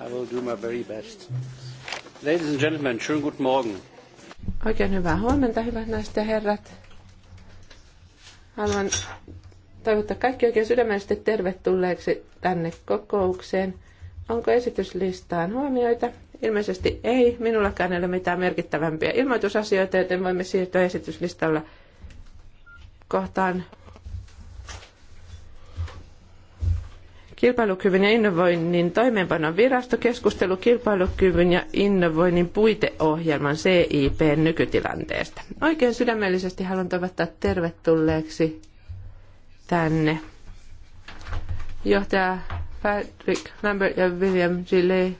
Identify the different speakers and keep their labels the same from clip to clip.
Speaker 1: I will do my very best. Ladies and gentlemen, schönen guten Morgen.
Speaker 2: Oikein hyvää huomenta, hyvät naiset ja herrat. Haluan toivottaa kaikki oikein sydämellisesti tervetulleeksi tänne kokoukseen. Onko esityslistaan huomioita? Ilmeisesti ei. Minullakaan ei ole mitään merkittävämpiä ilmoitusasioita, joten voimme siirtyä esityslistalla kohtaan Kilpailukyvyn ja innovoinnin toimeenpanon virasto keskustelu kilpailukyvyn ja innovoinnin puiteohjelman CIPn nykytilanteesta. Oikein sydämellisesti haluan toivottaa tervetulleeksi tänne johtaja Patrick Lambert ja William Gillet,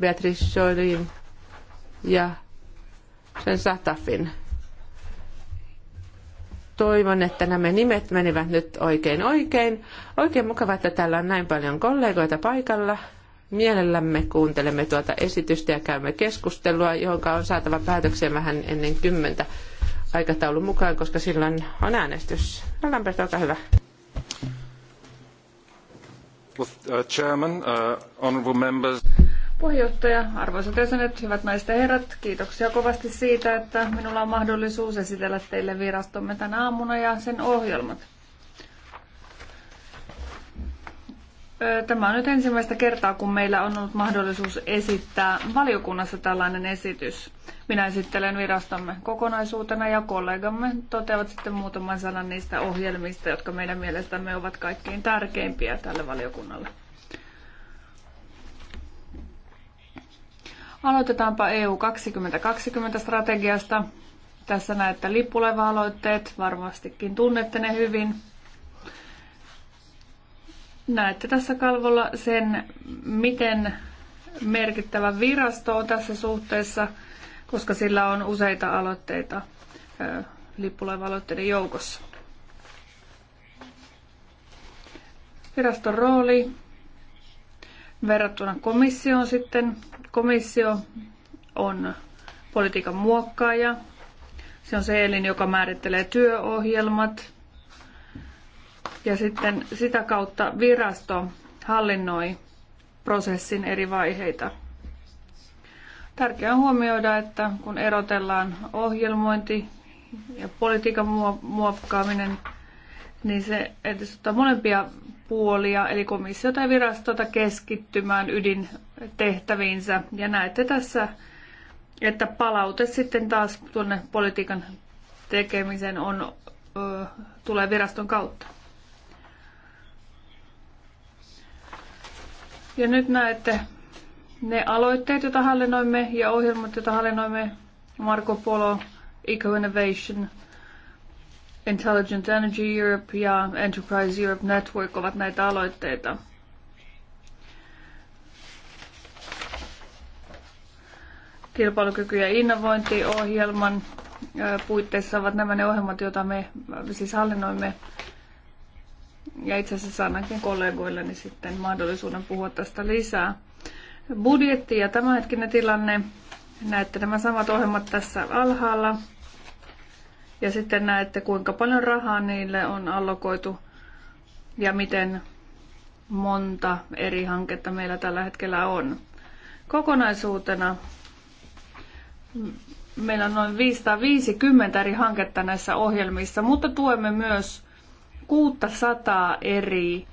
Speaker 2: Beatrice Jolin ja sen Satafin toivon, että nämä nimet menivät nyt oikein oikein. Oikein mukava, että täällä on näin paljon kollegoita paikalla. Mielellämme kuuntelemme tuota esitystä ja käymme keskustelua, jonka on saatava päätökseen vähän ennen kymmentä aikataulun mukaan, koska silloin on äänestys. No, Lampert, olkaa hyvä.
Speaker 3: Uh, Chairman, uh,
Speaker 1: honorable members.
Speaker 4: Puheenjohtaja, arvoisat jäsenet, hyvät naiset ja herrat, kiitoksia kovasti siitä, että minulla on mahdollisuus esitellä teille virastomme tänä aamuna ja sen ohjelmat. Tämä on nyt ensimmäistä kertaa, kun meillä on ollut mahdollisuus esittää valiokunnassa tällainen esitys. Minä esittelen virastomme kokonaisuutena ja kollegamme toteavat sitten muutaman sanan niistä ohjelmista, jotka meidän mielestämme ovat kaikkein tärkeimpiä tälle valiokunnalle. Aloitetaanpa EU 2020-strategiasta. Tässä näette lippuleva-aloitteet, varmastikin tunnette ne hyvin. Näette tässä kalvolla sen, miten merkittävä virasto on tässä suhteessa, koska sillä on useita aloitteita lippulaiva-aloitteiden joukossa. Viraston rooli verrattuna komissioon sitten. Komissio on politiikan muokkaaja. Se on se elin, joka määrittelee työohjelmat. Ja sitten sitä kautta virasto hallinnoi prosessin eri vaiheita. Tärkeää on huomioida, että kun erotellaan ohjelmointi ja politiikan muokkaaminen, niin se edistää molempia puolia, eli komissiota ja virastota keskittymään ydintehtäviinsä. Ja näette tässä, että palaute sitten taas tuonne politiikan tekemisen on, ö, tulee viraston kautta. Ja nyt näette ne aloitteet, joita hallinnoimme ja ohjelmat, joita hallinnoimme. Marco Polo, Eco Innovation – Intelligent Energy Europe ja Enterprise Europe Network ovat näitä aloitteita. Kilpailukyky- ja innovointiohjelman puitteissa ovat nämä ne ohjelmat, joita me siis hallinnoimme. Ja itse asiassa annankin kollegoilleni sitten mahdollisuuden puhua tästä lisää. Budjetti ja tämänhetkinen tilanne. Näette nämä samat ohjelmat tässä alhaalla. Ja sitten näette, kuinka paljon rahaa niille on allokoitu ja miten monta eri hanketta meillä tällä hetkellä on. Kokonaisuutena meillä on noin 550 eri hanketta näissä ohjelmissa, mutta tuemme myös 600 eri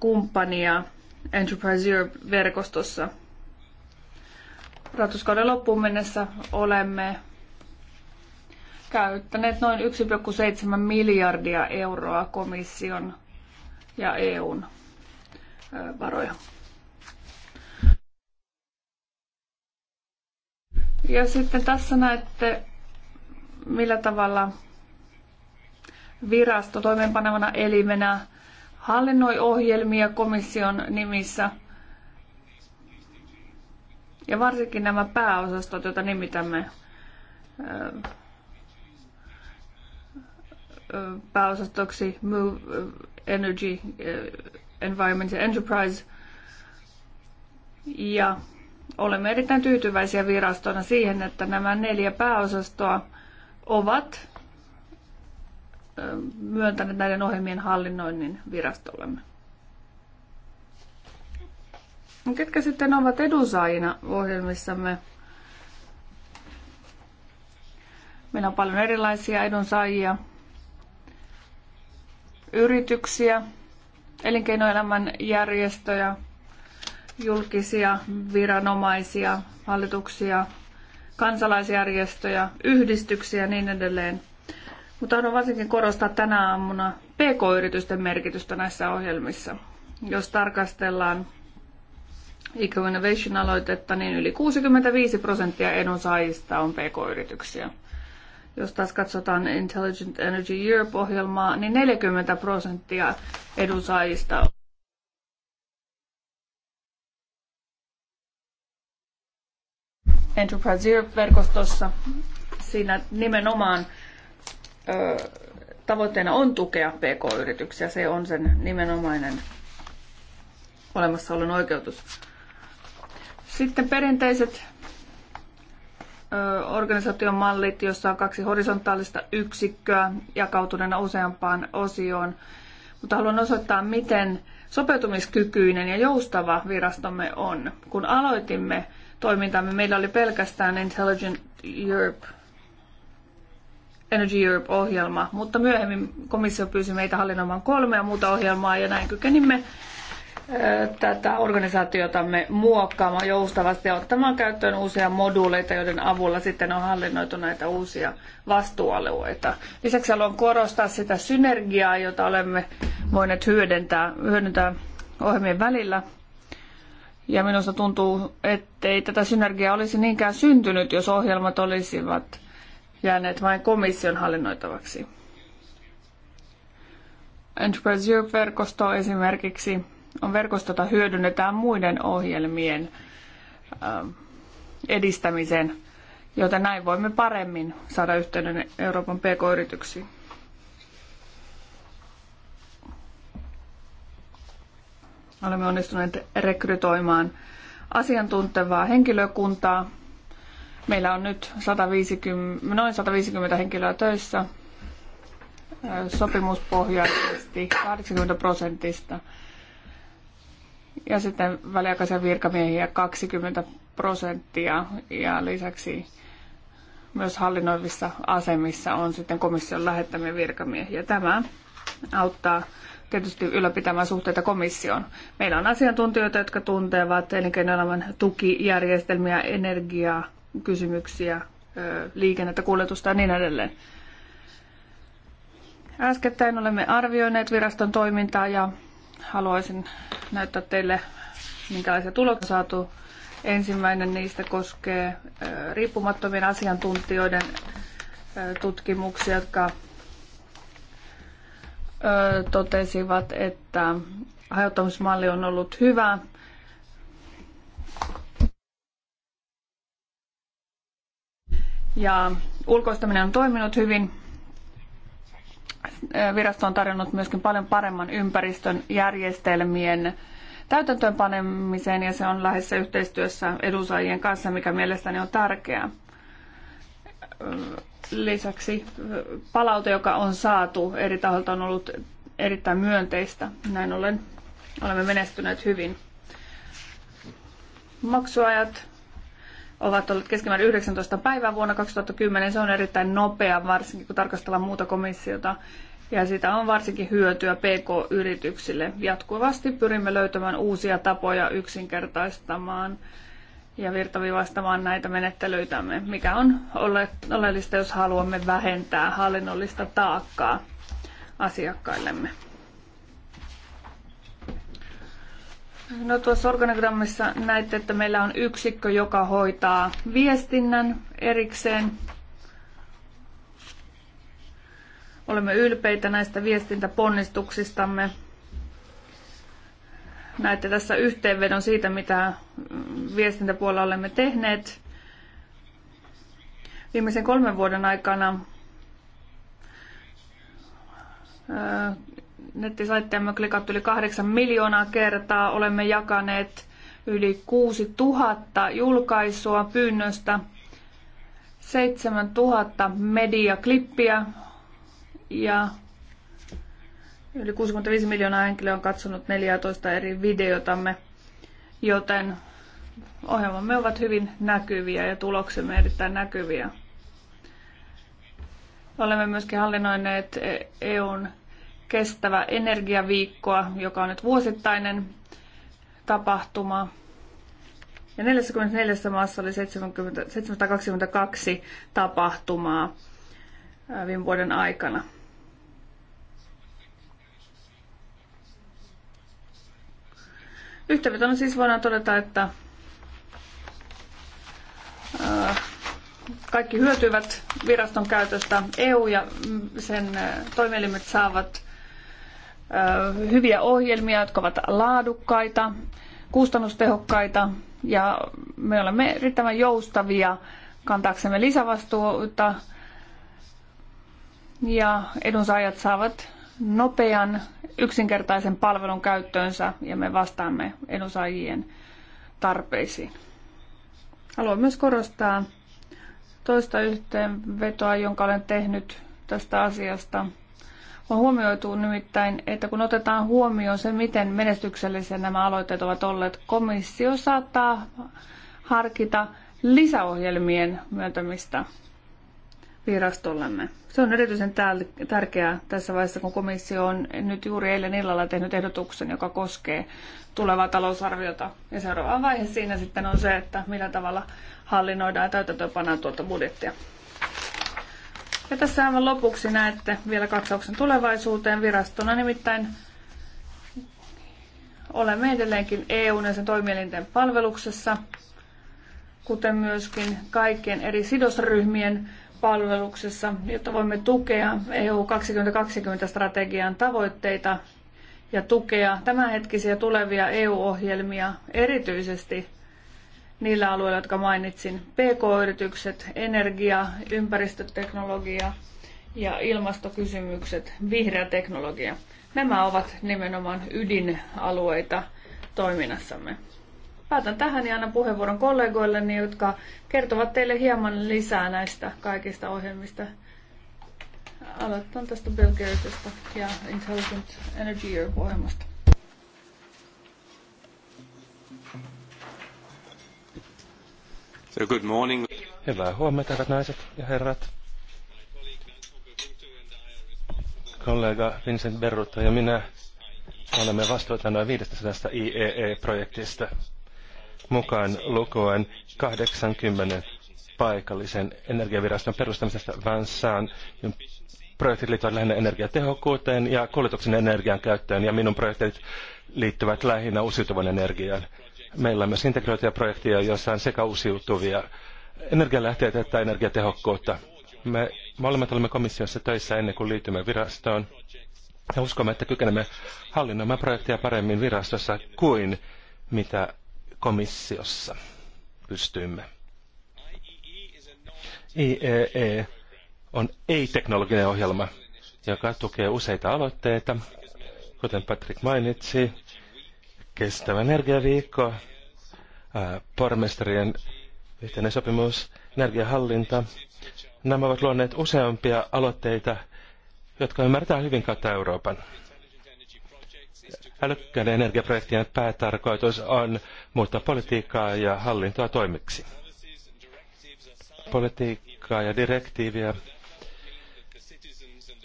Speaker 4: kumppania Enterprise Europe-verkostossa. Ratuskauden loppuun mennessä olemme käyttäneet noin 1,7 miljardia euroa komission ja EUn varoja. Ja sitten tässä näette, millä tavalla virasto toimeenpanevana elimenä hallinnoi ohjelmia komission nimissä. Ja varsinkin nämä pääosastot, joita nimitämme pääosastoksi Move eh, Energy eh, Environment ja Enterprise. Ja olemme erittäin tyytyväisiä virastona siihen, että nämä neljä pääosastoa ovat eh, myöntäneet näiden ohjelmien hallinnoinnin virastollemme. Ketkä sitten ovat edunsaajina ohjelmissamme? Meillä on paljon erilaisia edunsaajia yrityksiä, elinkeinoelämän järjestöjä, julkisia viranomaisia, hallituksia, kansalaisjärjestöjä, yhdistyksiä ja niin edelleen. Mutta haluan varsinkin korostaa tänä aamuna PK-yritysten merkitystä näissä ohjelmissa. Jos tarkastellaan Eco Innovation-aloitetta, niin yli 65 prosenttia edunsaajista on PK-yrityksiä. Jos taas katsotaan Intelligent Energy Europe-ohjelmaa, niin 40 prosenttia edunsaajista on Enterprise Europe-verkostossa. Siinä nimenomaan ö, tavoitteena on tukea PK-yrityksiä. Se on sen nimenomainen olemassaolon oikeutus. Sitten perinteiset organisaation mallit, jossa on kaksi horisontaalista yksikköä jakautuneena useampaan osioon. Mutta haluan osoittaa, miten sopeutumiskykyinen ja joustava virastomme on. Kun aloitimme toimintamme, meillä oli pelkästään Intelligent Europe Energy Europe-ohjelma, mutta myöhemmin komissio pyysi meitä hallinnoimaan kolmea muuta ohjelmaa ja näin kykenimme tätä organisaatiotamme muokkaamaan joustavasti ja ottamaan käyttöön uusia moduuleita, joiden avulla sitten on hallinnoitu näitä uusia vastuualueita. Lisäksi haluan korostaa sitä synergiaa, jota olemme voineet hyödyntää, hyödyntää ohjelmien välillä. Ja minusta tuntuu, ettei tätä synergiaa olisi niinkään syntynyt, jos ohjelmat olisivat jääneet vain komission hallinnoitavaksi. Enterprise Europe-verkosto esimerkiksi on verkostota hyödynnetään muiden ohjelmien ähm, edistämiseen, joten näin voimme paremmin saada yhteyden Euroopan pk-yrityksiin. Olemme onnistuneet rekrytoimaan asiantuntevaa henkilökuntaa. Meillä on nyt 150, noin 150 henkilöä töissä äh, sopimuspohjaisesti 80 prosentista ja sitten väliaikaisia virkamiehiä 20 prosenttia ja lisäksi myös hallinnoivissa asemissa on sitten komission lähettämiä virkamiehiä. Tämä auttaa tietysti ylläpitämään suhteita komissioon. Meillä on asiantuntijoita, jotka tuntevat elinkeinoelämän tukijärjestelmiä, energiaa, kysymyksiä, liikennettä, kuljetusta ja niin edelleen. Äskettäin olemme arvioineet viraston toimintaa ja haluaisin näyttää teille, minkälaisia tuloksia saatu. Ensimmäinen niistä koskee riippumattomien asiantuntijoiden tutkimuksia, jotka totesivat, että hajottamismalli on ollut hyvä. Ja ulkoistaminen on toiminut hyvin virasto on tarjonnut myöskin paljon paremman ympäristön järjestelmien täytäntöönpanemiseen ja se on läheisessä yhteistyössä edunsaajien kanssa, mikä mielestäni on tärkeää. Lisäksi palaute, joka on saatu eri taholta, on ollut erittäin myönteistä. Näin ollen olemme menestyneet hyvin. Maksuajat ovat olleet keskimäärin 19 päivää vuonna 2010. Se on erittäin nopea, varsinkin kun tarkastellaan muuta komissiota ja sitä on varsinkin hyötyä PK-yrityksille. Jatkuvasti pyrimme löytämään uusia tapoja yksinkertaistamaan ja virtavivastamaan näitä menettelyitämme, mikä on oleellista, jos haluamme vähentää hallinnollista taakkaa asiakkaillemme. No tuossa organigrammissa näette, että meillä on yksikkö, joka hoitaa viestinnän erikseen Olemme ylpeitä näistä viestintäponnistuksistamme. Näette tässä yhteenvedon siitä, mitä viestintäpuolella olemme tehneet. Viimeisen kolmen vuoden aikana nettisaitteemme on klikattu yli kahdeksan miljoonaa kertaa. Olemme jakaneet yli 6000 julkaisua pyynnöstä, 7000 mediaklippiä ja yli 65 miljoonaa henkilöä on katsonut 14 eri videotamme, joten ohjelmamme ovat hyvin näkyviä ja tuloksemme erittäin näkyviä. Olemme myöskin hallinnoineet e- EUn kestävä energiaviikkoa, joka on nyt vuosittainen tapahtuma. Ja 44 maassa oli 70, 722 tapahtumaa viime vuoden aikana. Yhteenvetona siis voidaan todeta, että äh, kaikki hyötyvät viraston käytöstä. EU ja sen äh, toimielimet saavat äh, hyviä ohjelmia, jotka ovat laadukkaita, kustannustehokkaita ja me olemme riittävän joustavia kantaaksemme lisävastuuta ja edunsaajat saavat nopean, yksinkertaisen palvelun käyttöönsä ja me vastaamme edunsaajien tarpeisiin. Haluan myös korostaa toista yhteenvetoa, jonka olen tehnyt tästä asiasta. On huomioitu nimittäin, että kun otetaan huomioon se, miten menestyksellisiä nämä aloitteet ovat olleet, komissio saattaa harkita lisäohjelmien myöntämistä virastollemme. Se on erityisen tärkeää tässä vaiheessa, kun komissio on nyt juuri eilen illalla tehnyt ehdotuksen, joka koskee tulevaa talousarviota. Ja seuraava vaihe siinä sitten on se, että millä tavalla hallinnoidaan ja täytäntöönpannaan tuota budjettia. Ja tässä aivan lopuksi näette vielä katsauksen tulevaisuuteen virastona, nimittäin olemme edelleenkin EUn ja sen toimielinten palveluksessa, kuten myöskin kaikkien eri sidosryhmien palveluksessa, jotta voimme tukea EU 2020-strategian tavoitteita ja tukea tämänhetkisiä tulevia EU-ohjelmia erityisesti niillä alueilla, jotka mainitsin, PK-yritykset, energia, ympäristöteknologia ja ilmastokysymykset, vihreä teknologia. Nämä ovat nimenomaan ydinalueita toiminnassamme. Päätän tähän ja annan puheenvuoron kollegoille, jotka kertovat teille hieman lisää näistä kaikista ohjelmista. Aloitan tästä Bill Gatesista ja Intelligent
Speaker 3: Energy Europe-ohjelmasta. So good morning. Hyvää huomenta, hyvät naiset ja herrat. Kollega Vincent Berrutta ja minä olemme vastuuta noin 500 IEE-projektista mukaan lukuen 80 paikallisen energiaviraston perustamisesta Vansaan. Projektit liittyvät lähinnä energiatehokkuuteen ja kuljetuksen energian käyttöön ja minun projektit liittyvät lähinnä uusiutuvan energiaan. Meillä on myös projekteja, joissa on sekä uusiutuvia energialähteitä että energiatehokkuutta. Me molemmat olemme komissiossa töissä ennen kuin liitymme virastoon ja uskomme, että kykenemme hallinnoimaan projekteja paremmin virastossa kuin mitä komissiossa pystyimme. IEE e on ei-teknologinen ohjelma, joka tukee useita aloitteita, kuten Patrick mainitsi, kestävä energiaviikko, pormestarien yhteinen sopimus, energiahallinta. Nämä ovat luoneet useampia aloitteita, jotka ymmärretään hyvin kautta Euroopan. Älykkäiden energiaprojektien päätarkoitus on muuttaa politiikkaa ja hallintoa toimiksi. Politiikkaa ja direktiiviä,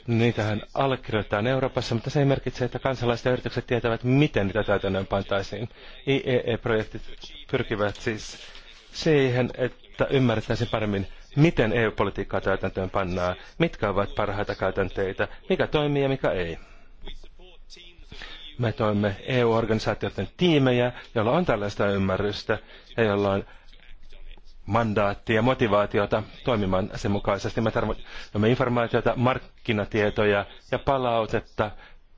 Speaker 3: niitähän allekirjoitetaan Euroopassa, mutta se ei merkitse, että kansalaiset ja yritykset tietävät, miten niitä täytännön pantaisiin. IEE-projektit pyrkivät siis siihen, että ymmärrettäisiin paremmin, miten EU-politiikkaa täytäntöön pannaan, mitkä ovat parhaita käytänteitä, mikä toimii ja mikä ei me toimme EU-organisaatioiden tiimejä, joilla on tällaista ymmärrystä ja joilla on mandaattia ja motivaatiota toimimaan sen mukaisesti. Me tarvitsemme informaatiota, markkinatietoja ja palautetta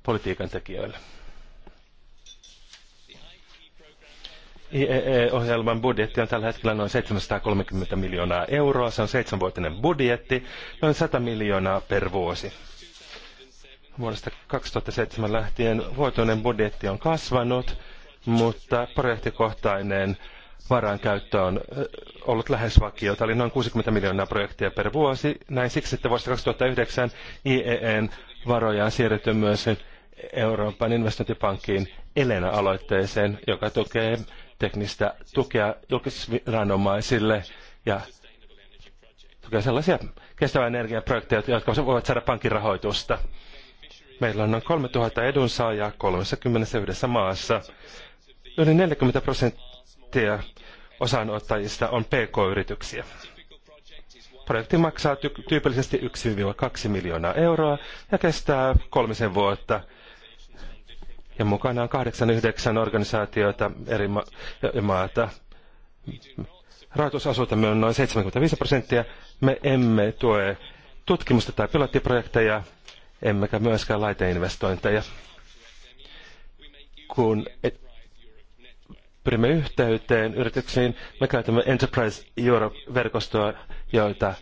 Speaker 3: politiikan tekijöille. IEE-ohjelman budjetti on tällä hetkellä noin 730 miljoonaa euroa. Se on seitsemänvuotinen budjetti, noin 100 miljoonaa per vuosi. Vuodesta 2007 lähtien vuotuinen budjetti on kasvanut, mutta projektikohtainen varankäyttö on ollut lähes vakiota, eli noin 60 miljoonaa projektia per vuosi. Näin siksi, että vuodesta 2009 IEN varoja on siirretty myös Euroopan investointipankkiin Elena-aloitteeseen, joka tukee teknistä tukea julkisviranomaisille ja tukee sellaisia kestävän energian projekteja, jotka voivat saada pankin rahoitusta. Meillä on noin 3000 edunsaajaa 31 maassa. Yli 40 prosenttia osanottajista on PK-yrityksiä. Projekti maksaa ty- tyypillisesti 1-2 miljoonaa euroa ja kestää kolmisen vuotta. Ja mukana on 89 organisaatiota eri ma- maata. Rahoitusosuutemme on noin 75 prosenttia. Me emme tue tutkimusta tai pilottiprojekteja, emmekä myöskään laiteinvestointeja. Kun et, pyrimme yhteyteen yrityksiin, me käytämme Enterprise Europe-verkostoa, joita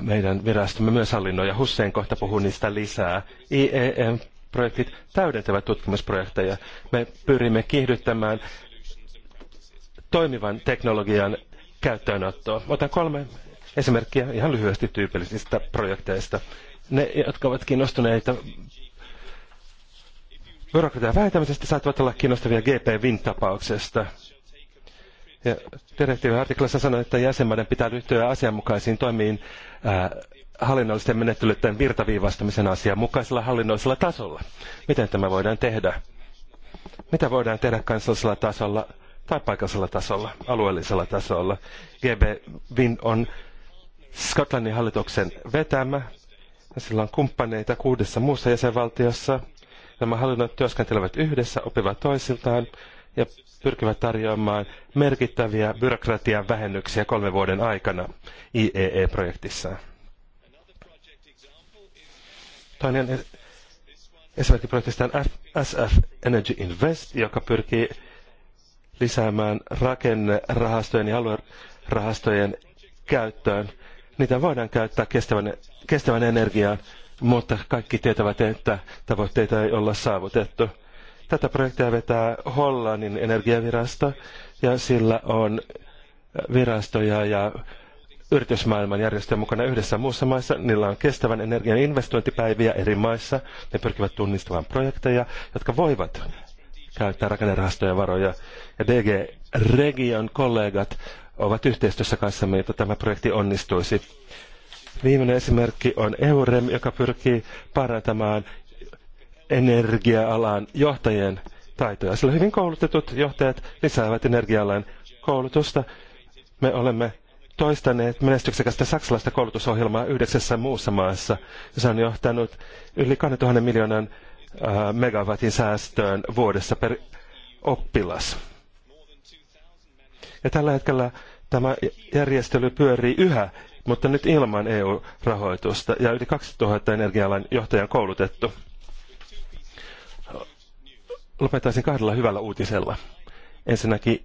Speaker 3: meidän virastomme myös hallinnoi, ja Hussein kohta puhuu niistä lisää. IEM-projektit täydentävät tutkimusprojekteja. Me pyrimme kiihdyttämään toimivan teknologian käyttöönottoa. Otan kolme esimerkkiä ihan lyhyesti tyypillisistä projekteista ne, jotka ovat kiinnostuneita byrokratian vähentämisestä, saattavat olla kiinnostavia GP Win-tapauksesta. Ja direktiivin artiklassa sanoo, että jäsenmaiden pitää ryhtyä asianmukaisiin toimiin ää, äh, hallinnollisten menettelyiden virtaviivastamisen asianmukaisella hallinnollisella tasolla. Miten tämä voidaan tehdä? Mitä voidaan tehdä kansallisella tasolla tai paikallisella tasolla, alueellisella tasolla? GB Win on Skotlannin hallituksen vetämä sillä on kumppaneita kuudessa muussa jäsenvaltiossa. Nämä hallinnot työskentelevät yhdessä, opivat toisiltaan ja pyrkivät tarjoamaan merkittäviä byrokratian vähennyksiä kolmen vuoden aikana IEE-projektissaan. Toinen esimerkki projektista on SF Energy Invest, joka pyrkii lisäämään rakennerahastojen ja aluerahastojen käyttöön Niitä voidaan käyttää kestävän, kestävän energiaan, mutta kaikki tietävät, että tavoitteita ei olla saavutettu. Tätä projektia vetää Hollannin energiavirasto ja sillä on virastoja ja yritysmaailman järjestöjä mukana yhdessä muussa maissa. Niillä on kestävän energian investointipäiviä eri maissa. Ne pyrkivät tunnistamaan projekteja, jotka voivat käyttää rakennerahastojen varoja. Ja DG Region kollegat ovat yhteistyössä kanssamme, jotta tämä projekti onnistuisi. Viimeinen esimerkki on EUREM, joka pyrkii parantamaan energia-alan johtajien taitoja, sillä hyvin koulutetut johtajat lisäävät energia-alan koulutusta. Me olemme toistaneet menestyksekästä saksalaista koulutusohjelmaa yhdeksässä muussa maassa. Se on johtanut yli 2000 miljoonan äh, megawatin säästöön vuodessa per oppilas. Ja tällä hetkellä tämä järjestely pyörii yhä, mutta nyt ilman EU-rahoitusta ja yli 2000 energialan johtajan koulutettu. Lopettaisin kahdella hyvällä uutisella. Ensinnäkin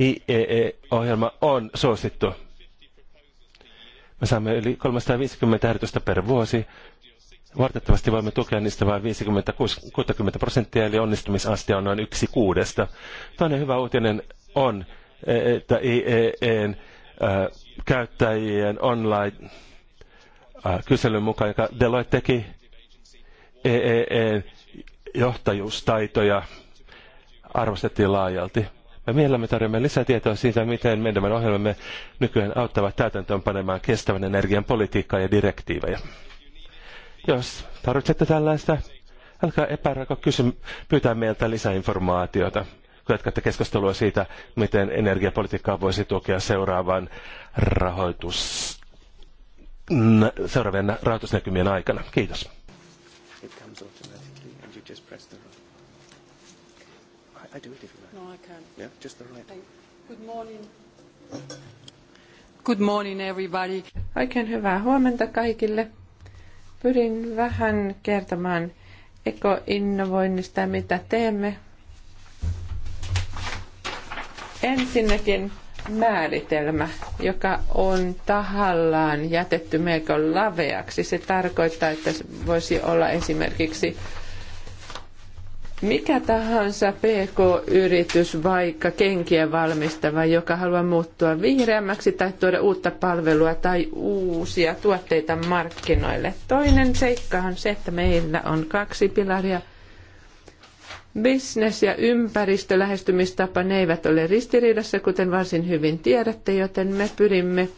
Speaker 3: IEE-ohjelma on suosittu. Me saamme yli 350 ehdotusta per vuosi. Vartettavasti voimme tukea niistä vain 50-60 prosenttia, eli onnistumisaste on noin yksi kuudesta. Toinen hyvä uutinen on, että IEEn käyttäjien online kyselyn mukaan, joka Deloitte teki EEEn johtajuustaitoja, arvostettiin laajalti. Me mielellämme tarjoamme lisätietoa siitä, miten meidän ohjelmamme nykyään auttavat panemaan kestävän energian politiikkaa ja direktiivejä. Jos tarvitsette tällaista, älkää epäräkö kysy- pyytää meiltä lisäinformaatiota jatkatte keskustelua siitä, miten energiapolitiikkaa voisi tukea seuraavan rahoitus, seuraavien rahoitusnäkymien aikana. Kiitos.
Speaker 1: No,
Speaker 2: Good morning everybody. Oikein hyvää huomenta kaikille. Pyrin vähän kertomaan ekoinnovoinnista mitä teemme Ensinnäkin määritelmä, joka on tahallaan jätetty melko laveaksi. Se tarkoittaa, että se voisi olla esimerkiksi mikä tahansa PK-yritys, vaikka kenkien valmistava, joka haluaa muuttua vihreämmäksi tai tuoda uutta palvelua tai uusia tuotteita markkinoille. Toinen seikka on se, että meillä on kaksi pilaria – Business ja ympäristölähestymistapa ne eivät ole ristiriidassa, kuten varsin hyvin tiedätte, joten me pyrimme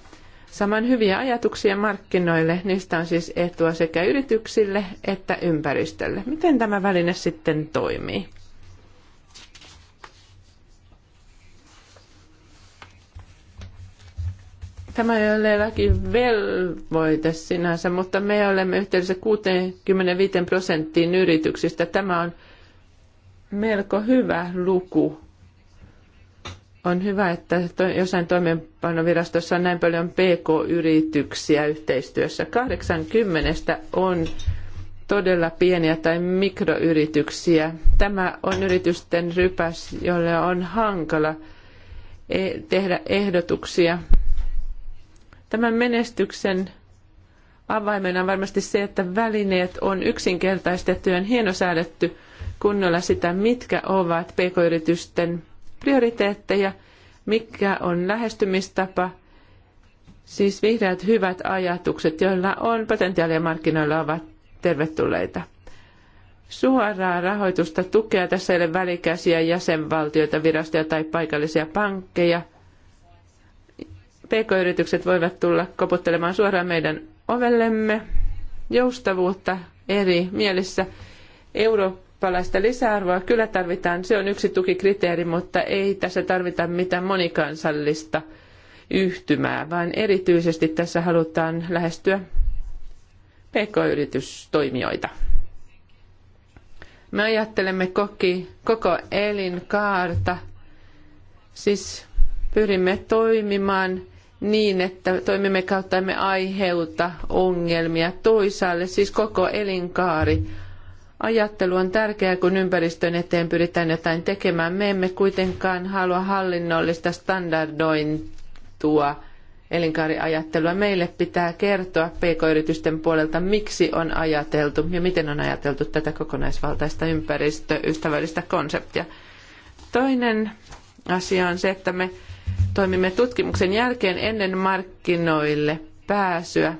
Speaker 2: saman hyviä ajatuksia markkinoille. Niistä on siis etua sekä yrityksille että ympäristölle. Miten tämä väline sitten toimii? Tämä ei ole laki velvoite sinänsä, mutta me olemme yhteydessä 65 prosenttiin yrityksistä. Tämä on melko hyvä luku. On hyvä, että to, jossain toimeenpanovirastossa on näin paljon pk-yrityksiä yhteistyössä. 80 on todella pieniä tai mikroyrityksiä. Tämä on yritysten rypäs, jolle on hankala e, tehdä ehdotuksia. Tämän menestyksen avaimena on varmasti se, että välineet on yksinkertaistettu ja hienosäädetty kunnolla sitä, mitkä ovat pk-yritysten prioriteetteja, mikä on lähestymistapa, siis vihreät hyvät ajatukset, joilla on potentiaalia markkinoilla, ovat tervetulleita. Suoraa rahoitusta tukea tässä ei ole välikäsiä jäsenvaltioita, virastoja tai paikallisia pankkeja. PK-yritykset voivat tulla koputtelemaan suoraan meidän ovellemme. Joustavuutta eri mielissä. Euro eurooppalaista lisäarvoa kyllä tarvitaan. Se on yksi tukikriteeri, mutta ei tässä tarvita mitään monikansallista yhtymää, vaan erityisesti tässä halutaan lähestyä pk-yritystoimijoita. Me ajattelemme koki, koko elinkaarta, siis pyrimme toimimaan niin, että toimimme kautta emme aiheuta ongelmia toisaalle, siis koko elinkaari ajattelu on tärkeää, kun ympäristön eteen pyritään jotain tekemään. Me emme kuitenkaan halua hallinnollista standardointua elinkaariajattelua. Meille pitää kertoa pk-yritysten puolelta, miksi on ajateltu ja miten on ajateltu tätä kokonaisvaltaista ympäristöystävällistä konseptia. Toinen asia on se, että me toimimme tutkimuksen jälkeen ennen markkinoille pääsyä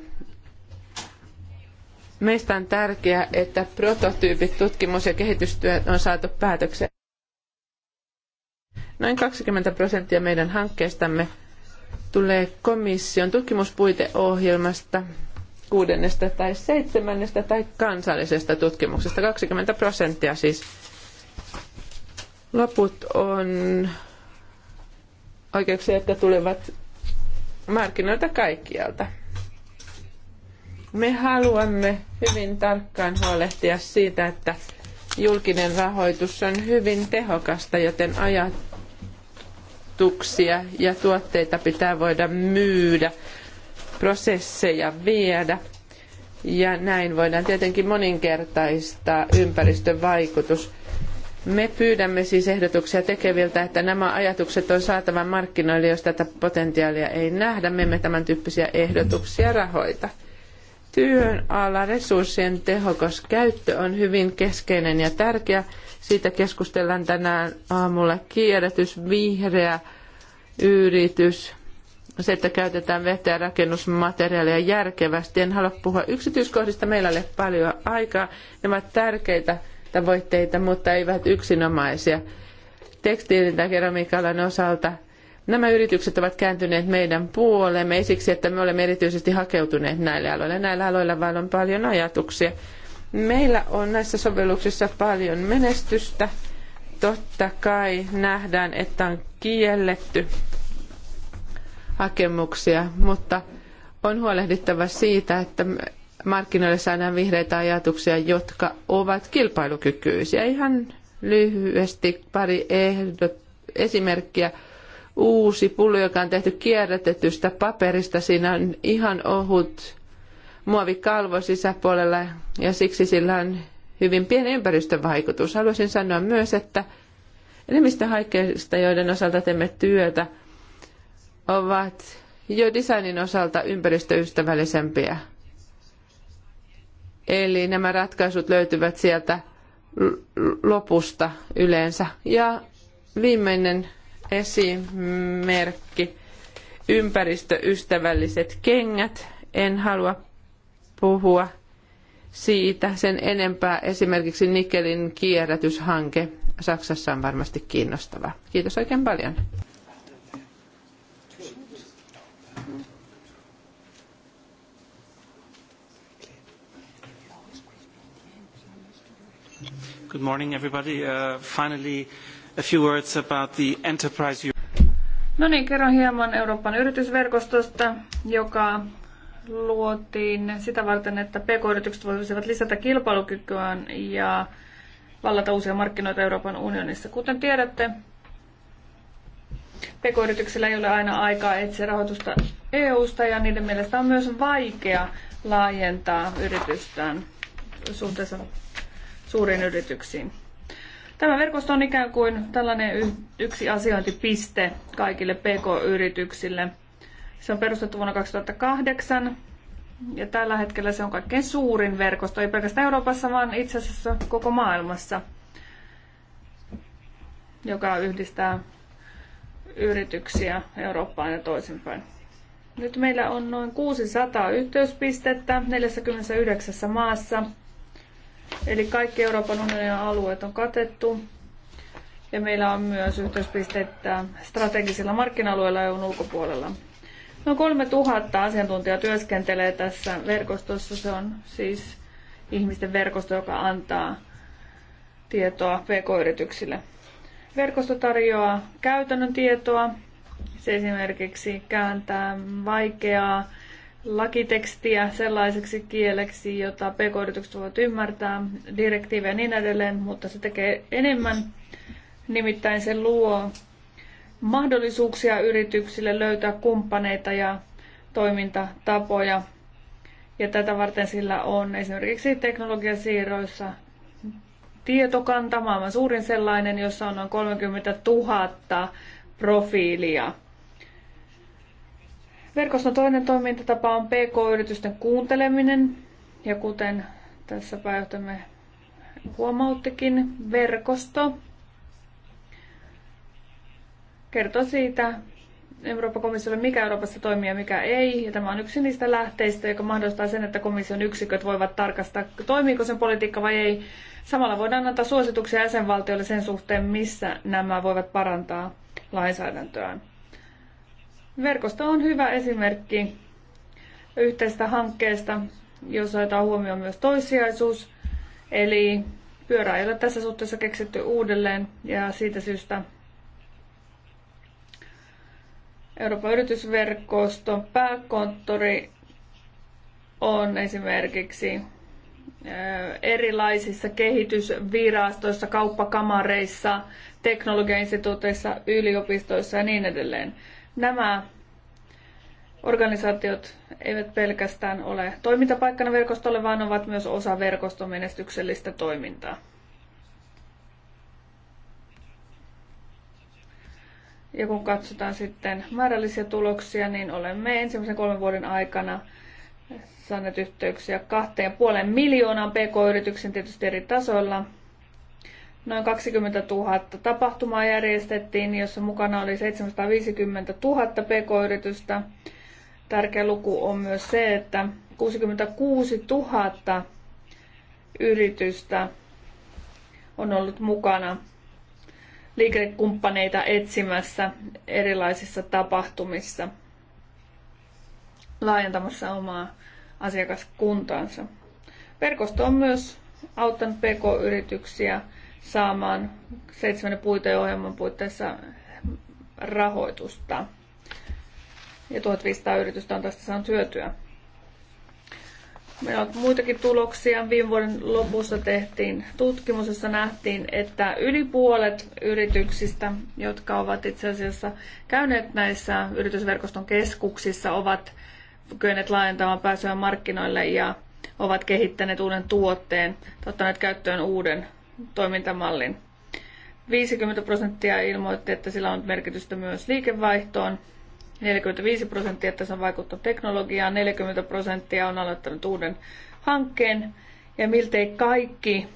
Speaker 2: Meistä on tärkeää, että prototyypit, tutkimus ja kehitystyöt on saatu päätökseen. Noin 20 prosenttia meidän hankkeistamme tulee komission tutkimuspuiteohjelmasta kuudennesta tai seitsemännestä tai kansallisesta tutkimuksesta. 20 prosenttia siis. Loput on oikeuksia, jotka tulevat markkinoilta kaikkialta. Me haluamme hyvin tarkkaan huolehtia siitä, että julkinen rahoitus on hyvin tehokasta, joten ajatuksia ja tuotteita pitää voida myydä, prosesseja viedä. Ja näin voidaan tietenkin moninkertaistaa ympäristön vaikutus. Me pyydämme siis ehdotuksia tekeviltä, että nämä ajatukset on saatava markkinoille, jos tätä potentiaalia ei nähdä. Me emme tämän tyyppisiä ehdotuksia rahoita. Työn alla resurssien tehokas käyttö on hyvin keskeinen ja tärkeä. Siitä keskustellaan tänään aamulla kierrätys, vihreä yritys, se, että käytetään vettä ja rakennusmateriaaleja järkevästi. En halua puhua yksityiskohdista, meillä ei ole paljon aikaa. Ne ovat tärkeitä tavoitteita, mutta eivät yksinomaisia. Tekstiilin tai keramiikalan osalta Nämä yritykset ovat kääntyneet meidän puolemme, ei siksi, että me olemme erityisesti hakeutuneet näille aloille. Näillä aloilla vaan on paljon ajatuksia. Meillä on näissä sovelluksissa paljon menestystä. Totta kai nähdään, että on kielletty hakemuksia, mutta on huolehdittava siitä, että markkinoille saadaan vihreitä ajatuksia, jotka ovat kilpailukykyisiä. Ihan lyhyesti pari ehdot, esimerkkiä uusi pullo, joka on tehty kierrätetystä paperista. Siinä on ihan ohut muovikalvo sisäpuolella ja siksi sillä on hyvin pieni ympäristövaikutus. Haluaisin sanoa myös, että enemmistö haikkeista, joiden osalta teemme työtä, ovat jo designin osalta ympäristöystävällisempiä. Eli nämä ratkaisut löytyvät sieltä lopusta yleensä. Ja viimeinen esimerkki. Ympäristöystävälliset kengät. En halua puhua siitä sen enempää. Esimerkiksi Nikelin kierrätyshanke Saksassa on varmasti kiinnostava. Kiitos oikein paljon.
Speaker 3: Good morning, everybody. Uh, finally, a few words about the enterprise.
Speaker 4: No niin, kerron hieman Euroopan yritysverkostosta, joka luotiin sitä varten, että pk-yritykset voisivat lisätä kilpailukykyään ja vallata uusia markkinoita Euroopan unionissa. Kuten tiedätte, pk-yrityksillä ei ole aina aikaa etsiä rahoitusta EU-sta ja niiden mielestä on myös vaikea laajentaa yritystään suhteessa suuriin yrityksiin. Tämä verkosto on ikään kuin tällainen yksi asiointipiste kaikille PK-yrityksille. Se on perustettu vuonna 2008 ja tällä hetkellä se on kaikkein suurin verkosto, ei pelkästään Euroopassa, vaan itse asiassa koko maailmassa, joka yhdistää yrityksiä Eurooppaan ja toisinpäin. Nyt meillä on noin 600 yhteyspistettä 49 maassa Eli kaikki Euroopan unionin alueet on katettu. Ja meillä on myös yhteyspisteitä strategisilla markkina-alueilla EUn ulkopuolella. No 3000 asiantuntijaa työskentelee tässä verkostossa. Se on siis ihmisten verkosto, joka antaa tietoa pk-yrityksille. Verkosto tarjoaa käytännön tietoa. Se esimerkiksi kääntää vaikeaa lakitekstiä sellaiseksi kieleksi, jota pk-yritykset voivat ymmärtää, direktiivejä ja niin edelleen, mutta se tekee enemmän. Nimittäin se luo mahdollisuuksia yrityksille löytää kumppaneita ja toimintatapoja. Ja tätä varten sillä on esimerkiksi teknologiasiirroissa tietokanta, maailman suurin sellainen, jossa on noin 30 000 profiilia – Verkoston toinen toimintatapa on PK-yritysten kuunteleminen. Ja kuten tässä pääjohtamme huomauttikin, verkosto kertoo siitä Euroopan komissiolle, mikä Euroopassa toimii ja mikä ei. Ja tämä on yksi niistä lähteistä, joka mahdollistaa sen, että komission yksiköt voivat tarkastaa, toimiiko sen politiikka vai ei. Samalla voidaan antaa suosituksia jäsenvaltioille sen suhteen, missä nämä voivat parantaa lainsäädäntöään. Verkosto on hyvä esimerkki yhteistä hankkeesta, jossa otetaan huomioon myös toissijaisuus. Eli pyörä ei ole tässä suhteessa keksitty uudelleen ja siitä syystä Euroopan yritysverkoston pääkonttori on esimerkiksi erilaisissa kehitysvirastoissa, kauppakamareissa, teknologiainstituuteissa, yliopistoissa ja niin edelleen. Nämä organisaatiot eivät pelkästään ole toimintapaikkana verkostolle, vaan ovat myös osa verkoston menestyksellistä toimintaa. Ja kun katsotaan sitten määrällisiä tuloksia, niin olemme ensimmäisen kolmen vuoden aikana saaneet yhteyksiä kahteen puolen miljoonaan pk-yrityksen tietysti eri tasoilla – noin 20 000 tapahtumaa järjestettiin, jossa mukana oli 750 000 pk-yritystä. Tärkeä luku on myös se, että 66 000 yritystä on ollut mukana liikekumppaneita etsimässä erilaisissa tapahtumissa laajentamassa omaa asiakaskuntaansa. Verkosto on myös auttanut pk-yrityksiä saamaan seitsemän puiteohjelman puitteissa rahoitusta. Ja 1500 yritystä on tästä saanut hyötyä. Meillä on muitakin tuloksia. Viime vuoden lopussa tehtiin tutkimus, jossa nähtiin, että yli puolet yrityksistä, jotka ovat itse asiassa käyneet näissä yritysverkoston keskuksissa, ovat kyenneet laajentamaan pääsyä markkinoille ja ovat kehittäneet uuden tuotteen, ottaneet käyttöön uuden toimintamallin. 50 prosenttia ilmoitti, että sillä on merkitystä myös liikevaihtoon. 45 prosenttia, että se on vaikuttanut teknologiaan. 40 prosenttia on aloittanut uuden hankkeen. Ja miltei kaikki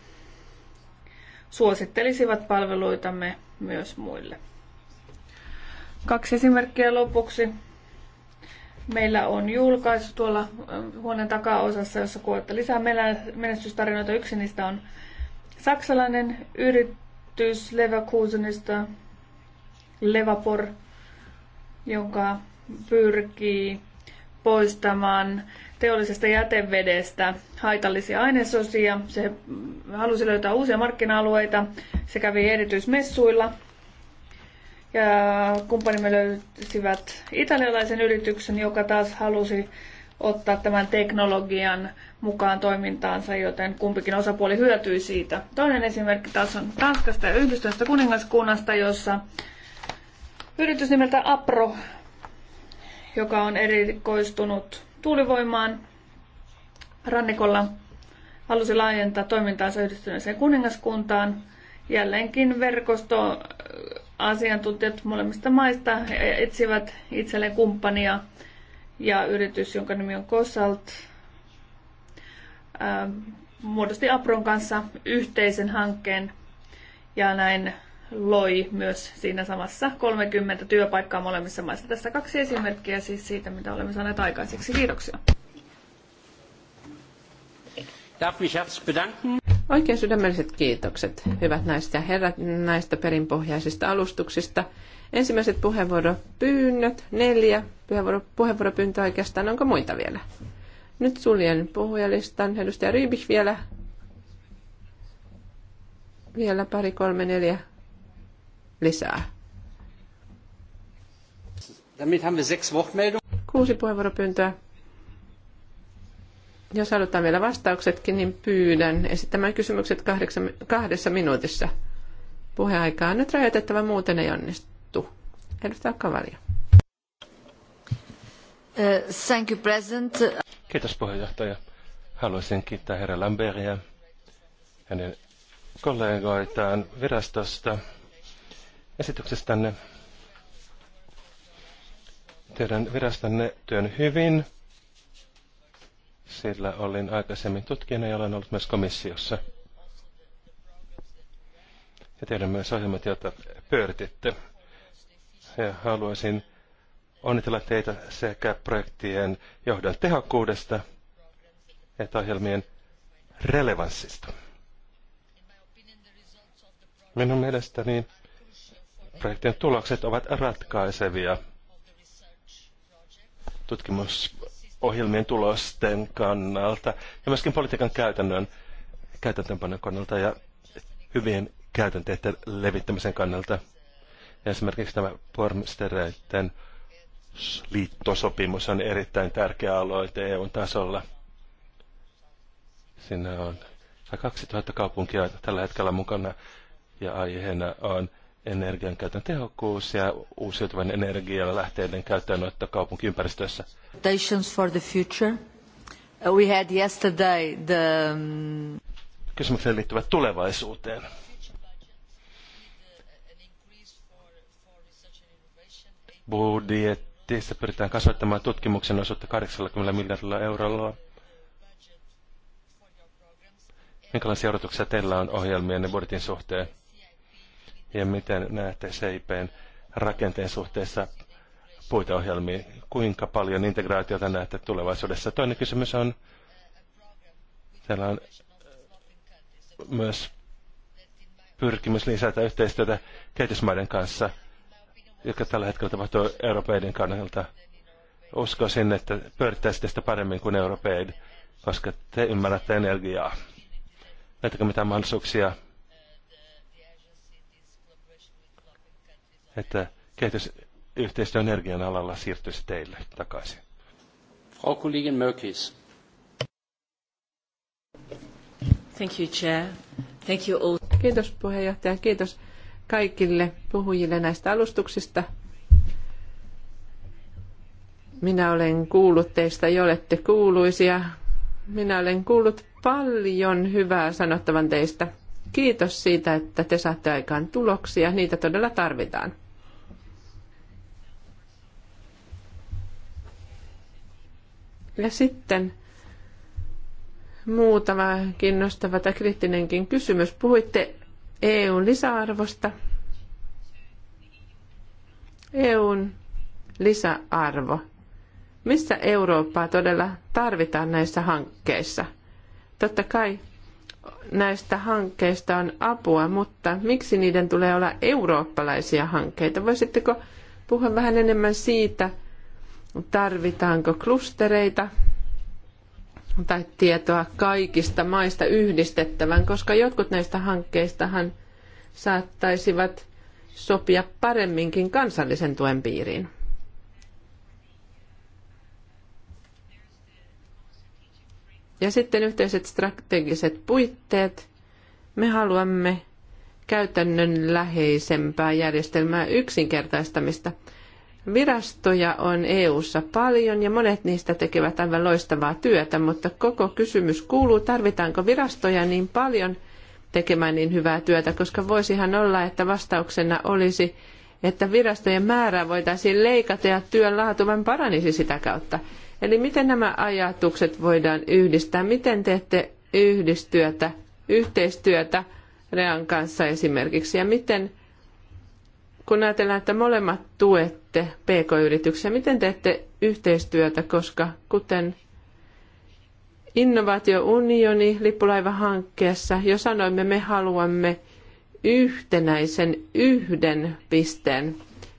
Speaker 4: suosittelisivat palveluitamme myös muille. Kaksi esimerkkiä lopuksi. Meillä on julkaisu tuolla huoneen takaosassa, jossa kuvatte lisää menestystarinoita. Yksi niistä on Saksalainen yritys Leverkusenista, Levapor, joka pyrkii poistamaan teollisesta jätevedestä haitallisia ainesosia. Se halusi löytää uusia markkina-alueita. Se kävi erityismessuilla. Ja kumppanimme löysivät italialaisen yrityksen, joka taas halusi ottaa tämän teknologian mukaan toimintaansa, joten kumpikin osapuoli hyötyy siitä. Toinen esimerkki taas on Tanskasta ja Yhdistyneestä kuningaskunnasta, jossa yritys nimeltä APRO, joka on erikoistunut tuulivoimaan rannikolla, halusi laajentaa toimintaansa yhdistyneeseen kuningaskuntaan. Jälleenkin verkosto äh, asiantuntijat molemmista maista etsivät itselleen kumppania – ja yritys, jonka nimi on Kosalt, ähm, muodosti Apron kanssa yhteisen hankkeen ja näin loi myös siinä samassa 30 työpaikkaa molemmissa maissa. Tässä kaksi esimerkkiä siis siitä, mitä olemme saaneet aikaiseksi. Kiitoksia.
Speaker 2: Oikein sydämelliset kiitokset, hyvät naiset ja herrat, näistä perinpohjaisista alustuksista. Ensimmäiset puheenvuoropyynnöt, neljä puheenvuoro, puheenvuoropyyntöä oikeastaan, onko muita vielä? Nyt suljen puhujalistan. Edustaja Riibich vielä. Vielä pari, kolme, neljä lisää. Damit haben wir sechs Kuusi puheenvuoropyyntöä. Jos halutaan vielä vastauksetkin, niin pyydän esittämään kysymykset kahdeksan, kahdessa minuutissa. Puheaikaa on nyt rajoitettava, muuten ei onnistu. Juttu. Edustaja Kavalia. Uh, thank you, President.
Speaker 3: Kiitos puheenjohtaja. Haluaisin kiittää herra Lamberia hänen kollegoitaan virastosta esityksestänne. Teidän virastanne työn hyvin, sillä olin aikaisemmin tutkijana ja olen ollut myös komissiossa. Ja teidän myös ohjelmat, joita pyöritette ja haluaisin onnitella teitä sekä projektien johdon tehokkuudesta että ohjelmien relevanssista. Minun mielestäni projektien tulokset ovat ratkaisevia tutkimusohjelmien tulosten kannalta ja myöskin politiikan käytännön käytäntöönpanon kannalta ja hyvien käytänteiden levittämisen kannalta – Esimerkiksi tämä pormistereiden liittosopimus on erittäin tärkeä aloite eu tasolla. Siinä on 2000 kaupunkia tällä hetkellä mukana ja aiheena on energian käytön tehokkuus ja uusiutuvan energian lähteiden käyttöönotto kaupunkiympäristössä.
Speaker 1: For the future.
Speaker 2: Uh, we had yesterday the... Um,
Speaker 3: Kysymykseen liittyvät tulevaisuuteen. budjetissa pyritään kasvattamaan tutkimuksen osuutta 80 miljardilla eurolla. Minkälaisia odotuksia teillä on ohjelmien ja budjetin suhteen? Ja miten näette SEIPn rakenteen suhteessa puiteohjelmiin? Kuinka paljon integraatiota näette tulevaisuudessa? Toinen kysymys on, teillä on myös pyrkimys lisätä yhteistyötä kehitysmaiden kanssa – joka tällä hetkellä tapahtuu europeiden kannalta. Uskoisin, että pyörittäisi tästä paremmin kuin europeid, koska te ymmärrätte energiaa. Näettekö mitään mahdollisuuksia, että kehitysyhteistyö energian alalla siirtyisi teille takaisin?
Speaker 1: Frau Kollegin Mörkis.
Speaker 2: Thank you, Chair. Thank you all. Kiitos puheenjohtaja. Kiitos kaikille puhujille näistä alustuksista. Minä olen kuullut teistä, jo olette kuuluisia. Minä olen kuullut paljon hyvää sanottavan teistä. Kiitos siitä, että te saatte aikaan tuloksia. Niitä todella tarvitaan. Ja sitten muutama kiinnostava tai kriittinenkin kysymys. Puhuitte EUn lisäarvosta. EUn lisäarvo. Missä Eurooppaa todella tarvitaan näissä hankkeissa? Totta kai näistä hankkeista on apua, mutta miksi niiden tulee olla eurooppalaisia hankkeita? Voisitteko puhua vähän enemmän siitä, tarvitaanko klustereita, tai tietoa kaikista maista yhdistettävän, koska jotkut näistä hankkeistahan saattaisivat sopia paremminkin kansallisen tuen piiriin. Ja sitten yhteiset strategiset puitteet. Me haluamme käytännönläheisempää järjestelmää yksinkertaistamista – Virastoja on EU:ssa paljon ja monet niistä tekevät aivan loistavaa työtä, mutta koko kysymys kuuluu, tarvitaanko virastoja niin paljon tekemään niin hyvää työtä, koska voisihan olla, että vastauksena olisi, että virastojen määrää voitaisiin leikata ja työn laatu vain paranisi sitä kautta. Eli miten nämä ajatukset voidaan yhdistää? Miten teette yhdistyötä, yhteistyötä Rean kanssa esimerkiksi ja miten kun ajatellaan, että molemmat tuette PK-yrityksiä, miten teette yhteistyötä, koska kuten innovaatiounioni lippulaivahankkeessa jo sanoimme, me haluamme yhtenäisen yhden pisteen,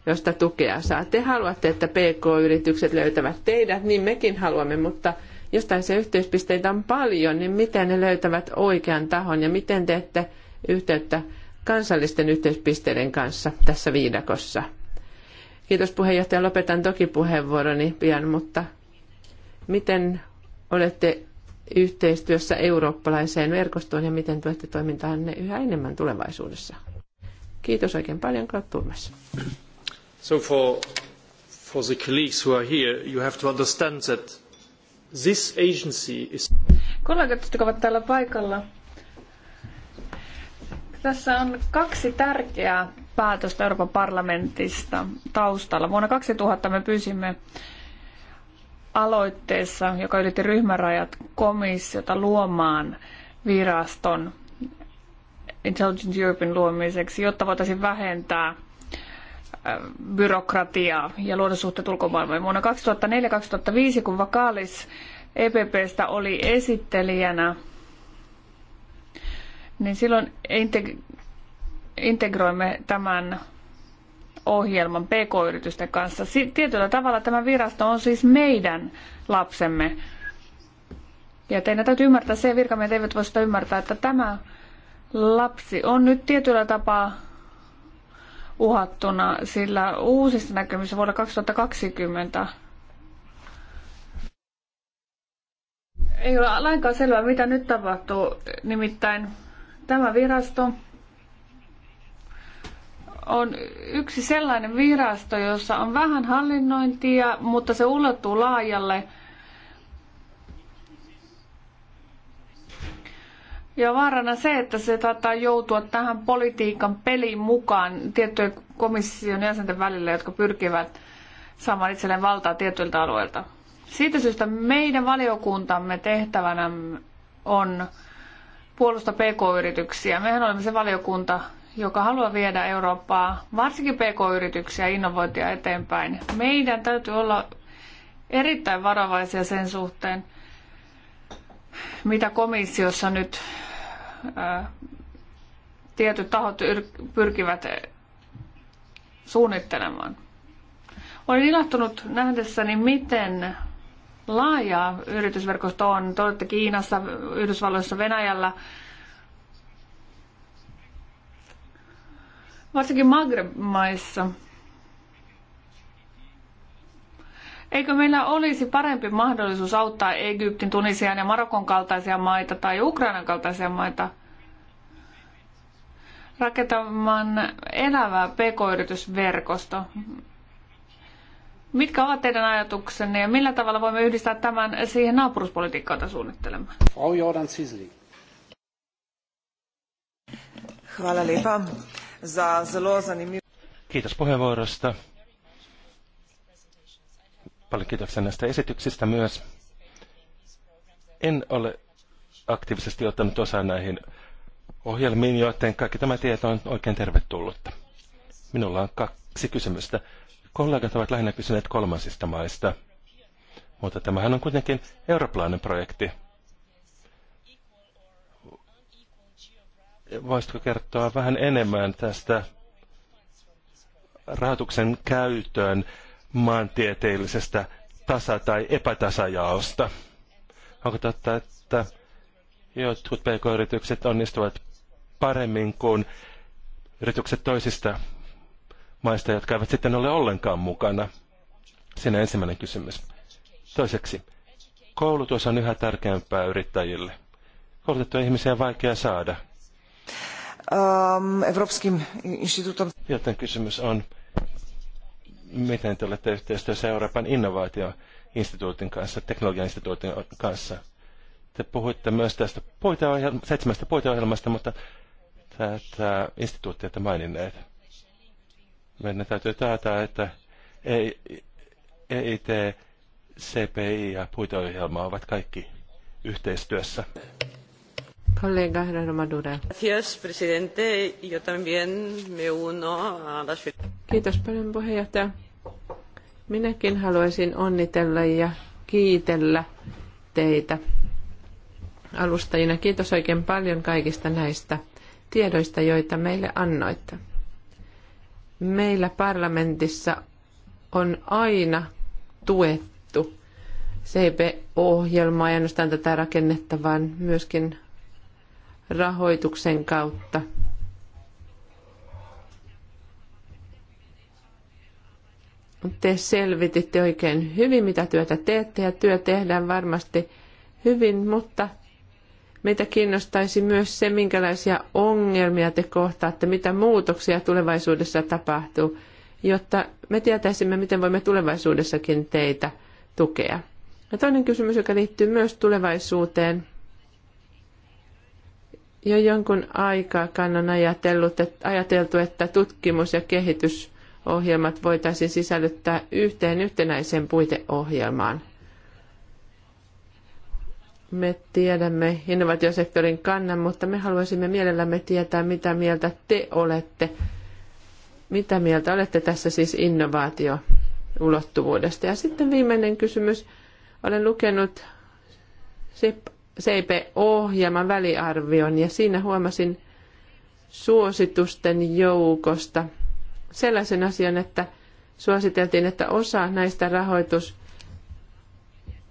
Speaker 2: josta tukea saa. Te haluatte, että PK-yritykset löytävät teidät, niin mekin haluamme, mutta jos se yhteispisteitä on paljon, niin miten ne löytävät oikean tahon ja miten teette yhteyttä kansallisten yhteispisteiden kanssa tässä viidakossa. Kiitos puheenjohtaja. Lopetan toki puheenvuoroni pian, mutta miten olette yhteistyössä eurooppalaiseen verkostoon ja miten tuette toimintaanne yhä enemmän tulevaisuudessa? Kiitos oikein paljon, Claude Turmes.
Speaker 1: So for,
Speaker 3: for the colleagues who are here, you have to understand that this agency is...
Speaker 4: Kollegat, jotka ovat täällä paikalla, tässä on kaksi tärkeää päätöstä Euroopan parlamentista taustalla. Vuonna 2000 me pyysimme aloitteessa, joka ylitti ryhmärajat, komissiota luomaan viraston Intelligent Europein luomiseksi, jotta voitaisiin vähentää äh, byrokratiaa ja luoda suhteet ulkomaailmaan. Vuonna 2004-2005, kun Vakalis EPPstä oli esittelijänä, niin silloin integroimme tämän ohjelman PK-yritysten kanssa. Tietyllä tavalla tämä virasto on siis meidän lapsemme. Ja teidän täytyy ymmärtää se, virkamiehet eivät voi sitä ymmärtää, että tämä lapsi on nyt tietyllä tapaa uhattuna, sillä uusissa näkymissä vuonna 2020 ei ole lainkaan selvää, mitä nyt tapahtuu. Nimittäin Tämä virasto on yksi sellainen virasto, jossa on vähän hallinnointia, mutta se ulottuu laajalle. Ja vaarana se, että se saattaa joutua tähän politiikan peliin mukaan tiettyjen komission jäsenten välillä, jotka pyrkivät saamaan itselleen valtaa tietyiltä alueilta. Siitä syystä meidän valiokuntamme tehtävänä on puolusta PK-yrityksiä. Mehän olemme se valiokunta, joka haluaa viedä Eurooppaa, varsinkin PK-yrityksiä ja innovointia eteenpäin. Meidän täytyy olla erittäin varovaisia sen suhteen, mitä komissiossa nyt ää, tietyt tahot pyrkivät suunnittelemaan. Olen ilahtunut nähdessäni, miten laaja yritysverkosto on. Te olette Kiinassa, Yhdysvalloissa, Venäjällä. Varsinkin Maghreb-maissa. Eikö meillä olisi parempi mahdollisuus auttaa Egyptin, Tunisian ja Marokon kaltaisia maita tai Ukrainan kaltaisia maita rakentamaan elävää pk-yritysverkosto? Mitkä ovat teidän ajatuksenne ja millä tavalla voimme yhdistää tämän siihen naapuruspolitiikkaan, jota suunnittelemme?
Speaker 1: Frau Jordan
Speaker 3: Kiitos puheenvuorosta. Paljon kiitoksia näistä esityksistä myös. En ole aktiivisesti ottanut osaa näihin ohjelmiin, joten kaikki tämä tieto on oikein tervetullutta. Minulla on kaksi kysymystä. Kollegat ovat lähinnä kysyneet kolmansista maista, mutta tämähän on kuitenkin eurooppalainen projekti. Voisitko kertoa vähän enemmän tästä rahoituksen käytön maantieteellisestä tasa- tai epätasajaosta? Onko totta, että jotkut pk-yritykset onnistuvat paremmin kuin yritykset toisista maista, jotka eivät sitten ole ollenkaan mukana? Siinä ensimmäinen kysymys. Toiseksi, koulutus on yhä tärkeämpää yrittäjille. Koulutettuja ihmisiä on vaikea saada. Um, Evropskim Joten kysymys on, miten te olette yhteistyössä Euroopan innovaatioinstituutin kanssa, teknologiainstituutin kanssa? Te puhuitte myös tästä puiteohjelma, seitsemästä puiteohjelmasta, mutta tätä instituuttia te maininneet. Meidän täytyy taata, että EIT, e CPI ja puiteohjelma ovat kaikki yhteistyössä.
Speaker 2: Kollega Madura. Gracias, presidente. Yo también me uno a las... Kiitos paljon puheenjohtaja. Minäkin haluaisin onnitella ja kiitellä teitä alustajina. Kiitos oikein paljon kaikista näistä tiedoista, joita meille annoitte. Meillä parlamentissa on aina tuettu CP-ohjelmaa, ei ainoastaan tätä rakennetta, vaan myöskin rahoituksen kautta. Te selvititte oikein hyvin, mitä työtä teette, ja työ tehdään varmasti hyvin, mutta – Meitä kiinnostaisi myös se, minkälaisia ongelmia te kohtaatte, mitä muutoksia tulevaisuudessa tapahtuu, jotta me tietäisimme, miten voimme tulevaisuudessakin teitä tukea. Ja toinen kysymys, joka liittyy myös tulevaisuuteen. Jo jonkun aikaa kannan ajatellut, että, ajateltu, että tutkimus- ja kehitysohjelmat voitaisiin sisällyttää yhteen yhtenäiseen puiteohjelmaan – me tiedämme innovaatiosektorin kannan, mutta me haluaisimme mielellämme tietää, mitä mieltä te olette. Mitä mieltä olette tässä siis innovaatioulottuvuudesta? Ja sitten viimeinen kysymys. Olen lukenut CPO-ohjelman väliarvion ja siinä huomasin suositusten joukosta sellaisen asian, että suositeltiin, että osa näistä rahoitus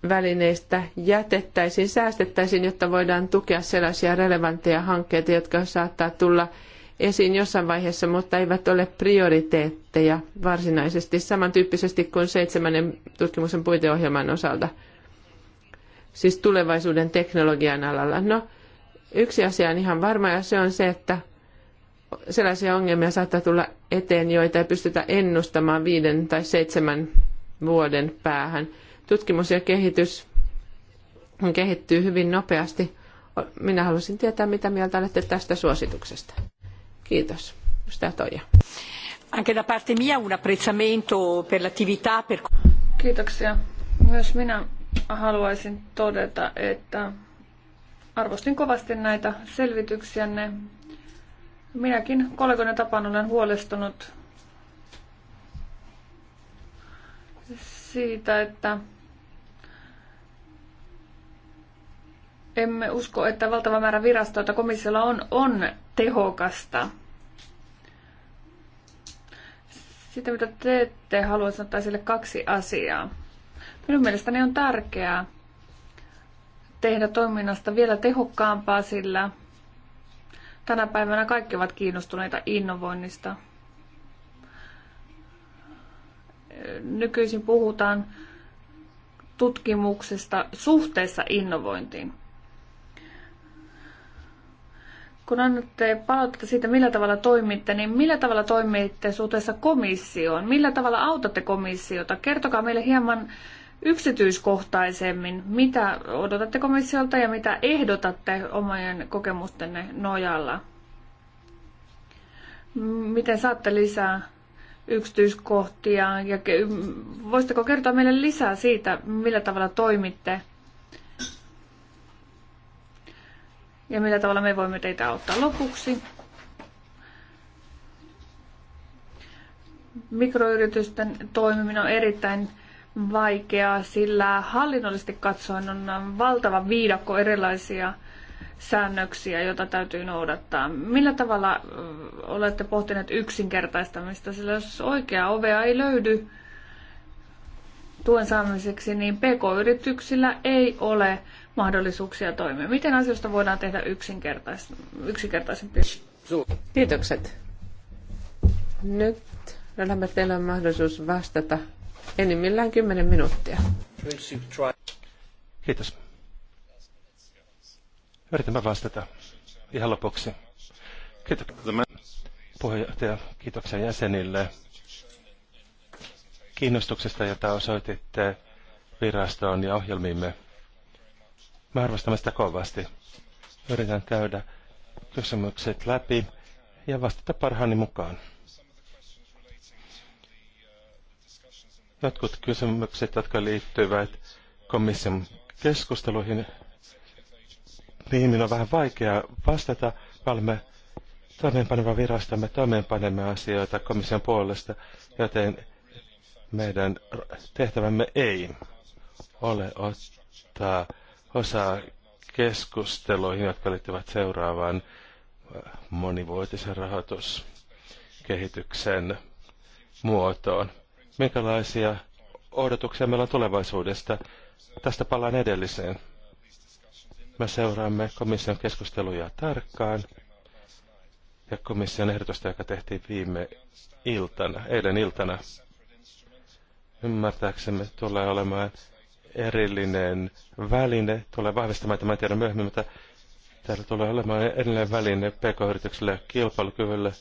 Speaker 2: välineistä jätettäisiin, säästettäisiin, jotta voidaan tukea sellaisia relevantteja hankkeita, jotka saattaa tulla esiin jossain vaiheessa, mutta eivät ole prioriteetteja varsinaisesti samantyyppisesti kuin seitsemännen tutkimuksen puiteohjelman osalta, siis tulevaisuuden teknologian alalla. No, yksi asia on ihan varma ja se on se, että sellaisia ongelmia saattaa tulla eteen, joita ei pystytä ennustamaan viiden tai seitsemän vuoden päähän – tutkimus ja kehitys kehittyy hyvin nopeasti. Minä haluaisin tietää, mitä mieltä olette tästä suosituksesta. Kiitos. Sitä Anche da parte mia un apprezzamento
Speaker 4: per l'attività. Per... Kiitoksia. Myös minä haluaisin todeta, että arvostin kovasti näitä selvityksiänne. Minäkin kollegoiden tapaan olen huolestunut siitä, että emme usko, että valtava määrä virastoita komissiolla on, on tehokasta. Sitä, mitä ette halua sanoa sille kaksi asiaa. Minun mielestäni on tärkeää tehdä toiminnasta vielä tehokkaampaa, sillä tänä päivänä kaikki ovat kiinnostuneita innovoinnista. Nykyisin puhutaan tutkimuksesta suhteessa innovointiin kun annatte palautetta siitä, millä tavalla toimitte, niin millä tavalla toimitte suhteessa komissioon? Millä tavalla autatte komissiota? Kertokaa meille hieman yksityiskohtaisemmin, mitä odotatte komissiolta ja mitä ehdotatte omien kokemustenne nojalla. Miten saatte lisää yksityiskohtia ja voisitteko kertoa meille lisää siitä, millä tavalla toimitte – ja millä tavalla me voimme teitä auttaa lopuksi. Mikroyritysten toimiminen on erittäin vaikeaa, sillä hallinnollisesti katsoen on valtava viidakko erilaisia säännöksiä, joita täytyy noudattaa. Millä tavalla olette pohtineet yksinkertaistamista, sillä jos oikeaa ovea ei löydy tuen saamiseksi, niin pk-yrityksillä ei ole mahdollisuuksia toimia. Miten asioista voidaan tehdä yksinkertais- yksinkertaisempi?
Speaker 2: Kiitokset. Nyt Robert, teillä on mahdollisuus vastata enimmillään 10 minuuttia.
Speaker 3: Kiitos. Yritän vastata ihan lopuksi. Kiitos puheenjohtaja, kiitoksia jäsenille kiinnostuksesta, jota osoititte virastoon ja ohjelmiimme. Mä arvostan sitä kovasti. Yritän käydä kysymykset läpi ja vastata parhaani mukaan. Jotkut kysymykset, jotka liittyvät komission keskusteluihin, niin minun on vähän vaikea vastata. Me olemme toimeenpaneva virasto, me toimeenpanemme asioita komission puolesta, joten meidän tehtävämme ei ole ottaa osaa keskusteluihin, jotka liittyvät seuraavaan monivuotisen rahoituskehityksen muotoon. Minkälaisia odotuksia meillä on tulevaisuudesta? Tästä palaan edelliseen. Me seuraamme komission keskusteluja tarkkaan ja komission ehdotusta, joka tehtiin viime iltana, eilen iltana. Ymmärtääksemme tulee olemaan erillinen väline, tulee vahvistamaan tämän tiedon myöhemmin, mutta täällä tulee olemaan erillinen väline pk-yritykselle ja kilpailukyvylle.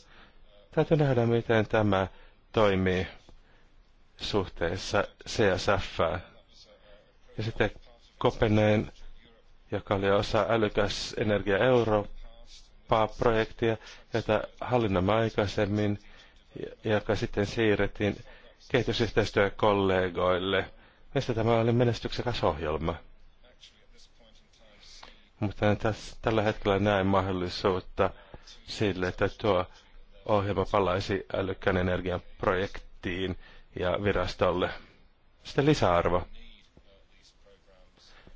Speaker 3: Täytyy nähdä, miten tämä toimii suhteessa CSF. Ja sitten Kopeneen, joka oli osa älykäs energia Eurooppaa projektia, jota hallinnamme aikaisemmin, joka sitten siirrettiin kehitysyhteistyökollegoille – Mistä tämä oli menestyksekäs ohjelma. Mutta täs, tällä hetkellä näin mahdollisuutta sille, että tuo ohjelma palaisi älykkään energian projektiin ja virastolle. Sitten lisäarvo.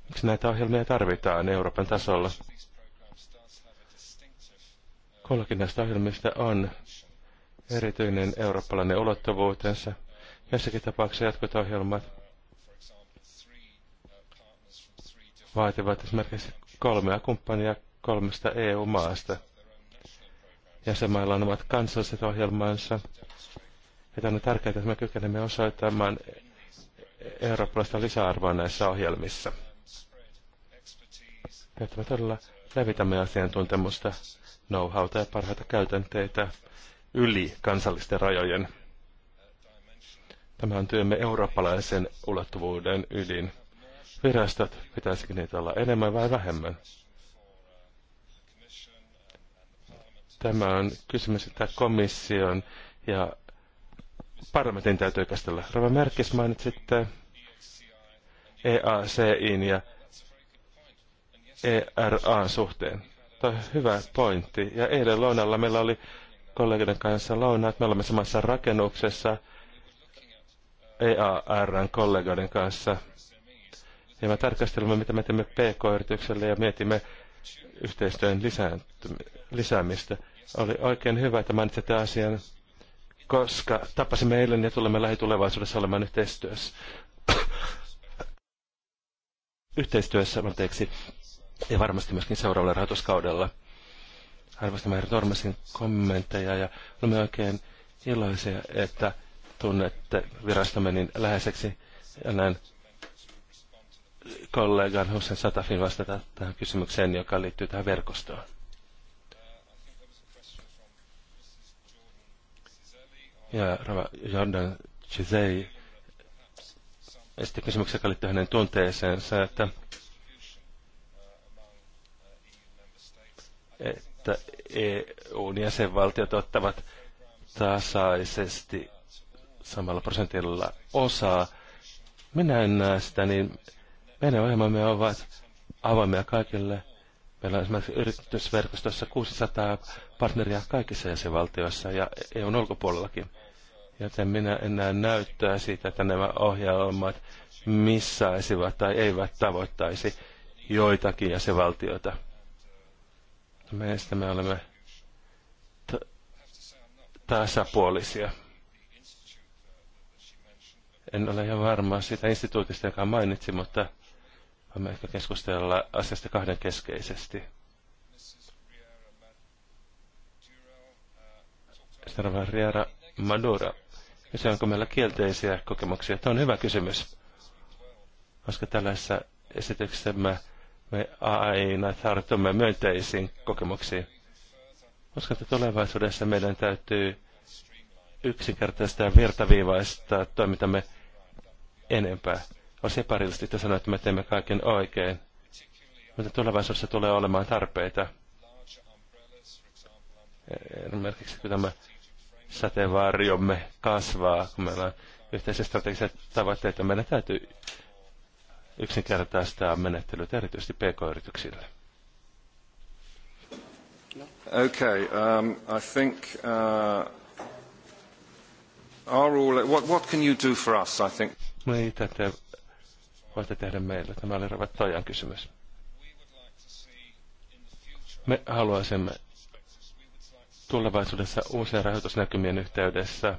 Speaker 3: Miksi näitä ohjelmia tarvitaan Euroopan tasolla? Kullakin näistä ohjelmista on erityinen eurooppalainen ulottuvuutensa. Jossakin tapauksessa jotkut ohjelmat vaativat esimerkiksi kolmea kumppania kolmesta EU-maasta. Jäsenmailla on omat kansalliset ohjelmansa. Ja on tärkeää, että me kykenemme osoittamaan eurooppalaista lisäarvoa näissä ohjelmissa. että me todella levitämme asiantuntemusta, know-howta ja parhaita käytänteitä yli kansallisten rajojen. Tämä on työmme eurooppalaisen ulottuvuuden ydin virastot, pitäisikö niitä olla enemmän vai vähemmän? Tämä on kysymys, että komission ja parlamentin täytyy käsitellä. Rova Merkis että EACin ja ERAn suhteen. on hyvä pointti. Ja eilen lounalla meillä oli kollegoiden kanssa lounaat. Me olemme samassa rakennuksessa EARn kollegoiden kanssa. Ja me tarkastelemme, mitä me teemme PK-yritykselle ja mietimme yhteistyön lisäämistä. Oli oikein hyvä, että mainitsitte asian, koska tapasimme eilen ja tulemme lähitulevaisuudessa olemaan yhteistyössä. yhteistyössä, anteeksi, ja varmasti myöskin seuraavalla rahoituskaudella. Arvostamme herra Tormasin kommentteja ja olemme oikein iloisia, että tunnette virastomme niin läheiseksi ja näin kollegan Hussein Satafin vastata tähän kysymykseen, joka liittyy tähän verkostoon. Ja Rava Jordan Chizei esitti kysymyksen, joka liittyy hänen tunteeseensa, että, että EUn jäsenvaltiot ottavat tasaisesti samalla prosentilla osaa. Minä en näe sitä niin meidän ohjelmamme ovat avoimia kaikille. Meillä on esimerkiksi yritysverkostossa 600 partneria kaikissa jäsenvaltioissa ja EUn ulkopuolellakin. Joten minä en näe näyttöä siitä, että nämä ohjelmat missaisivat tai eivät tavoittaisi joitakin jäsenvaltioita. Meistä me olemme tasapuolisia. En ole ihan varma siitä instituutista, joka mainitsi, mutta Voimme ehkä keskustella asiasta kahden keskeisesti. Sarva Riera Maduro. Kyse onko meillä kielteisiä kokemuksia? Tämä on hyvä kysymys, koska tällaisessa esityksessä me, me aina tartumme myönteisiin kokemuksiin. Koska että tulevaisuudessa meidän täytyy yksinkertaista ja virtaviivaista toimintamme enempää oseparillisesti te sanoo, että me teemme kaiken oikein. Mutta tulevaisuudessa tulee olemaan tarpeita. Esimerkiksi kun tämä sateenvaariomme kasvaa, kun meillä on yhteisiä strategisia tavoitteita, meidän täytyy yksinkertaistaa menettelyt erityisesti pk-yrityksille. Okay, um, I think uh, our rule. What, what can you do for us? I think. Mitä te voitte tehdä meille. Tämä oli Ravettajan kysymys. Me haluaisimme tulevaisuudessa uusien rahoitusnäkymien yhteydessä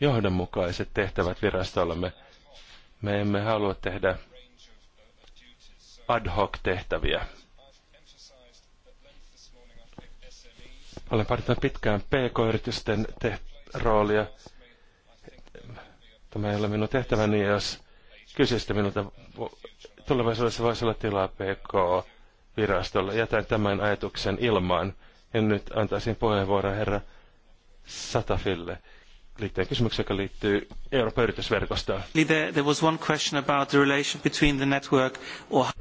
Speaker 3: johdonmukaiset tehtävät virastollemme. Me emme halua tehdä ad hoc tehtäviä. Olen painottanut pitkään pk-yritysten roolia Tämä ei ole minun tehtäväni, jos kysystä minulta tulevaisuudessa voisi olla tilaa PK-virastolle. Jätän tämän ajatuksen ilmaan. En nyt antaisin puheenvuoron herra Satafille liittyen kysymykseen, joka liittyy Euroopan yritysverkostoon.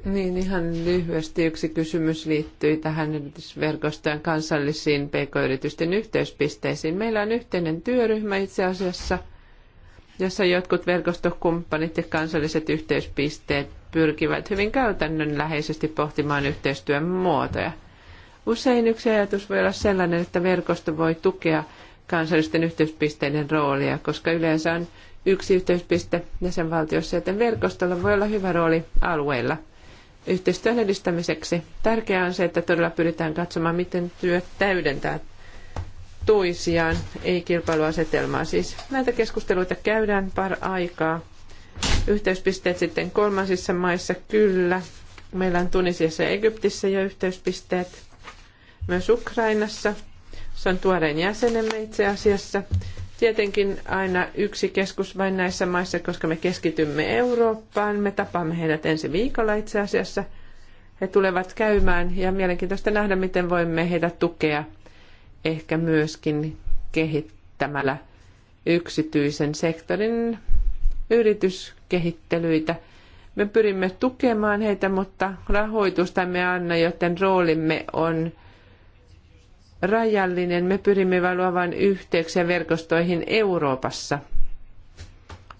Speaker 2: Niin, ihan lyhyesti yksi kysymys liittyi tähän yritysverkostojen kansallisiin pk-yritysten yhteyspisteisiin. Meillä on yhteinen työryhmä itse asiassa – jossa jotkut verkostokumppanit ja kansalliset yhteispisteet pyrkivät hyvin käytännönläheisesti pohtimaan yhteistyön muotoja. Usein yksi ajatus voi olla sellainen, että verkosto voi tukea kansallisten yhteyspisteiden roolia, koska yleensä on yksi yhteyspiste jäsenvaltiossa, joten verkostolla voi olla hyvä rooli alueilla yhteistyön edistämiseksi. Tärkeää on se, että todella pyritään katsomaan, miten työ täydentää toisiaan, ei kilpailuasetelmaa siis. Näitä keskusteluita käydään par aikaa. Yhteyspisteet sitten kolmansissa maissa, kyllä. Meillä on Tunisiassa ja Egyptissä jo yhteyspisteet. Myös Ukrainassa. Se on tuoreen jäsenemme itse asiassa. Tietenkin aina yksi keskus vain näissä maissa, koska me keskitymme Eurooppaan. Me tapaamme heidät ensi viikolla itse asiassa. He tulevat käymään ja mielenkiintoista nähdä, miten voimme heidät tukea – ehkä myöskin kehittämällä yksityisen sektorin yrityskehittelyitä. Me pyrimme tukemaan heitä, mutta rahoitusta emme anna, joten roolimme on rajallinen. Me pyrimme luomaan yhteyksiä verkostoihin Euroopassa.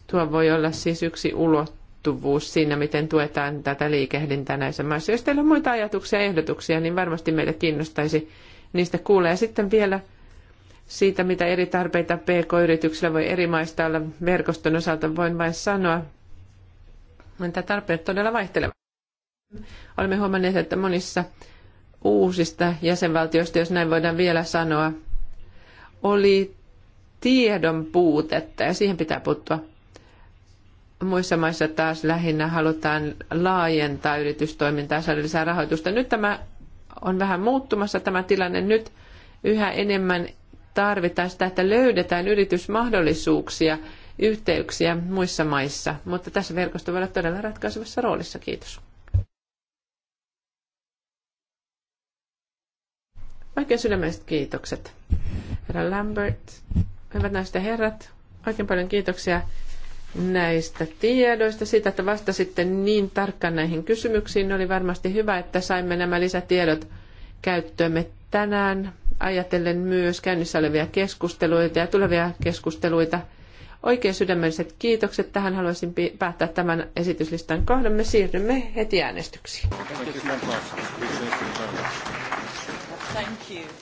Speaker 2: Tuo voi olla siis yksi ulottuvuus siinä, miten tuetaan tätä liikehdintää näissä maissa. Jos teillä on muita ajatuksia ja ehdotuksia, niin varmasti meitä kiinnostaisi niistä kuulee. Sitten vielä siitä, mitä eri tarpeita PK-yrityksillä voi eri maista olla verkoston osalta, voin vain sanoa, että tarpeet todella vaihtelevat. Olemme huomanneet, että monissa uusista jäsenvaltioista, jos näin voidaan vielä sanoa, oli tiedon puutetta ja siihen pitää puuttua. Muissa maissa taas lähinnä halutaan laajentaa yritystoimintaa, saada lisää rahoitusta. Nyt tämä on vähän muuttumassa tämä tilanne nyt. Yhä enemmän tarvitaan sitä, että löydetään yritysmahdollisuuksia, yhteyksiä muissa maissa, mutta tässä verkosto voi olla todella ratkaisevassa roolissa. Kiitos. Oikein sydämelliset kiitokset. Herra Lambert, hyvät naiset ja herrat, oikein paljon kiitoksia näistä tiedoista, siitä, että vastasitte niin tarkkaan näihin kysymyksiin. Oli varmasti hyvä, että saimme nämä lisätiedot käyttöömme tänään, ajatellen myös käynnissä olevia keskusteluita ja tulevia keskusteluita. Oikein sydämelliset kiitokset. Tähän haluaisin päättää tämän esityslistan kohdan. Me siirrymme heti äänestyksiin.
Speaker 1: Thank you.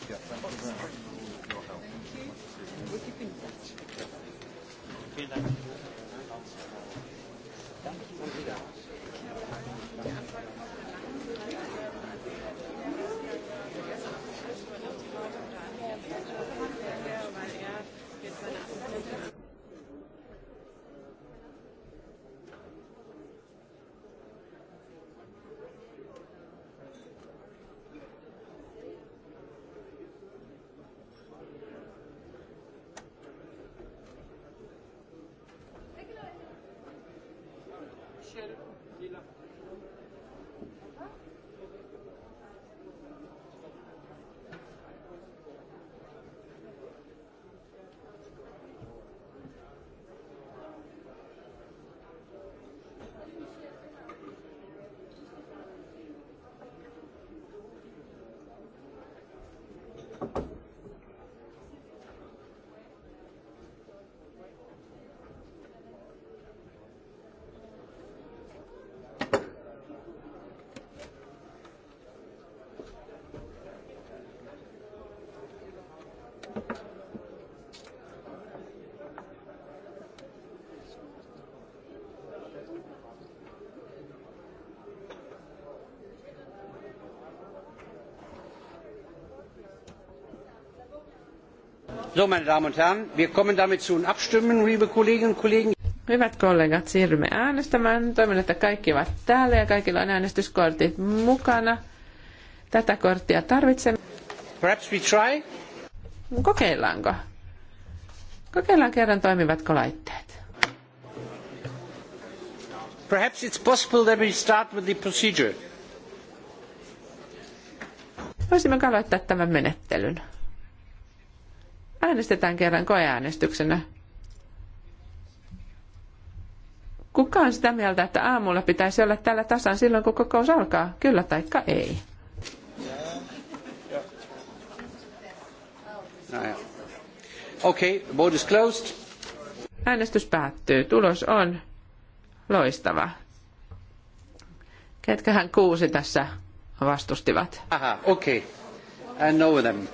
Speaker 1: So, meine Damen und Herren, wir kommen damit zu den Abstimmungen, liebe Kolleginnen und
Speaker 2: Kollegen. Hyvät kollegat, siirrymme äänestämään. Toivon, että kaikki ovat täällä ja kaikilla on äänestyskortit mukana. Tätä korttia tarvitsemme. Perhaps we try. Kokeillaanko? Kokeillaan kerran, toimivatko laitteet.
Speaker 1: Perhaps it's possible that we start with the procedure.
Speaker 2: Voisimme aloittaa tämän menettelyn? Äänestetään kerran koeäänestyksenä. Kuka on sitä mieltä, että aamulla pitäisi olla täällä tasan silloin, kun kokous alkaa? Kyllä taikka ei.
Speaker 1: Ah, okay, board is closed.
Speaker 2: Äänestys päättyy. Tulos on loistava. Ketkähän kuusi tässä vastustivat?
Speaker 1: Aha, okay. I know them.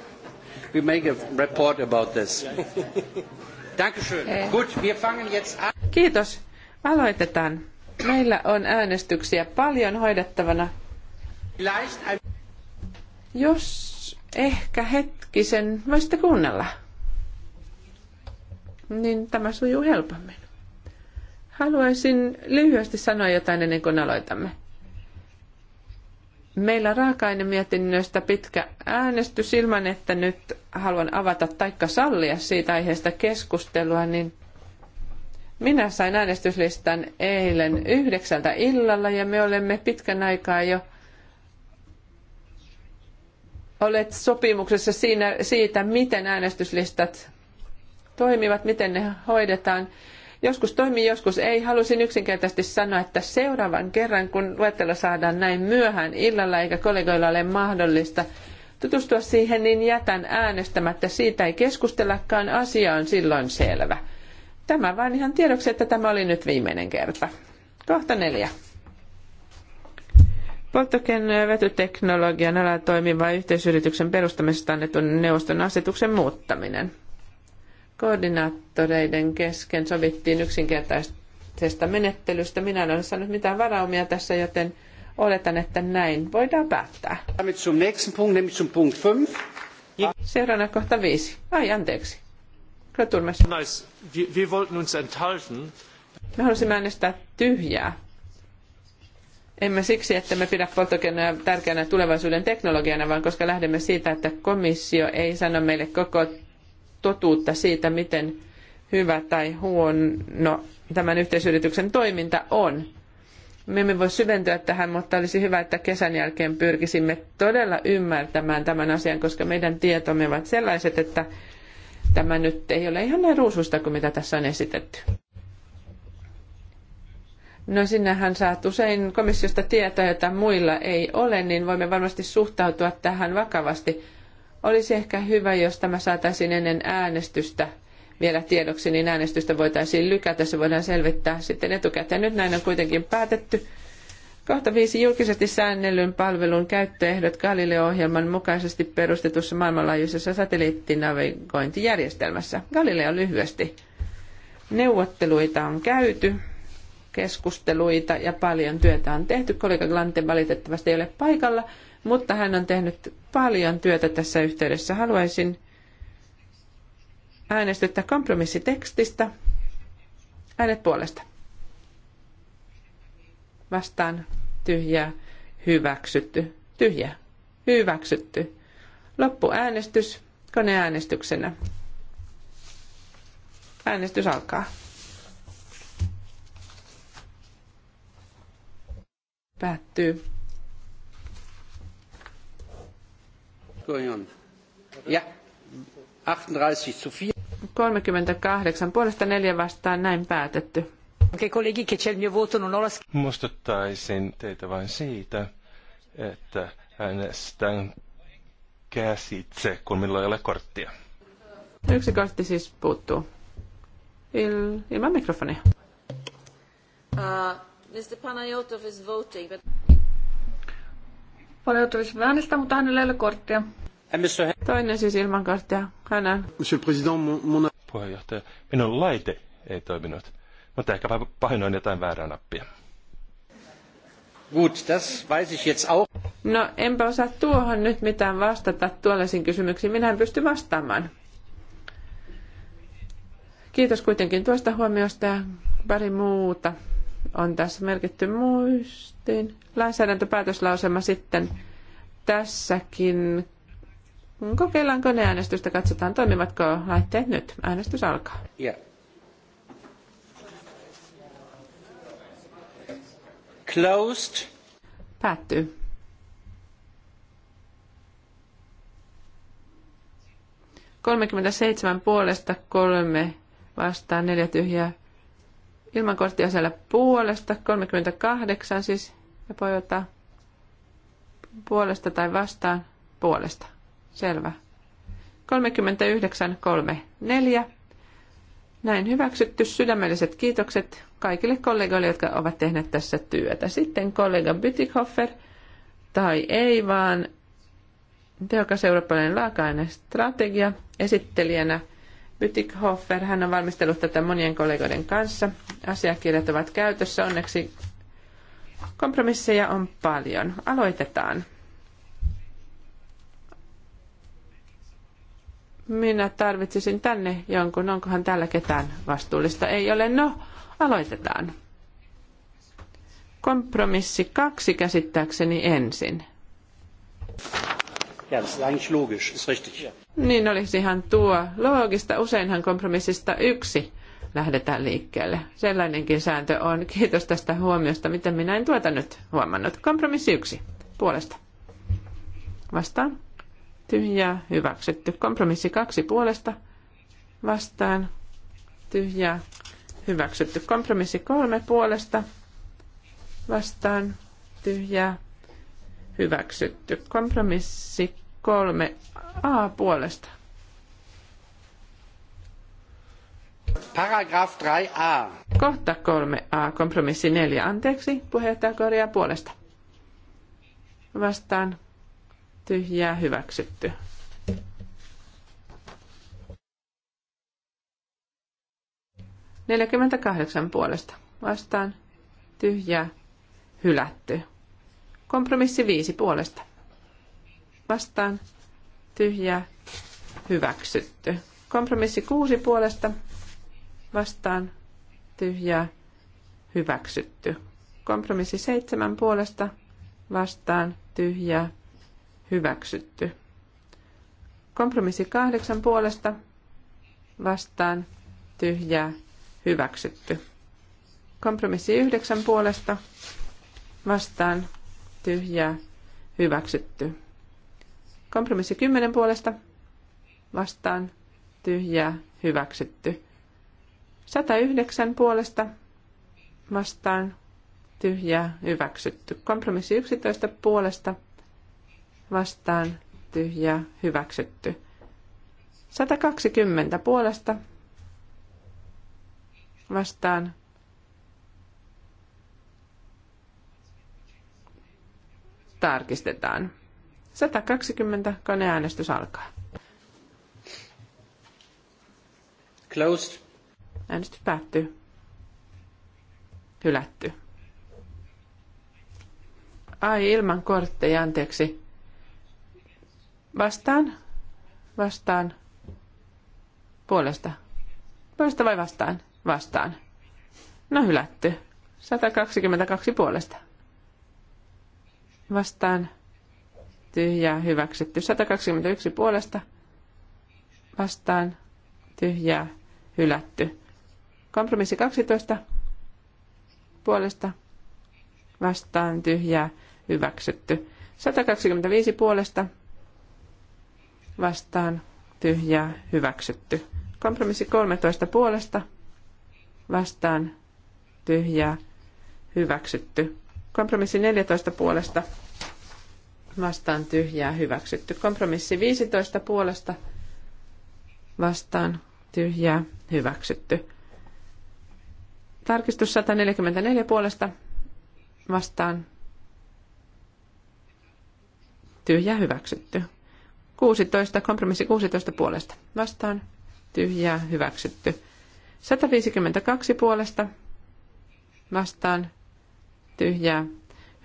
Speaker 1: We make a report about this. Dankeschön. Eh. Gut, wir fangen jetzt an.
Speaker 2: Kiitos. Aloitetaan. Meillä on äänestyksiä paljon hoidettavana. Jos ehkä hetkisen voisitte kuunnella. Niin tämä sujuu helpommin. Haluaisin lyhyesti sanoa jotain ennen kuin aloitamme. Meillä raaka-aine mietinnöstä pitkä äänestys ilman, että nyt haluan avata taikka sallia siitä aiheesta keskustelua, niin minä sain äänestyslistan eilen yhdeksältä illalla ja me olemme pitkän aikaa jo – olet sopimuksessa siinä, siitä, miten äänestyslistat toimivat, miten ne hoidetaan. Joskus toimii, joskus ei. Halusin yksinkertaisesti sanoa, että seuraavan kerran, kun luettelo saadaan näin myöhään illalla eikä kollegoilla ole mahdollista tutustua siihen, niin jätän äänestämättä. Siitä ei keskustellakaan. Asia on silloin selvä. Tämä vain ihan tiedoksi, että tämä oli nyt viimeinen kerta. Kohta neljä. Polttoaineen vetyteknologian ala toimiva yhteisyrityksen perustamisesta annetun neuvoston asetuksen muuttaminen. Koordinaattoreiden kesken sovittiin yksinkertaisesta menettelystä. Minä en ole saanut mitään varaumia tässä, joten oletan, että näin voidaan päättää. Seuraavana kohta viisi. Ai, anteeksi. Me halusimme äänestää tyhjää emme siksi, että me pidä polttokennoja tärkeänä tulevaisuuden teknologiana, vaan koska lähdemme siitä, että komissio ei sano meille koko totuutta siitä, miten hyvä tai huono tämän yhteisyrityksen toiminta on. Me emme voi syventyä tähän, mutta olisi hyvä, että kesän jälkeen pyrkisimme todella ymmärtämään tämän asian, koska meidän tietomme ovat sellaiset, että tämä nyt ei ole ihan näin ruususta kuin mitä tässä on esitetty. No sinnehän saat usein komissiosta tietoa, jota muilla ei ole, niin voimme varmasti suhtautua tähän vakavasti. Olisi ehkä hyvä, jos tämä saataisiin ennen äänestystä vielä tiedoksi, niin äänestystä voitaisiin lykätä. Se voidaan selvittää sitten etukäteen. Nyt näin on kuitenkin päätetty. Kohta viisi julkisesti säännellyn palvelun käyttöehdot Galileo-ohjelman mukaisesti perustetussa maailmanlaajuisessa satelliittinavigointijärjestelmässä. Galileo lyhyesti. Neuvotteluita on käyty keskusteluita ja paljon työtä on tehty. Kollega Glante valitettavasti ei ole paikalla, mutta hän on tehnyt paljon työtä tässä yhteydessä. Haluaisin äänestyttää kompromissitekstistä. Äänet puolesta. Vastaan tyhjää, hyväksytty, tyhjä, hyväksytty. Loppuäänestys koneäänestyksenä. Äänestys alkaa. Päättyy. Going on. Ja 38 38 puolesta neljä vastaan näin päätetty.
Speaker 3: Muistuttaisin teitä vain siitä, että äänestän käsitse, kun minulla ei ole korttia.
Speaker 2: Yksi kortti siis puuttuu. Il- ilman mikrofonia. Uh, Mr. Panayotov is voting, but... Panayotov is äänestää, mutta hänellä ei ole korttia. Eh, Toinen siis ilman korttia. Hän
Speaker 3: Monsieur le mon... Puheenjohtaja, minun laite ei toiminut. Mutta ehkä painoin jotain väärää nappia. Gut,
Speaker 1: das weiß ich jetzt auch.
Speaker 2: No, enpä osaa tuohon nyt mitään vastata tuollaisiin kysymyksiin. Minä en pysty vastaamaan. Kiitos kuitenkin tuosta huomiosta ja pari muuta on tässä merkitty muistiin. Lainsäädäntöpäätöslauselma sitten tässäkin. Kokeillaan koneäänestystä, katsotaan toimivatko laitteet nyt. Äänestys alkaa.
Speaker 1: Yeah. Closed.
Speaker 2: Päättyy. seitsemän puolesta kolme vastaan neljä tyhjää Ilman korttia siellä puolesta, 38 siis, ja voi ottaa puolesta tai vastaan puolesta. Selvä. 39, 3, 4. Näin hyväksytty. Sydämelliset kiitokset kaikille kollegoille, jotka ovat tehneet tässä työtä. Sitten kollega Bytikhoffer, tai ei vaan tehokas eurooppalainen laaka-ainestrategia esittelijänä – Bütikhofer, hän on valmistellut tätä monien kollegoiden kanssa. Asiakirjat ovat käytössä, onneksi kompromisseja on paljon. Aloitetaan. Minä tarvitsisin tänne jonkun, onkohan täällä ketään vastuullista? Ei ole, no aloitetaan. Kompromissi kaksi käsittääkseni ensin.
Speaker 1: Ja, das ist eigentlich logisch, ist richtig
Speaker 2: niin olisihan tuo loogista. Useinhan kompromissista yksi lähdetään liikkeelle. Sellainenkin sääntö on. Kiitos tästä huomiosta, miten minä en tuota nyt huomannut. Kompromissi yksi. Puolesta. Vastaan. Tyhjää. Hyväksytty. Kompromissi kaksi. Puolesta. Vastaan. Tyhjää. Hyväksytty. Kompromissi kolme. Puolesta. Vastaan. Tyhjää. Hyväksytty. Kompromissi kolme A puolesta.
Speaker 1: Paragraf 3a.
Speaker 2: Kohta 3a, kompromissi 4. Anteeksi, puheenjohtaja korjaa puolesta. Vastaan tyhjää hyväksytty. Neljäkymmentäkahdeksan puolesta. Vastaan tyhjää hylätty. Kompromissi viisi puolesta. Vastaan tyhjä hyväksytty. Kompromissi kuusi puolesta vastaan tyhjä hyväksytty. Kompromissi seitsemän puolesta vastaan tyhjä hyväksytty. Kompromissi kahdeksan puolesta vastaan tyhjä hyväksytty. Kompromissi yhdeksän puolesta vastaan tyhjä hyväksytty. Kompromissi 10 puolesta vastaan tyhjää hyväksytty. 109 puolesta vastaan tyhjää hyväksytty. Kompromissi 11 puolesta vastaan tyhjää hyväksytty. 120 puolesta vastaan tarkistetaan. 120 koneäänestys alkaa. Closed. Äänestys päättyy. Hylätty. Ai, ilman kortteja, anteeksi. Vastaan. Vastaan. Puolesta. Puolesta vai vastaan? Vastaan. No hylätty. 122 puolesta. Vastaan tyhjää hyväksytty. 121 puolesta vastaan tyhjää hylätty. Kompromissi 12 puolesta vastaan tyhjää hyväksytty. 125 puolesta vastaan tyhjää hyväksytty. Kompromissi 13 puolesta vastaan tyhjää hyväksytty. Kompromissi 14 puolesta vastaan tyhjää hyväksytty. Kompromissi 15 puolesta vastaan tyhjää hyväksytty. Tarkistus 144 puolesta vastaan tyhjää hyväksytty. 16, kompromissi 16 puolesta vastaan tyhjää hyväksytty. 152 puolesta vastaan tyhjää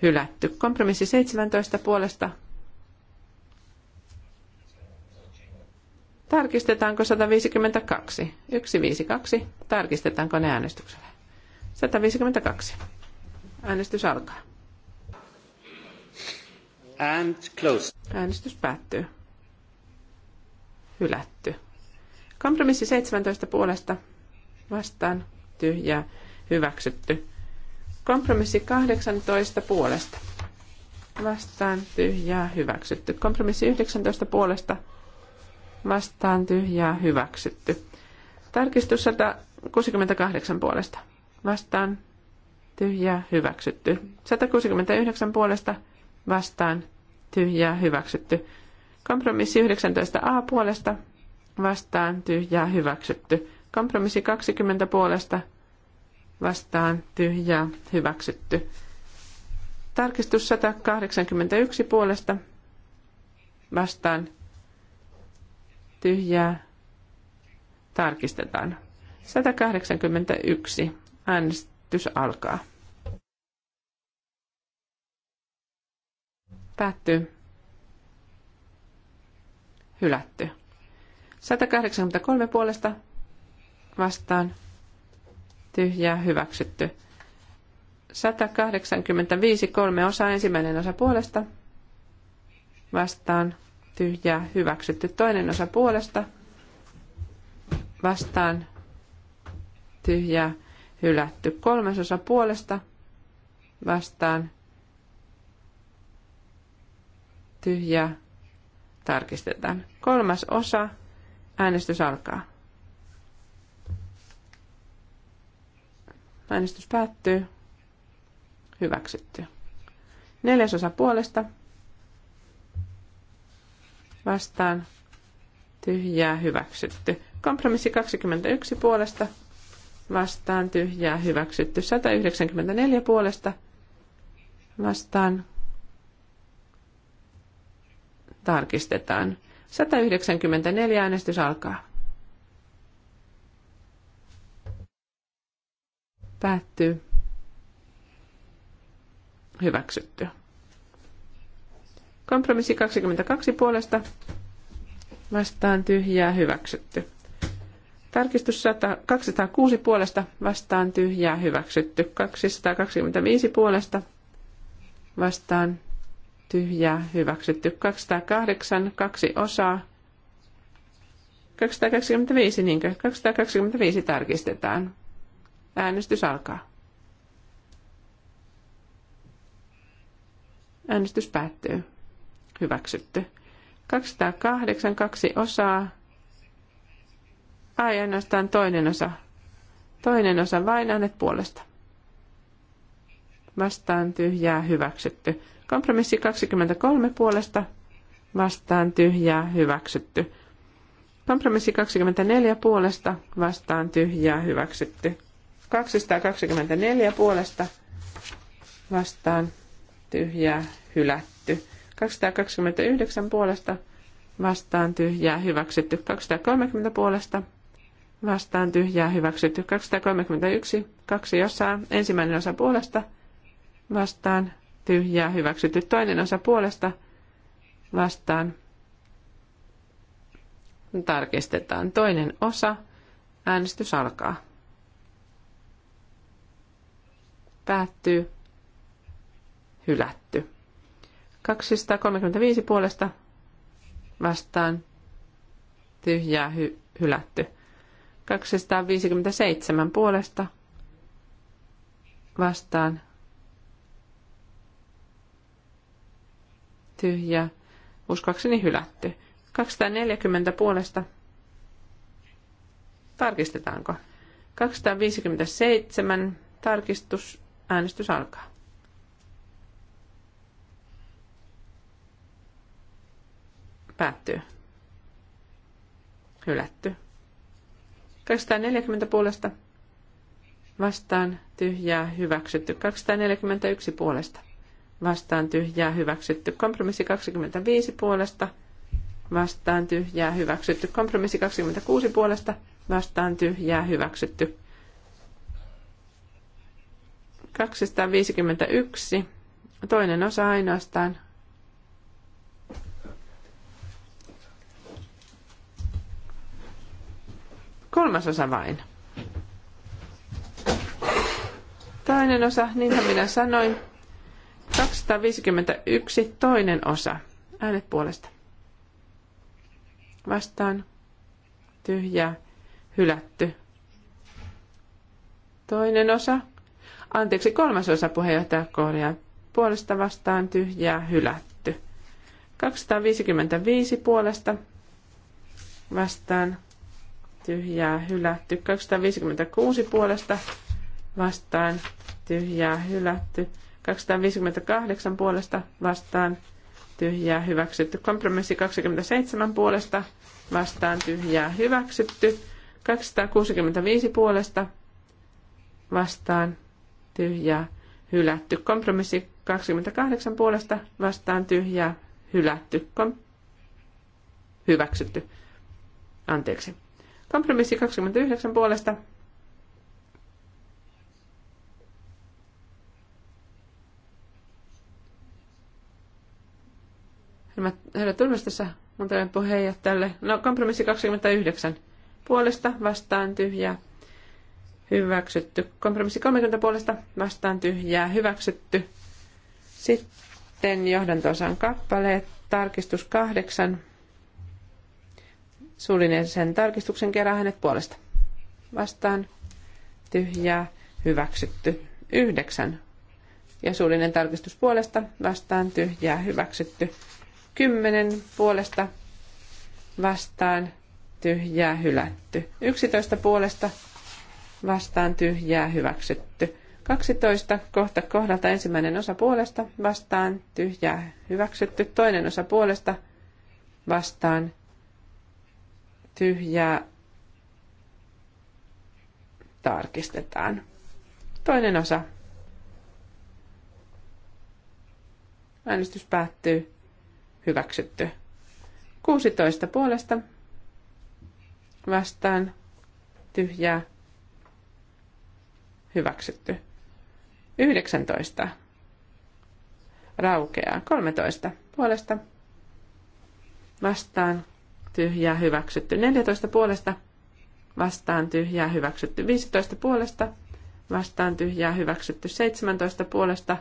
Speaker 2: hylätty. Kompromissi 17 puolesta. Tarkistetaanko 152? 152. Tarkistetaanko ne äänestyksellä? 152. Äänestys alkaa. And close. Äänestys päättyy. Hylätty. Kompromissi 17 puolesta vastaan tyhjää hyväksytty. Kompromissi 18 puolesta. Vastaan tyhjää hyväksytty. Kompromissi 19 puolesta. Vastaan tyhjää hyväksytty. Tarkistus 168 puolesta. Vastaan tyhjää hyväksytty. 169 puolesta. Vastaan tyhjää hyväksytty. Kompromissi 19a puolesta. Vastaan tyhjää hyväksytty. Kompromissi 20 puolesta vastaan tyhjää hyväksytty. Tarkistus 181 puolesta vastaan tyhjää tarkistetaan. 181. Äänestys alkaa. Päättyy. Hylätty. 183 puolesta vastaan tyhjää hyväksytty. 185 kolme osa ensimmäinen osa puolesta vastaan tyhjää hyväksytty. Toinen osa puolesta vastaan tyhjää hylätty. Kolmas osa puolesta vastaan tyhjää tarkistetaan. Kolmas osa äänestys alkaa. Äänestys päättyy. Hyväksytty. Neljäsosa puolesta. Vastaan. Tyhjää hyväksytty. Kompromissi 21 puolesta. Vastaan tyhjää hyväksytty. 194 puolesta. Vastaan. Tarkistetaan. 194 äänestys alkaa. Päättyy. Hyväksytty. Kompromissi 22 puolesta. Vastaan tyhjää. Hyväksytty. Tarkistus 206 puolesta. Vastaan tyhjää. Hyväksytty. 225 puolesta. Vastaan tyhjää. Hyväksytty. 208. Kaksi osaa. 225, niinkö? 225 tarkistetaan. Äänestys alkaa. Äänestys päättyy. Hyväksytty. 208 kaksi osaa. Ai ainoastaan toinen osa. Toinen osa vain äänet puolesta. Vastaan tyhjää hyväksytty. Kompromissi 23 puolesta. Vastaan tyhjää hyväksytty. Kompromissi 24 puolesta. Vastaan tyhjää hyväksytty. 224 puolesta vastaan tyhjää hylätty. 229 puolesta vastaan tyhjää hyväksytty. 230 puolesta vastaan tyhjää hyväksytty. 231, kaksi osaa, ensimmäinen osa puolesta vastaan tyhjää hyväksytty. Toinen osa puolesta vastaan tarkistetaan. Toinen osa, äänestys alkaa. Päättyy. Hylätty. 235 puolesta vastaan. Tyhjää hy- hylätty. 257 puolesta vastaan. Tyhjää. Uskoakseni hylätty. 240 puolesta. Tarkistetaanko? 257 tarkistus Äänestys alkaa. Päättyy. Hylätty. 240 puolesta vastaan tyhjää hyväksytty. 241 puolesta vastaan tyhjää hyväksytty. Kompromissi 25 puolesta vastaan tyhjää hyväksytty. Kompromissi 26 puolesta vastaan tyhjää hyväksytty. 251, toinen osa ainoastaan. Kolmas osa vain. Toinen osa, niinhän minä sanoin. 251, toinen osa. Äänet puolesta. Vastaan. tyhjä Hylätty. Toinen osa Anteeksi, kolmasosa puheenjohtajakohdia puolesta vastaan tyhjää hylätty. 255 puolesta vastaan tyhjää hylätty. 256 puolesta vastaan tyhjää hylätty. 258 puolesta vastaan tyhjää hyväksytty. Kompromissi 27 puolesta vastaan tyhjää hyväksytty. 265 puolesta vastaan tyhjää, hylätty. Kompromissi 28 puolesta vastaan tyhjää, hylätty. Kom- hyväksytty. Anteeksi. Kompromissi 29 puolesta herra Turvastassa on tämän puheenjohtajalle. No kompromissi 29. Puolesta vastaan tyhjää Hyväksytty. Kompromissi 30 puolesta vastaan tyhjää. Hyväksytty. Sitten johdantosan kappaleet. Tarkistus 8. Suullinen sen tarkistuksen kerää hänet puolesta. Vastaan tyhjää. Hyväksytty. 9. Ja suullinen tarkistus puolesta. Vastaan tyhjää. Hyväksytty. 10 puolesta. Vastaan tyhjää. Hylätty. 11 puolesta vastaan tyhjää hyväksytty. 12 kohta kohdalta ensimmäinen osa puolesta vastaan tyhjää hyväksytty. Toinen osa puolesta vastaan tyhjää tarkistetaan. Toinen osa. Äänestys päättyy. Hyväksytty. 16 puolesta vastaan tyhjää hyväksytty. 19 raukeaa. 13 puolesta vastaan tyhjää hyväksytty. 14 puolesta vastaan tyhjää hyväksytty. 15 puolesta vastaan tyhjää hyväksytty. 17 puolesta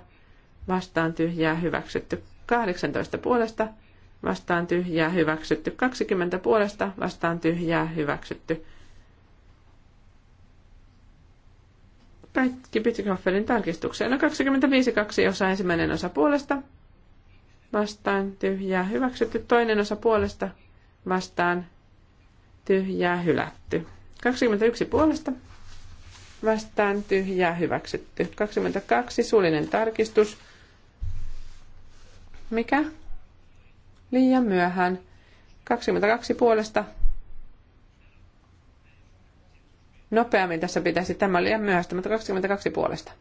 Speaker 2: vastaan tyhjää hyväksytty. 18 puolesta vastaan tyhjää hyväksytty. 20 puolesta vastaan tyhjää hyväksytty. Pätki tarkistukseen. No 25.2 osa ensimmäinen osa puolesta. Vastaan tyhjää hyväksytty. Toinen osa puolesta. Vastaan tyhjää hylätty. 21 puolesta. Vastaan tyhjää hyväksytty. 22 suullinen tarkistus. Mikä? Liian myöhään. 22 puolesta nopeammin tässä pitäisi. Tämä oli liian myöhäistä, mutta 22 puolesta.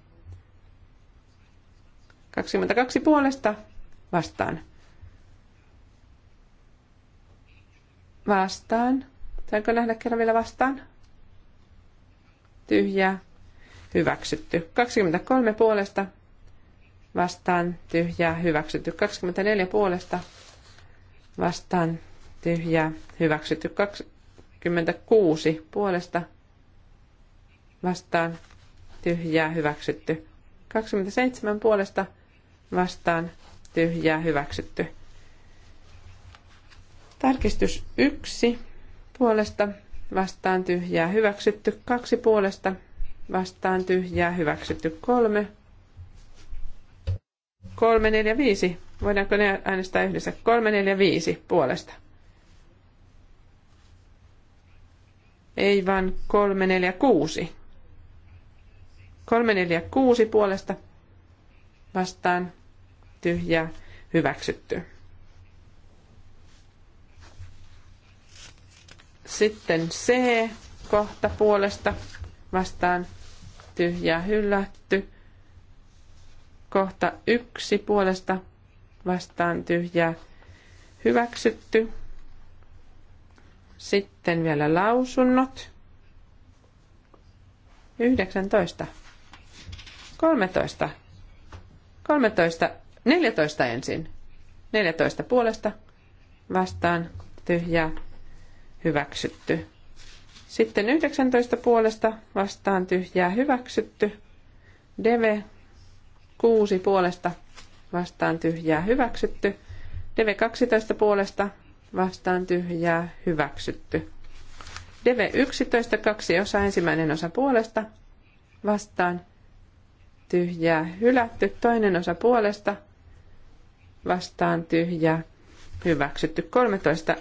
Speaker 2: 22 puolesta vastaan. Vastaan. Saanko nähdä kerran vielä vastaan? Tyhjää. Hyväksytty. 23 puolesta. Vastaan. Tyhjää. Hyväksytty. 24 puolesta. Vastaan. Tyhjää. Hyväksytty. 26 puolesta vastaan tyhjää hyväksytty. 27 puolesta vastaan tyhjää hyväksytty. Tarkistus 1 puolesta vastaan tyhjää hyväksytty. 2 puolesta vastaan tyhjää hyväksytty. 3 3, 4, 5. Voidaanko ne äänestää yhdessä? 3, 4, 5 puolesta. Ei vaan 3, 4, 6 346 puolesta vastaan tyhjää hyväksytty. Sitten C kohta puolesta vastaan tyhjää hylätty. Kohta yksi puolesta vastaan tyhjää hyväksytty. Sitten vielä lausunnot. 19 13. 13. 14 ensin. 14 puolesta vastaan tyhjä hyväksytty. Sitten 19 puolesta vastaan tyhjää hyväksytty. Deve 6 puolesta vastaan tyhjää hyväksytty. Deve 12 puolesta vastaan tyhjää hyväksytty. Deve 11 kaksi osa ensimmäinen osa puolesta vastaan tyhjää hylätty, toinen osa puolesta vastaan tyhjää hyväksytty. 13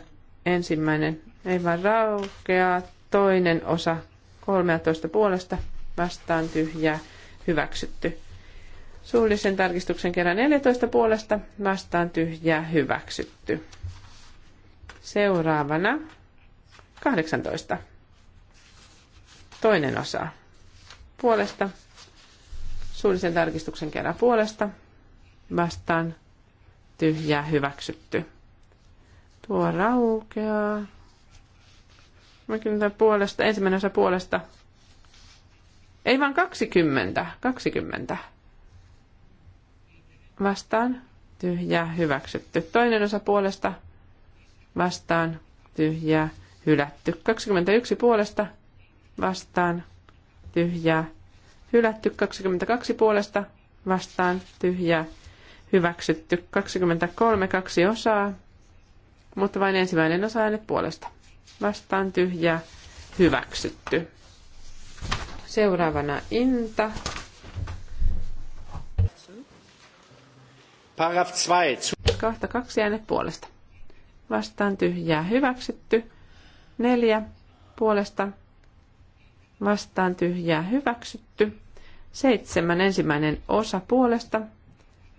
Speaker 2: ensimmäinen ei vaan raukeaa, toinen osa 13 puolesta vastaan tyhjää hyväksytty. Suullisen tarkistuksen kerran 14 puolesta vastaan tyhjää hyväksytty. Seuraavana 18. Toinen osa puolesta Suullisen tarkistuksen kerran puolesta vastaan tyhjä hyväksytty. Tuo raukeaa. kyllä puolesta, ensimmäinen osa puolesta. Ei vaan 20, 20. Vastaan tyhjä hyväksytty. Toinen osa puolesta vastaan Tyhjä, hylätty. 21 puolesta vastaan tyhjä hylätty 22 puolesta vastaan tyhjä hyväksytty 23 kaksi osaa, mutta vain ensimmäinen osa äänet puolesta vastaan tyhjä hyväksytty. Seuraavana Inta. Paragraf 2. Kahta kaksi äänet puolesta. Vastaan tyhjää hyväksytty. Neljä puolesta vastaan tyhjää hyväksytty. Seitsemän ensimmäinen osa puolesta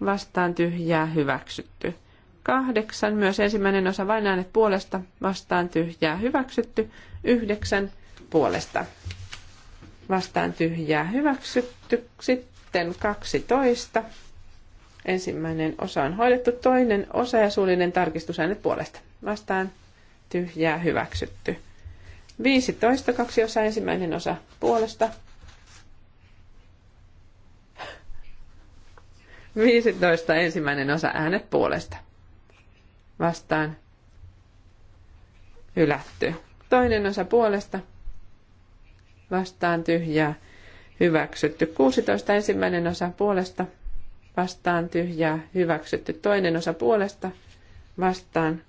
Speaker 2: vastaan tyhjää hyväksytty. Kahdeksan myös ensimmäinen osa vain äänet puolesta vastaan tyhjää hyväksytty. Yhdeksän puolesta vastaan tyhjää hyväksytty. Sitten 12. Ensimmäinen osa on hoidettu, toinen osa ja suullinen äänet puolesta. Vastaan tyhjää hyväksytty. 15, kaksi osa, ensimmäinen osa puolesta. 15, ensimmäinen osa äänet puolesta. Vastaan. Hylätty. Toinen osa puolesta. Vastaan tyhjää. Hyväksytty. 16, ensimmäinen osa puolesta. Vastaan tyhjää. Hyväksytty. Toinen osa puolesta. Vastaan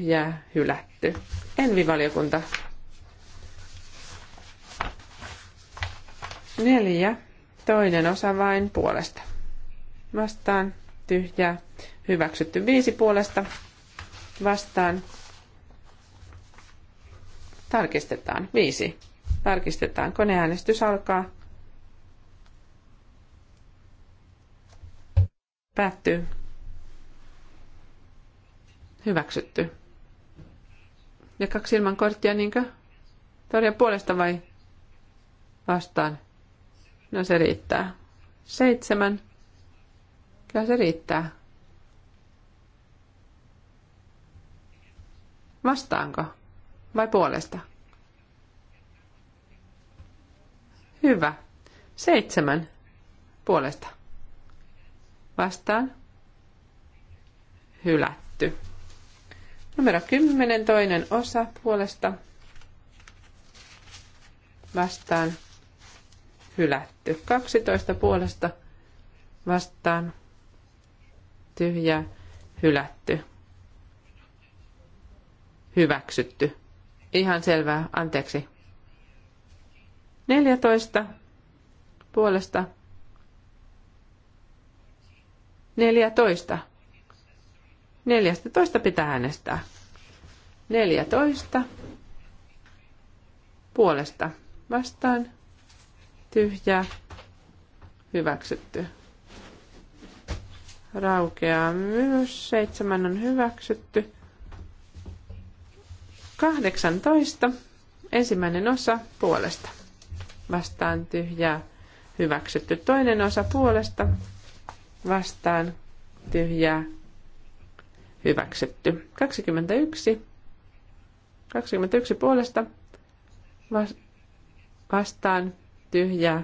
Speaker 2: ja hylätty. Envivaliokunta. Neljä. Toinen osa vain puolesta. Vastaan, tyhjää, hyväksytty. Viisi puolesta. Vastaan. Tarkistetaan. Viisi. Tarkistetaan. Koneäänestys alkaa. Päättyy. Hyväksytty. Ja kaksi ilman korttia, niinkö? Tarja puolesta vai vastaan? No se riittää. Seitsemän. Kyllä se riittää. Vastaanko? Vai puolesta? Hyvä. Seitsemän. Puolesta. Vastaan. Hylätty. Numero 10, toinen osa puolesta vastaan hylätty. 12 puolesta vastaan tyhjä hylätty. Hyväksytty. Ihan selvää, anteeksi. 14 puolesta 14 14 pitää äänestää. 14 puolesta vastaan tyhjä hyväksytty. Raukeaa myös. Seitsemän on hyväksytty. 18. Ensimmäinen osa puolesta. Vastaan tyhjää. Hyväksytty. Toinen osa puolesta. Vastaan tyhjää hyväksytty. 21. 21 puolesta vastaan tyhjää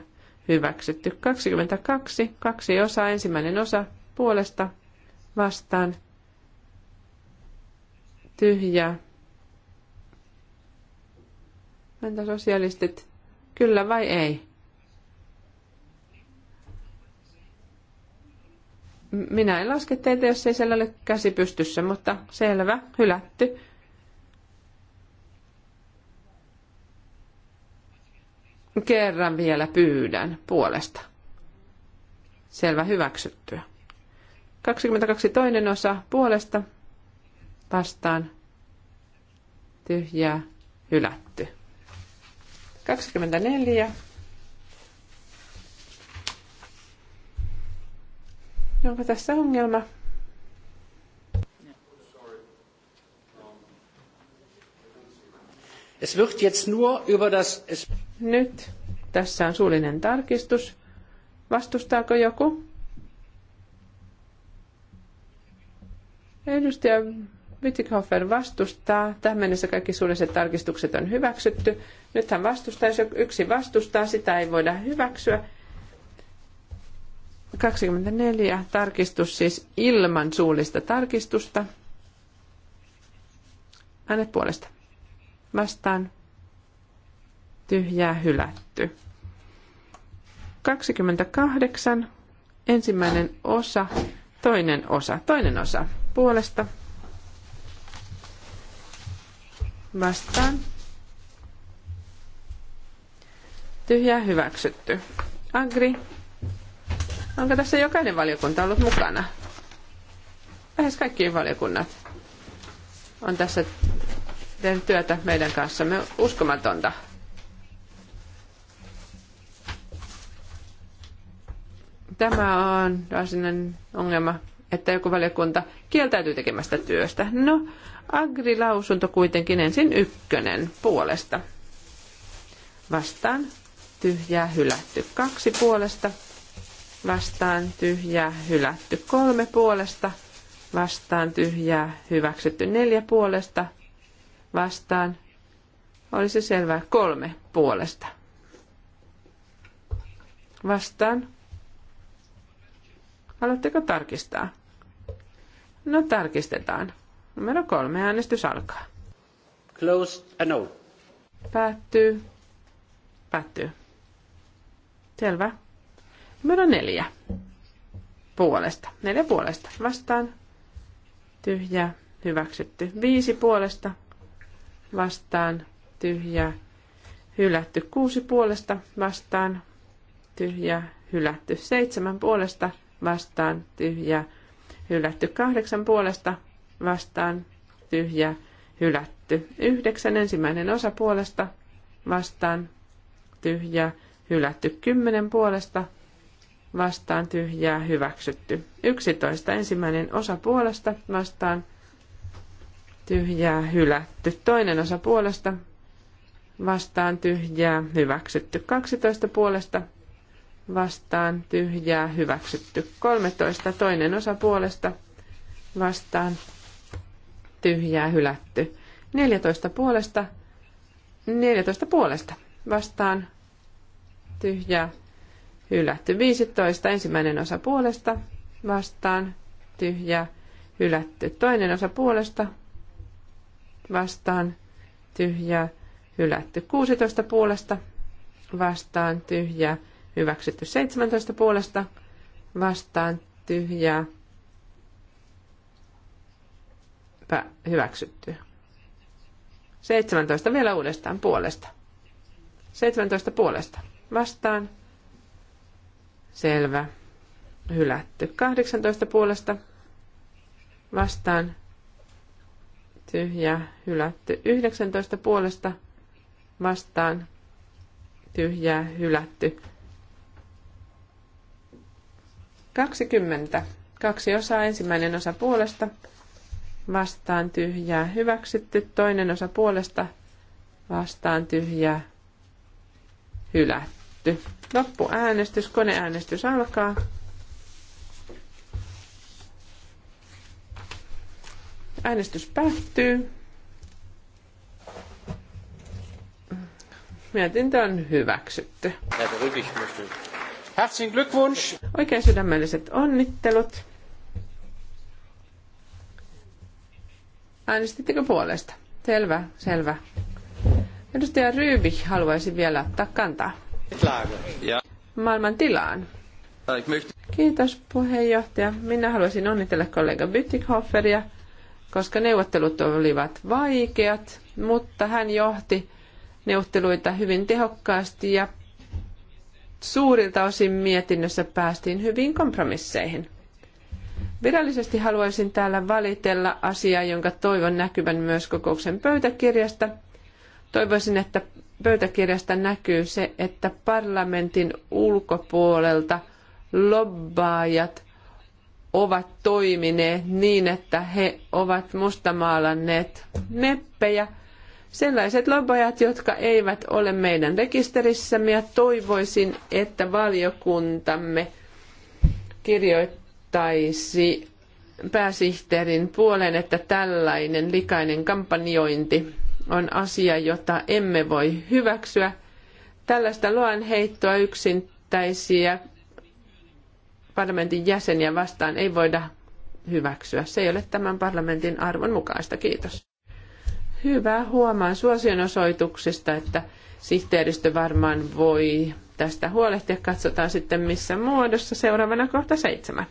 Speaker 2: hyväksytty. 22. Kaksi osa, ensimmäinen osa puolesta vastaan tyhjää. Entä sosialistit? Kyllä vai ei? Minä en laske teitä, jos ei siellä ole käsi pystyssä, mutta selvä, hylätty. Kerran vielä pyydän puolesta. Selvä, hyväksyttyä. 22 toinen osa puolesta vastaan tyhjää hylätty. 24 Onko tässä ongelma? Es wird jetzt nur über das... Es... Nyt tässä on suullinen tarkistus. Vastustaako joku? Edustaja Wittighofer vastustaa. Tähän mennessä kaikki suulliset tarkistukset on hyväksytty. Nyt vastustaa, jos yksi vastustaa, sitä ei voida hyväksyä. 24 tarkistus siis ilman suullista tarkistusta. Äänet puolesta. Vastaan. Tyhjää hylätty. 28. Ensimmäinen osa. Toinen osa. Toinen osa. Puolesta. Vastaan. Tyhjää hyväksytty. Agri Onko tässä jokainen valiokunta ollut mukana? Lähes kaikki valiokunnat on tässä tehnyt työtä meidän kanssamme. Uskomatonta. Tämä on varsinainen ongelma, että joku valiokunta kieltäytyy tekemästä työstä. No, agrilausunto kuitenkin ensin ykkönen puolesta. Vastaan tyhjää hylätty kaksi puolesta vastaan tyhjää hylätty kolme puolesta, vastaan tyhjää hyväksytty neljä puolesta, vastaan olisi selvää kolme puolesta. Vastaan. Haluatteko tarkistaa? No tarkistetaan. Numero kolme äänestys alkaa. Closed and no. Päättyy. Päättyy. Selvä. Numero neljä. Puolesta. Neljä puolesta. Vastaan. tyhjä Hyväksytty. Viisi puolesta. Vastaan. tyhjä Hylätty. Kuusi puolesta. Vastaan. tyhjä Hylätty. Seitsemän puolesta. Vastaan. tyhjä Hylätty. Kahdeksan puolesta. Vastaan. tyhjä Hylätty. Yhdeksän ensimmäinen osa puolesta. Vastaan. tyhjä Hylätty. Kymmenen puolesta vastaan tyhjää hyväksytty. 11. Ensimmäinen osa puolesta vastaan tyhjää hylätty. Toinen osa puolesta vastaan tyhjää hyväksytty. 12 puolesta vastaan tyhjää hyväksytty. 13. Toinen osa puolesta vastaan tyhjää hylätty. 14 puolesta 14 puolesta vastaan tyhjää hylätty. 15 ensimmäinen osa puolesta vastaan tyhjä hylätty. Toinen osa puolesta vastaan tyhjä, hylätty. 16 puolesta vastaan tyhjä hyväksytty. 17 puolesta vastaan tyhjä hyväksytty. 17 vielä uudestaan puolesta. 17 puolesta vastaan Selvä. Hylätty. 18 puolesta vastaan. Tyhjä. Hylätty. 19 puolesta vastaan. Tyhjä. Hylätty. 20. Kaksi osaa. Ensimmäinen osa puolesta vastaan tyhjää hyväksytty, toinen osa puolesta vastaan tyhjää hylätty. Hyväksytty. Loppuäänestys, koneäänestys alkaa. Äänestys päättyy. Mietintö on hyväksytty. Herzlichen Glückwunsch. Oikein sydämelliset onnittelut. Äänestittekö puolesta? Selvä, selvä. Edustaja Ryybi haluaisi vielä ottaa kantaa. Maailman tilaan. Kiitos puheenjohtaja. Minä haluaisin onnitella kollega Bütikhofferia, koska neuvottelut olivat vaikeat, mutta hän johti neuvotteluita hyvin tehokkaasti ja suurilta osin mietinnössä päästiin hyvin kompromisseihin. Virallisesti haluaisin täällä valitella asiaa, jonka toivon näkyvän myös kokouksen pöytäkirjasta. Toivoisin, että pöytäkirjasta näkyy se, että parlamentin ulkopuolelta lobbaajat ovat toimineet niin, että he ovat mustamaalanneet meppejä. Sellaiset lobbaajat, jotka eivät ole meidän rekisterissämme ja toivoisin, että valiokuntamme kirjoittaisi pääsihteerin puoleen, että tällainen likainen kampanjointi on asia, jota emme voi hyväksyä. Tällaista luonheittoa yksittäisiä parlamentin jäseniä vastaan ei voida hyväksyä. Se ei ole tämän parlamentin arvon mukaista. Kiitos. Hyvä. Huomaan suosionosoituksista, että sihteeristö varmaan voi tästä huolehtia. Katsotaan sitten missä muodossa. Seuraavana kohta seitsemän.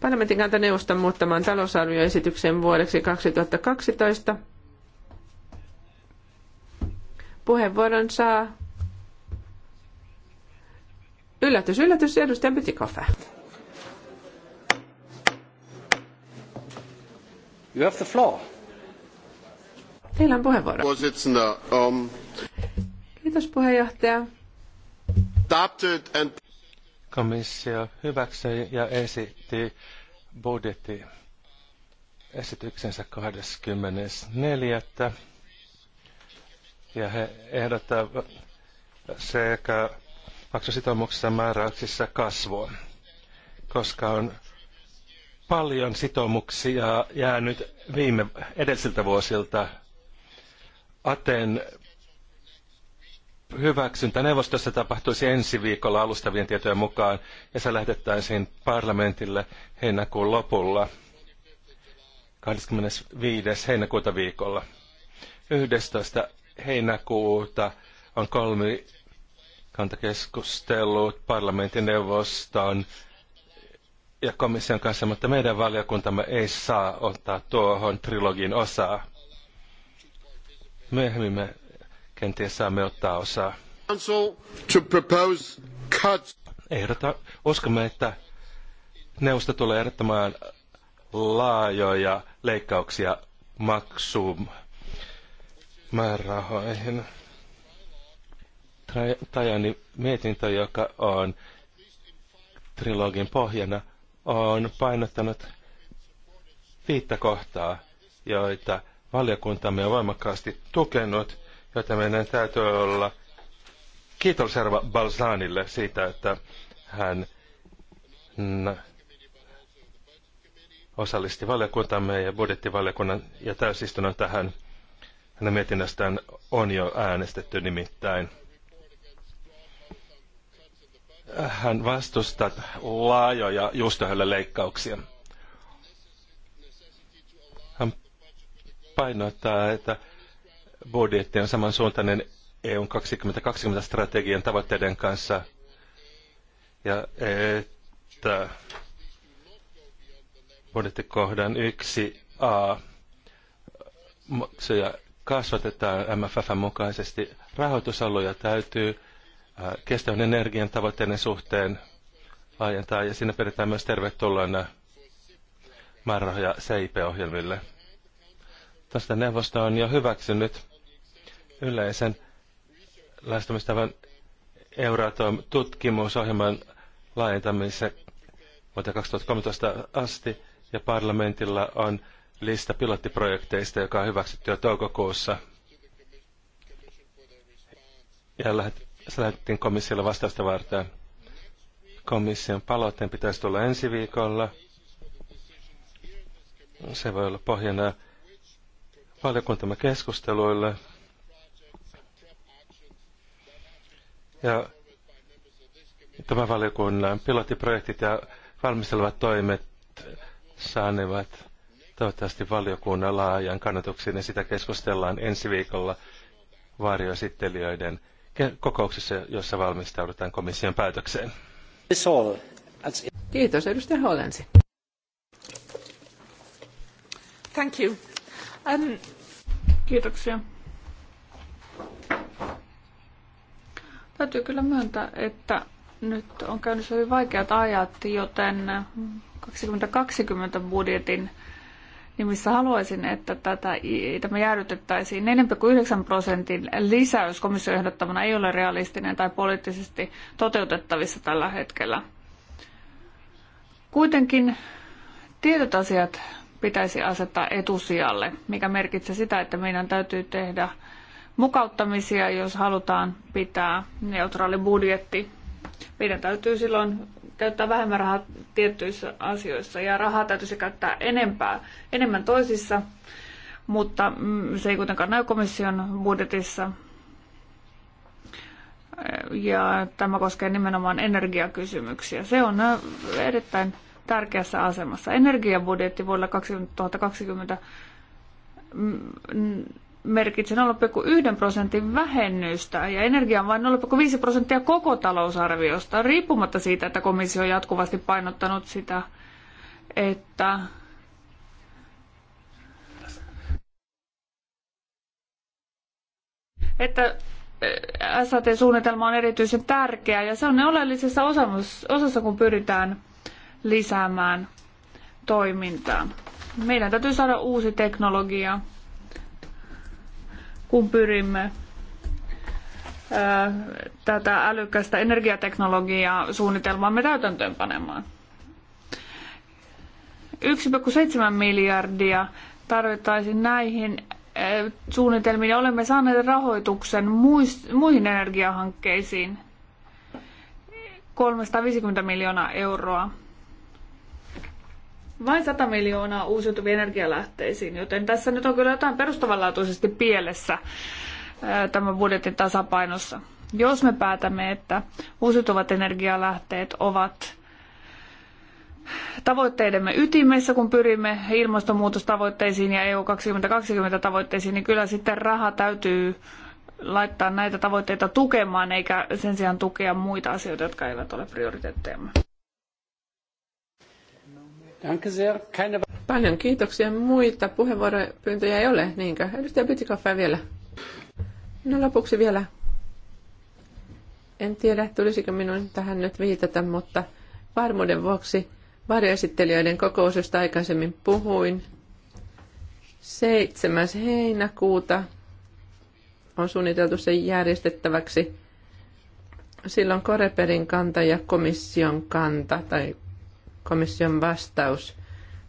Speaker 2: Parlamentin kanta neuvoston muuttamaan talousarvioesityksen vuodeksi 2012 Puheenvuoron saa yllätys, yllätys, edustaja Bytikofer.
Speaker 1: You have the floor. Teillä on puheenvuoro. Um,
Speaker 2: Kiitos puheenjohtaja.
Speaker 3: Komissio hyväksyi ja esitti budjettiesityksensä 24. Ja he ehdottavat sekä maksusitoumuksissa määräyksissä kasvua, koska on paljon sitoumuksia jäänyt viime edellisiltä vuosilta. Aten hyväksyntä neuvostossa tapahtuisi ensi viikolla alustavien tietojen mukaan ja se lähetettäisiin parlamentille heinäkuun lopulla 25. heinäkuuta viikolla. 11 heinäkuuta on kolmi kantakeskustellut parlamentin neuvoston ja komission kanssa, mutta meidän valiokuntamme ei saa ottaa tuohon trilogin osaa. Myöhemmin me kenties saamme ottaa osaa. Ehdota, uskomme, että neuvosto tulee ehdottamaan laajoja leikkauksia maksuun määrärahoihin. Tajani mietintö, joka on trilogin pohjana, on painottanut viittä kohtaa, joita valiokuntamme on voimakkaasti tukenut, joita meidän täytyy olla kiitollisarva Balsanille siitä, että hän osallisti valiokuntamme ja budjettivaliokunnan ja täysistunnon tähän hänen mietinnästään on jo äänestetty nimittäin. Hän vastustaa laajoja juustohölle leikkauksia. Hän painottaa, että budjetti on samansuuntainen EUn 2020-strategian tavoitteiden kanssa ja että budjettikohdan 1a maksuja kasvatetaan MFF mukaisesti. Rahoitusaloja täytyy äh, kestävän energian tavoitteiden suhteen laajentaa ja siinä pidetään myös tervetulleena määrärahoja CIP-ohjelmille. Tästä neuvosto on jo hyväksynyt yleisen lähestymistavan Euratom-tutkimusohjelman laajentamisen vuoteen 2013 asti ja parlamentilla on lista pilottiprojekteista, joka on hyväksytty jo toukokuussa. Ja lähet, se lähetettiin komissiolle vastausta varten. Komission palautteen pitäisi tulla ensi viikolla. Se voi olla pohjana valiokuntamme keskusteluille. Ja tämän valiokunnan pilottiprojektit ja valmistelevat toimet saanevat Toivottavasti valiokunnan laajan kannatuksen ja sitä keskustellaan ensi viikolla varjoesittelijöiden kokouksessa, jossa valmistaudutaan komission päätökseen.
Speaker 2: Kiitos, edustaja Hollensi. Thank you. Um, kiitoksia.
Speaker 4: Täytyy kyllä myöntää, että nyt on käynyt hyvin vaikeat ajat, joten 2020 budjetin nimissä haluaisin, että tätä, tämä jäädytettäisiin. 4,9 prosentin lisäys komission ehdottamana ei ole realistinen tai poliittisesti toteutettavissa tällä hetkellä. Kuitenkin tietyt asiat pitäisi asettaa etusijalle, mikä merkitsee sitä, että meidän täytyy tehdä mukauttamisia, jos halutaan pitää neutraali budjetti meidän täytyy silloin käyttää vähemmän rahaa tiettyissä asioissa ja rahaa täytyisi käyttää enempää, enemmän toisissa, mutta mm, se ei kuitenkaan näy komission budjetissa. Ja tämä koskee nimenomaan energiakysymyksiä. Se on erittäin tärkeässä asemassa. Energiabudjetti vuodelle 2020 merkitsee 0,1 prosentin vähennystä ja energia on vain 0,5 prosenttia koko talousarviosta, riippumatta siitä, että komissio on jatkuvasti painottanut sitä, että että eh, SAT-suunnitelma on erityisen tärkeä ja se on ne oleellisessa osassa, kun pyritään lisäämään toimintaa. Meidän täytyy saada uusi teknologia kun pyrimme tätä älykästä energiateknologiaa suunnitelmaamme täytäntöönpanemaan. 1,7 miljardia tarvittaisiin näihin suunnitelmiin ja olemme saaneet rahoituksen muihin energiahankkeisiin 350 miljoonaa euroa vain 100 miljoonaa uusiutuviin energialähteisiin, joten tässä nyt on kyllä jotain perustavanlaatuisesti pielessä tämän budjetin tasapainossa. Jos me päätämme, että uusiutuvat energialähteet ovat tavoitteidemme ytimessä, kun pyrimme ilmastonmuutostavoitteisiin ja EU 2020 tavoitteisiin, niin kyllä sitten raha täytyy laittaa näitä tavoitteita tukemaan, eikä sen sijaan tukea muita asioita, jotka eivät ole prioriteettejamme.
Speaker 2: Paljon kiitoksia. Muita puheenvuoropyyntöjä ei ole, niinkö? Edustaja Pytikoffa vielä. No lopuksi vielä. En tiedä, tulisiko minun tähän nyt viitata, mutta varmuuden vuoksi varjoesittelijöiden kokous, josta aikaisemmin puhuin, 7. heinäkuuta on suunniteltu sen järjestettäväksi. Silloin Koreperin kanta ja komission kanta tai komission vastaus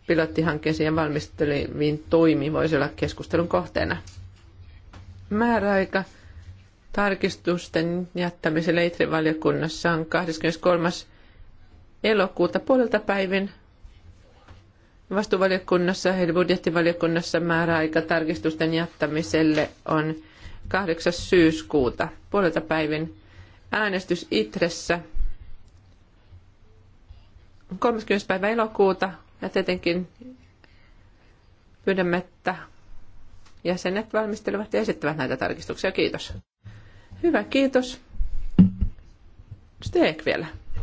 Speaker 2: pilottihankkeisiin ja valmisteleviin toimiin voisi olla keskustelun kohteena. Määräaika tarkistusten jättämiselle ITRI-valiokunnassa on 23. elokuuta puolelta päivin. Vastuuvaliokunnassa eli budjettivaliokunnassa määräaika tarkistusten jättämiselle on 8. syyskuuta puolelta päivin. Äänestys ITRessä 30. päivä elokuuta ja tietenkin pyydämme, että jäsenet valmistelevat ja esittävät näitä tarkistuksia. Kiitos. Hyvä, kiitos. Steek vielä. Uh,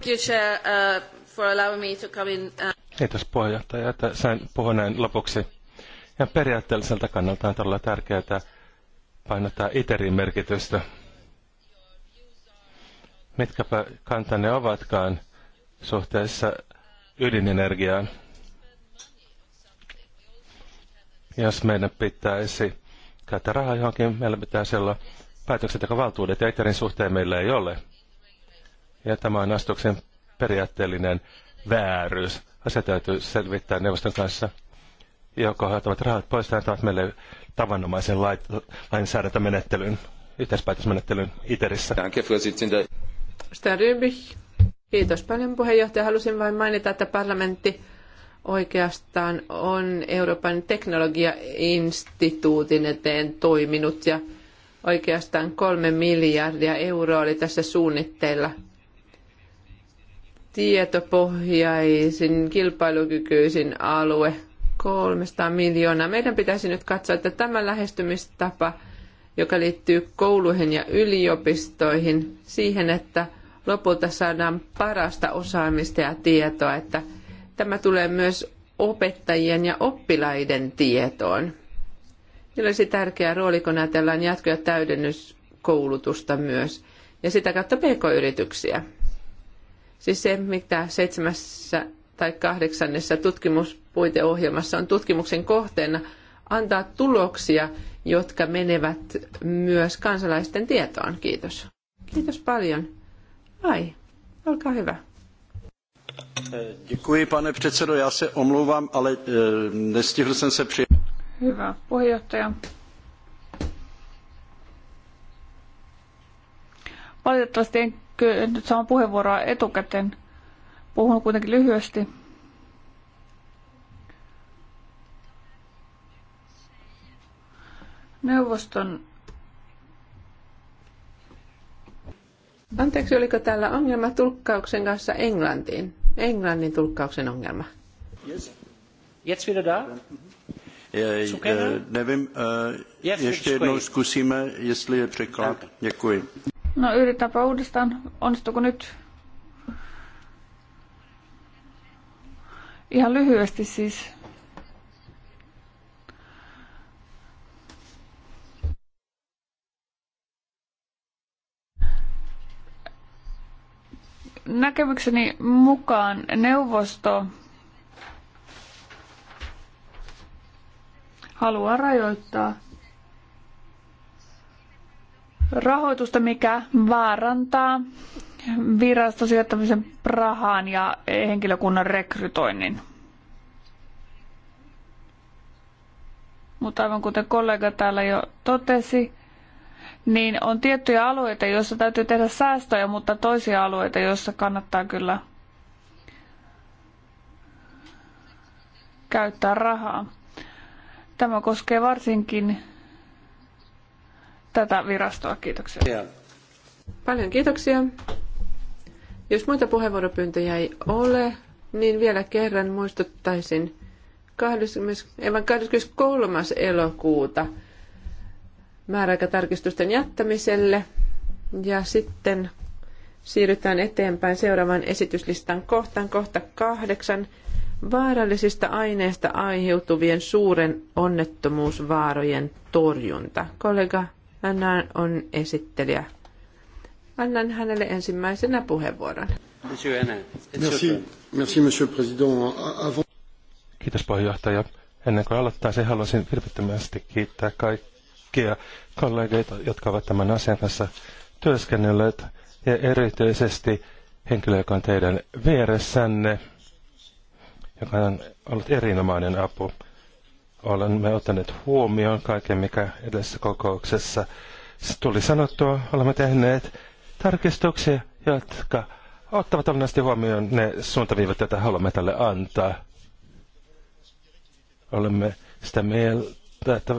Speaker 2: uh,
Speaker 3: kiitos puheenjohtaja, että sain puhua näin lopuksi. Ja periaatteelliselta kannalta on todella tärkeää painottaa ITERin merkitystä. Mitkäpä kantanne ovatkaan suhteessa ydinenergiaan. Jos meidän pitäisi käyttää rahaa johonkin, meillä pitäisi olla päätöksentekovaltuudet ja Eterin suhteen meillä ei ole. Ja tämä on astuksen periaatteellinen vääryys. Asia täytyy selvittää neuvoston kanssa, joka ottavat rahat pois ja antavat meille tavanomaisen lainsäädäntömenettelyn, yhteispäätösmenettelyn ITERissä. Danke, Sitten
Speaker 2: Kiitos paljon puheenjohtaja. Halusin vain mainita, että parlamentti oikeastaan on Euroopan teknologiainstituutin eteen toiminut ja oikeastaan kolme miljardia euroa oli tässä suunnitteilla tietopohjaisin, kilpailukykyisin alue, 300 miljoonaa. Meidän pitäisi nyt katsoa, että tämä lähestymistapa, joka liittyy kouluihin ja yliopistoihin, siihen, että – lopulta saadaan parasta osaamista ja tietoa, että tämä tulee myös opettajien ja oppilaiden tietoon. Niillä olisi tärkeä rooli, kun ajatellaan jatko- ja täydennyskoulutusta myös, ja sitä kautta pk-yrityksiä. Siis se, mitä seitsemässä tai kahdeksannessa tutkimuspuiteohjelmassa on tutkimuksen kohteena, antaa tuloksia, jotka menevät myös kansalaisten tietoon. Kiitos. Kiitos paljon. Ai, olkaa hyvä.
Speaker 1: Děkuji, pane předsedo,
Speaker 3: já se omlouvám, ale eh, nestihl jsem se při...
Speaker 2: Hyvä, puheenjohtaja.
Speaker 4: Valitettavasti en nyt saan puheenvuoroa etukäteen. Puhun kuitenkin lyhyesti.
Speaker 2: Neuvoston Anteeksi, oliko täällä ongelma tulkkauksen kanssa englantiin? Englannin tulkkauksen ongelma.
Speaker 1: Yes. Jetzt wieder da? Nevím, eh,
Speaker 2: ještě jednou zkusíme, jestli je překlad. Děkuji.
Speaker 4: No yritänpä uudestaan. Onnistuuko nyt? Ihan lyhyesti siis. Näkemykseni mukaan neuvosto haluaa rajoittaa rahoitusta, mikä vaarantaa viraston sijoittamisen Prahaan ja henkilökunnan rekrytoinnin. Mutta aivan kuten kollega täällä jo totesi, niin on tiettyjä alueita, joissa täytyy tehdä säästöjä, mutta toisia alueita, joissa kannattaa kyllä käyttää rahaa. Tämä koskee varsinkin tätä virastoa. Kiitoksia.
Speaker 2: Paljon kiitoksia. Jos muita puheenvuoropyyntöjä ei ole, niin vielä kerran muistuttaisin 20, 23. elokuuta määräaikatarkistusten jättämiselle. Ja sitten siirrytään eteenpäin seuraavan esityslistan kohtaan, kohta kahdeksan. Vaarallisista aineista aiheutuvien suuren onnettomuusvaarojen torjunta. Kollega Anna on esittelijä. Annan hänelle ensimmäisenä puheenvuoron.
Speaker 3: Kiitos puheenjohtaja. Ennen kuin aloittaa, haluaisin vilpittömästi kiittää kaikkia kaikkia kollegeita, jotka ovat tämän asian kanssa työskennelleet, ja erityisesti henkilö, joka on teidän vieressänne, joka on ollut erinomainen apu. Olemme ottaneet huomioon kaiken, mikä edellisessä kokouksessa tuli sanottua. Olemme tehneet tarkistuksia, jotka ottavat olennaisesti huomioon ne suuntaviivat, joita haluamme tälle antaa. Olemme sitä mieltä, että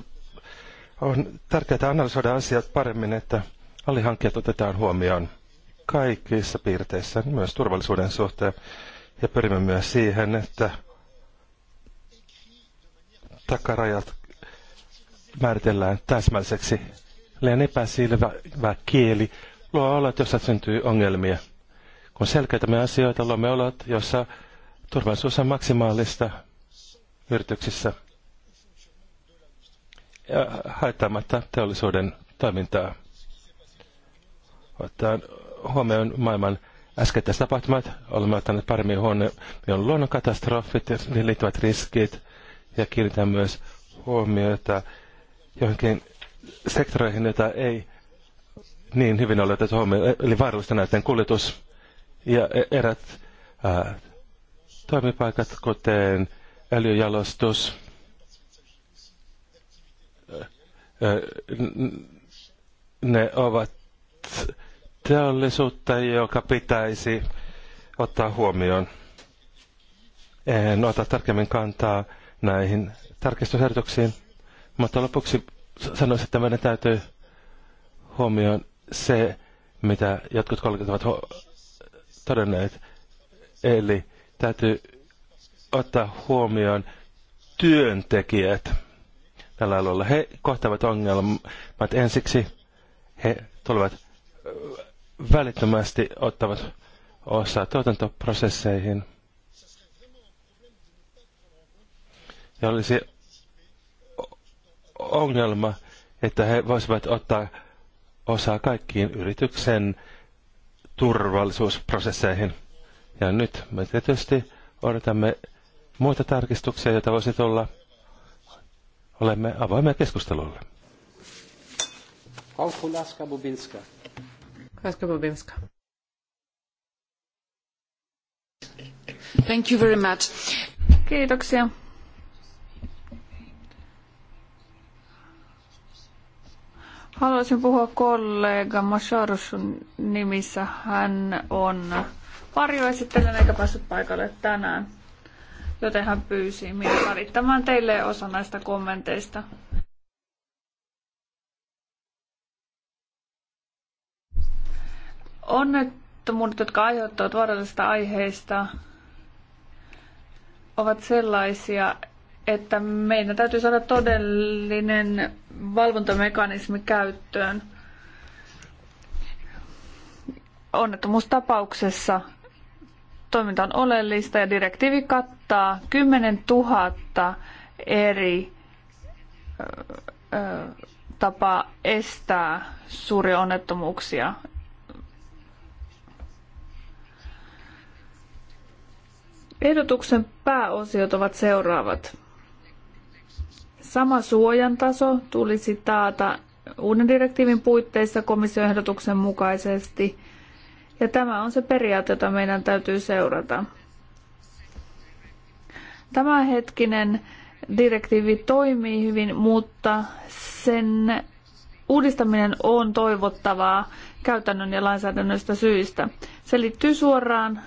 Speaker 3: on tärkeää analysoida asiat paremmin, että alihankkeet otetaan huomioon kaikissa piirteissä, myös turvallisuuden suhteen. Ja pyrimme myös siihen, että takarajat määritellään täsmälliseksi. Liian epäsilvä kieli luo olot, jossa syntyy ongelmia. Kun selkeytämme asioita, luomme olot, jossa turvallisuus on maksimaalista yrityksissä – haittaamatta teollisuuden toimintaa. Ottaen huomioon maailman äskettäiset tapahtumat, olemme ottaneet paremmin huomioon luonnonkatastrofit ja niihin liittyvät riskit, ja kiinnitän myös huomiota johonkin sektoreihin, joita ei niin hyvin ole otettu huomioon, eli vaarallisten näiden kuljetus ja e- erät ää, toimipaikat, kuten öljyjalostus, ne ovat teollisuutta, joka pitäisi ottaa huomioon. En ota tarkemmin kantaa näihin tarkistusehdotuksiin, mutta lopuksi sanoisin, että meidän täytyy huomioon se, mitä jotkut kollegat ovat todenneet. Eli täytyy ottaa huomioon työntekijät tällä alueella. He kohtavat ongelmat ensiksi, he tulevat välittömästi ottavat osaa tuotantoprosesseihin. Ja olisi ongelma, että he voisivat ottaa osaa kaikkiin yrityksen turvallisuusprosesseihin. Ja nyt me tietysti odotamme muita tarkistuksia, joita voisi tulla Olemme avoimia keskustelulle.
Speaker 1: Kaukulaska Bubinska.
Speaker 2: Kaukulaska Bubinska.
Speaker 4: Thank you very much. Kiitoksia. Haluaisin puhua kollega Masharushun nimissä. Hän on varjoesittelijänä eikä päässyt paikalle tänään joten hän pyysi minua välittämään teille osa näistä kommenteista. Onnettomuudet, jotka aiheuttavat vaarallisista aiheista, ovat sellaisia, että meidän täytyy saada todellinen valvontamekanismi käyttöön. Onnettomuustapauksessa toiminta on oleellista ja direktiivi kattaa 10 000 eri tapaa estää suuria onnettomuuksia. Ehdotuksen pääosiot ovat seuraavat. Sama suojan taso tulisi taata uuden direktiivin puitteissa komission ehdotuksen mukaisesti – ja tämä on se periaate, jota meidän täytyy seurata. Tämänhetkinen direktiivi toimii hyvin, mutta sen uudistaminen on toivottavaa käytännön ja lainsäädännöstä syistä. Se liittyy suoraan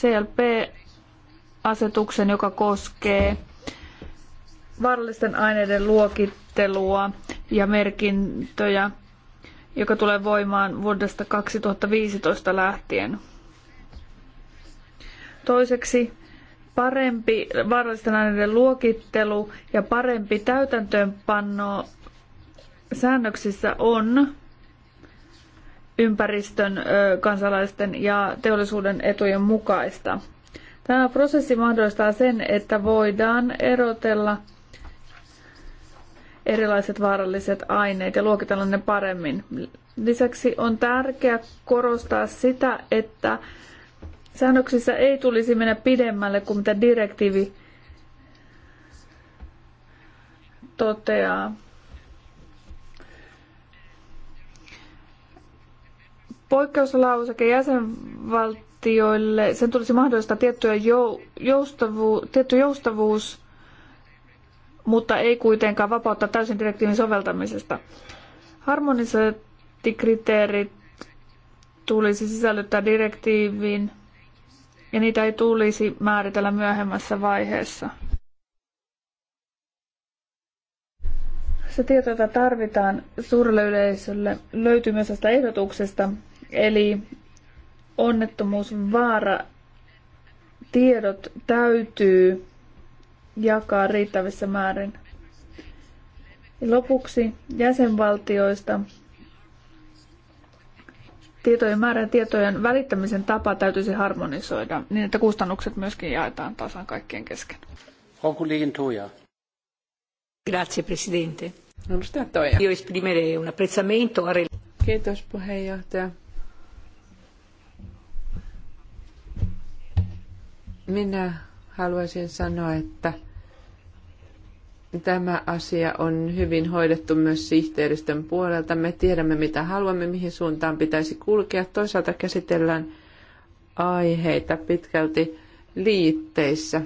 Speaker 4: CLP-asetuksen, joka koskee vaarallisten aineiden luokittelua ja merkintöjä joka tulee voimaan vuodesta 2015 lähtien. Toiseksi parempi vaarallisten aineiden luokittelu ja parempi täytäntöönpanno säännöksissä on ympäristön, kansalaisten ja teollisuuden etujen mukaista. Tämä prosessi mahdollistaa sen, että voidaan erotella erilaiset vaaralliset aineet ja luokitella ne paremmin. Lisäksi on tärkeää korostaa sitä, että säännöksissä ei tulisi mennä pidemmälle kuin mitä direktiivi toteaa. Poikkeuslauseke jäsenvaltioille, sen tulisi mahdollistaa tietty joustavuus mutta ei kuitenkaan vapautta täysin direktiivin soveltamisesta. Harmonisointikriteerit tulisi sisällyttää direktiiviin ja niitä ei tulisi määritellä myöhemmässä vaiheessa. Se tieto, jota tarvitaan suurelle yleisölle, löytyy myös tästä ehdotuksesta, eli onnettomuusvaara tiedot täytyy jakaa riittävissä määrin. Lopuksi jäsenvaltioista tietojen määrä tietojen välittämisen tapa täytyisi harmonisoida niin, että kustannukset myöskin jaetaan tasan kaikkien
Speaker 1: kesken. Frau
Speaker 2: Grazie Presidente. No, Io esprimere un apprezzamento a... Kiitos puheenjohtaja. Minä haluaisin sanoa, että tämä asia on hyvin hoidettu myös sihteeristön puolelta. Me tiedämme, mitä haluamme, mihin suuntaan pitäisi kulkea. Toisaalta käsitellään aiheita pitkälti liitteissä,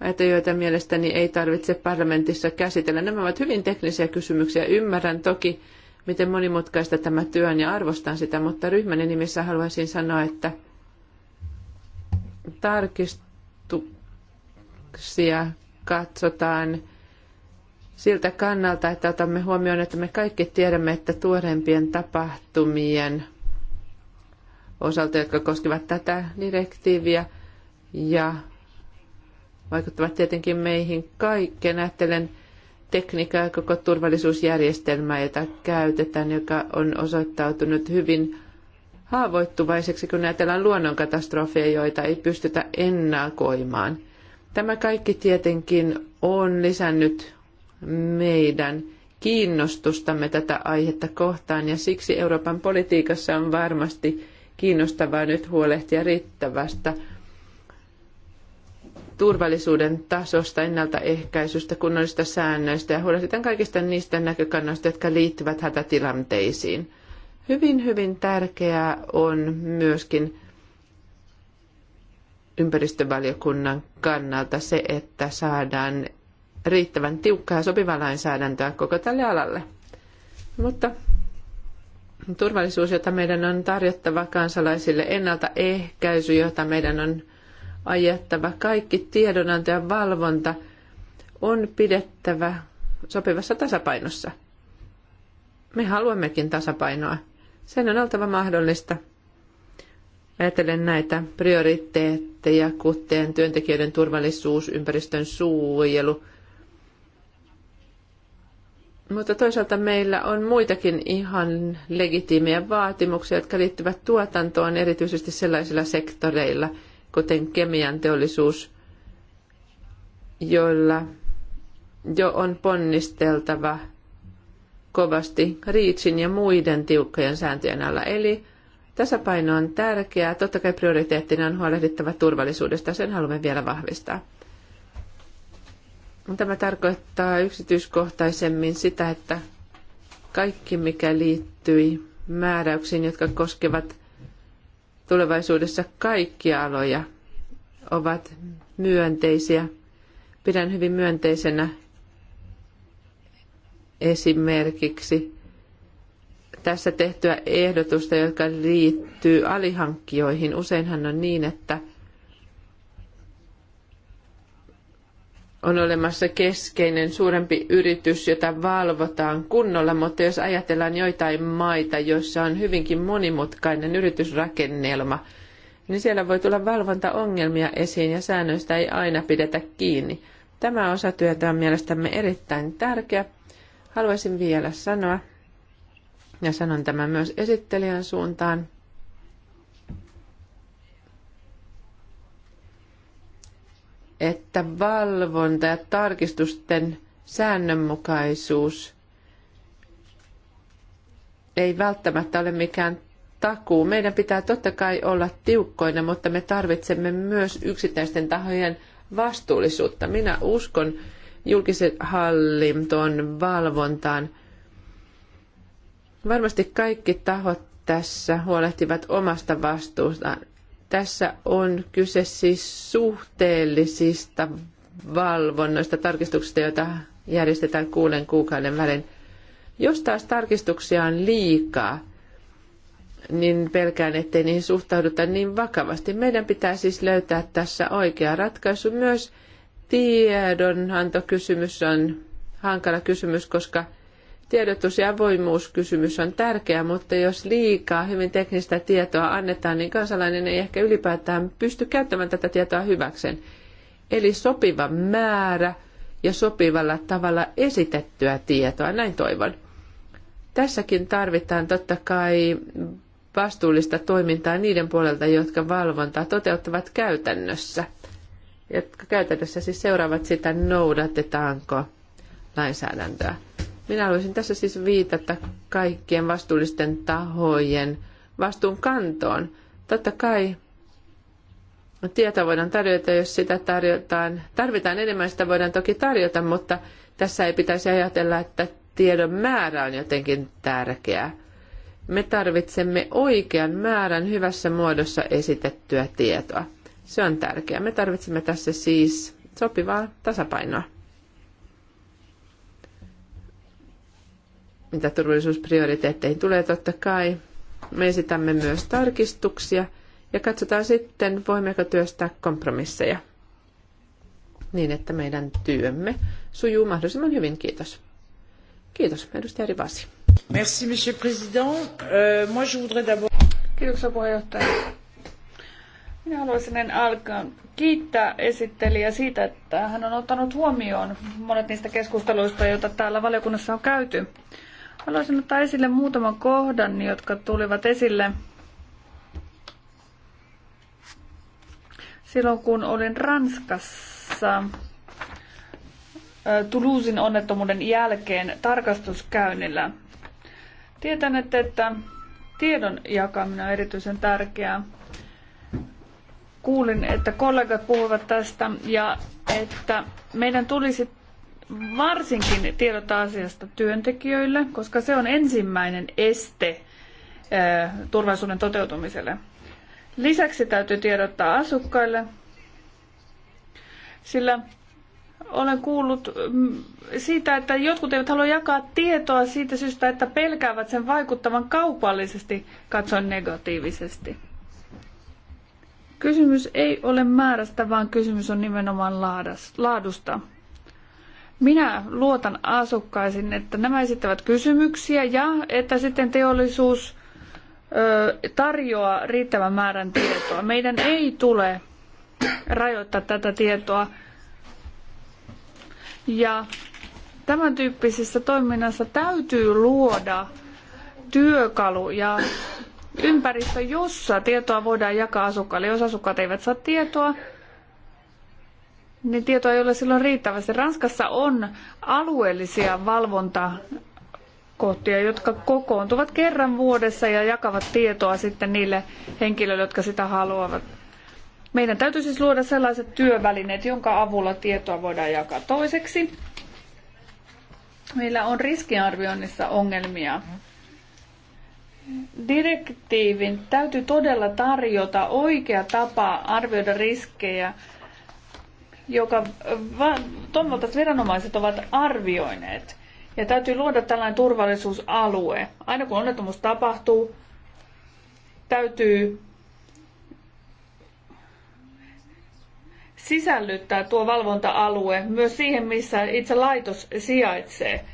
Speaker 2: että joita mielestäni ei tarvitse parlamentissa käsitellä. Nämä ovat hyvin teknisiä kysymyksiä. Ymmärrän toki, miten monimutkaista tämä työ on ja arvostan sitä, mutta ryhmäni nimissä haluaisin sanoa, että – tarkistuksia katsotaan siltä kannalta, että otamme huomioon, että me kaikki tiedämme, että tuorempien tapahtumien osalta, jotka koskevat tätä direktiiviä ja vaikuttavat tietenkin meihin kaikkeen. Ajattelen tekniikkaa ja koko turvallisuusjärjestelmää, jota käytetään, joka on osoittautunut hyvin haavoittuvaiseksi, kun ajatellaan luonnonkatastrofeja, joita ei pystytä ennakoimaan. Tämä kaikki tietenkin on lisännyt meidän kiinnostustamme tätä aihetta kohtaan ja siksi Euroopan politiikassa on varmasti kiinnostavaa nyt huolehtia riittävästä turvallisuuden tasosta, ennaltaehkäisystä, kunnollisista säännöistä ja huolehditaan kaikista niistä näkökannoista, jotka liittyvät hätätilanteisiin. Hyvin, hyvin tärkeää on myöskin ympäristövaliokunnan kannalta se, että saadaan riittävän tiukkaa sopivaa lainsäädäntöä koko tälle alalle. Mutta turvallisuus, jota meidän on tarjottava kansalaisille, ennaltaehkäisy, jota meidän on ajettava, kaikki tiedonanto ja valvonta on pidettävä sopivassa tasapainossa. Me haluammekin tasapainoa. Sen on oltava mahdollista. Ajatellen näitä prioriteetteja, kuten työntekijöiden turvallisuus, ympäristön suojelu. Mutta toisaalta meillä on muitakin ihan legitiimejä vaatimuksia, jotka liittyvät tuotantoon erityisesti sellaisilla sektoreilla, kuten kemian teollisuus, joilla jo on ponnisteltava – kovasti Riitsin ja muiden tiukkojen sääntöjen alla. Eli tasapaino on tärkeää. Totta kai prioriteettina on huolehdittava turvallisuudesta. Sen haluamme vielä vahvistaa. Tämä tarkoittaa yksityiskohtaisemmin sitä, että kaikki mikä liittyi määräyksiin, jotka koskevat tulevaisuudessa kaikkia aloja, ovat myönteisiä. Pidän hyvin myönteisenä esimerkiksi tässä tehtyä ehdotusta, joka liittyy alihankkijoihin. Useinhan on niin, että on olemassa keskeinen suurempi yritys, jota valvotaan kunnolla, mutta jos ajatellaan joitain maita, joissa on hyvinkin monimutkainen yritysrakennelma, niin siellä voi tulla valvontaongelmia esiin ja säännöistä ei aina pidetä kiinni. Tämä osatyötä on mielestämme erittäin tärkeä Haluaisin vielä sanoa, ja sanon tämän myös esittelijän suuntaan, että valvonta ja tarkistusten säännönmukaisuus ei välttämättä ole mikään takuu. Meidän pitää totta kai olla tiukkoina, mutta me tarvitsemme myös yksittäisten tahojen vastuullisuutta. Minä uskon, julkisen hallintoon, valvontaan. Varmasti kaikki tahot tässä huolehtivat omasta vastuustaan. Tässä on kyse siis suhteellisista valvonnoista, tarkistuksista, joita järjestetään kuuden kuukauden välein. Jos taas tarkistuksia on liikaa, niin pelkään, ettei niihin suhtauduta niin vakavasti. Meidän pitää siis löytää tässä oikea ratkaisu myös – Tiedonantokysymys on hankala kysymys, koska tiedotus- ja avoimuuskysymys on tärkeä, mutta jos liikaa hyvin teknistä tietoa annetaan, niin kansalainen ei ehkä ylipäätään pysty käyttämään tätä tietoa hyväkseen. Eli sopiva määrä ja sopivalla tavalla esitettyä tietoa, näin toivon. Tässäkin tarvitaan totta kai vastuullista toimintaa niiden puolelta, jotka valvontaa toteuttavat käytännössä – jotka käytännössä siis seuraavat sitä, noudatetaanko lainsäädäntöä. Minä haluaisin tässä siis viitata kaikkien vastuullisten tahojen vastuunkantoon. Totta kai tietoa voidaan tarjota, jos sitä tarjotaan. Tarvitaan enemmän, sitä voidaan toki tarjota, mutta tässä ei pitäisi ajatella, että tiedon määrä on jotenkin tärkeää. Me tarvitsemme oikean määrän hyvässä muodossa esitettyä tietoa. Se on tärkeää. Me tarvitsemme tässä siis sopivaa tasapainoa. Mitä turvallisuusprioriteetteihin tulee totta kai. Me esitämme myös tarkistuksia ja katsotaan sitten, voimmeko työstää kompromisseja niin, että meidän työmme sujuu mahdollisimman hyvin. Kiitos. Kiitos, edustaja Rivasi. Merci, monsieur président. Euh, moi, je voudrais
Speaker 4: d'abord... Kiitoksia, puheenjohtaja minä haluaisin en alkaa kiittää esittelijä siitä, että hän on ottanut huomioon monet niistä keskusteluista, joita täällä valiokunnassa on käyty. Haluaisin ottaa esille muutaman kohdan, jotka tulivat esille silloin, kun olin Ranskassa Toulousein onnettomuuden jälkeen tarkastuskäynnillä. Tietän, että tiedon jakaminen on erityisen tärkeää kuulin, että kollegat puhuvat tästä ja että meidän tulisi varsinkin tiedottaa asiasta työntekijöille, koska se on ensimmäinen este turvallisuuden toteutumiselle. Lisäksi täytyy tiedottaa asukkaille, sillä olen kuullut mm, siitä, että jotkut eivät halua jakaa tietoa siitä syystä, että pelkäävät sen vaikuttavan kaupallisesti katsoen negatiivisesti. Kysymys ei ole määrästä, vaan kysymys on nimenomaan laadusta. Minä luotan asukkaisiin, että nämä esittävät kysymyksiä ja että sitten teollisuus tarjoaa riittävän määrän tietoa. Meidän ei tule rajoittaa tätä tietoa. Ja tämän tyyppisessä toiminnassa täytyy luoda työkalu ja ympäristö, jossa tietoa voidaan jakaa asukkaille. Jos asukkaat eivät saa tietoa, niin tietoa ei ole silloin riittävästi. Ranskassa on alueellisia valvontakohtia, jotka kokoontuvat kerran vuodessa ja jakavat tietoa sitten niille henkilöille, jotka sitä haluavat. Meidän täytyy siis luoda sellaiset työvälineet, jonka avulla tietoa voidaan jakaa. Toiseksi meillä on riskiarvioinnissa ongelmia. Direktiivin täytyy todella tarjota oikea tapa arvioida riskejä, joka toimivaltaiset viranomaiset ovat arvioineet. Ja täytyy luoda tällainen turvallisuusalue. Aina kun onnettomuus tapahtuu, täytyy sisällyttää tuo valvonta-alue myös siihen, missä itse laitos sijaitsee.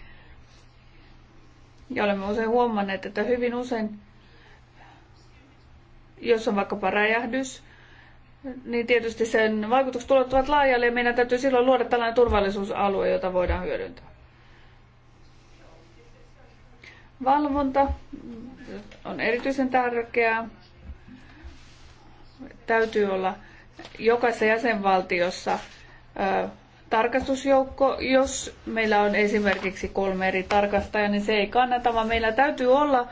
Speaker 4: Ja olemme usein huomanneet, että hyvin usein, jos on vaikkapa räjähdys, niin tietysti sen vaikutukset tulevat laajalle ja meidän täytyy silloin luoda tällainen turvallisuusalue, jota voidaan hyödyntää. Valvonta on erityisen tärkeää. Täytyy olla jokaisessa jäsenvaltiossa tarkastusjoukko, jos meillä on esimerkiksi kolme eri tarkastajaa, niin se ei kannata, vaan meillä täytyy olla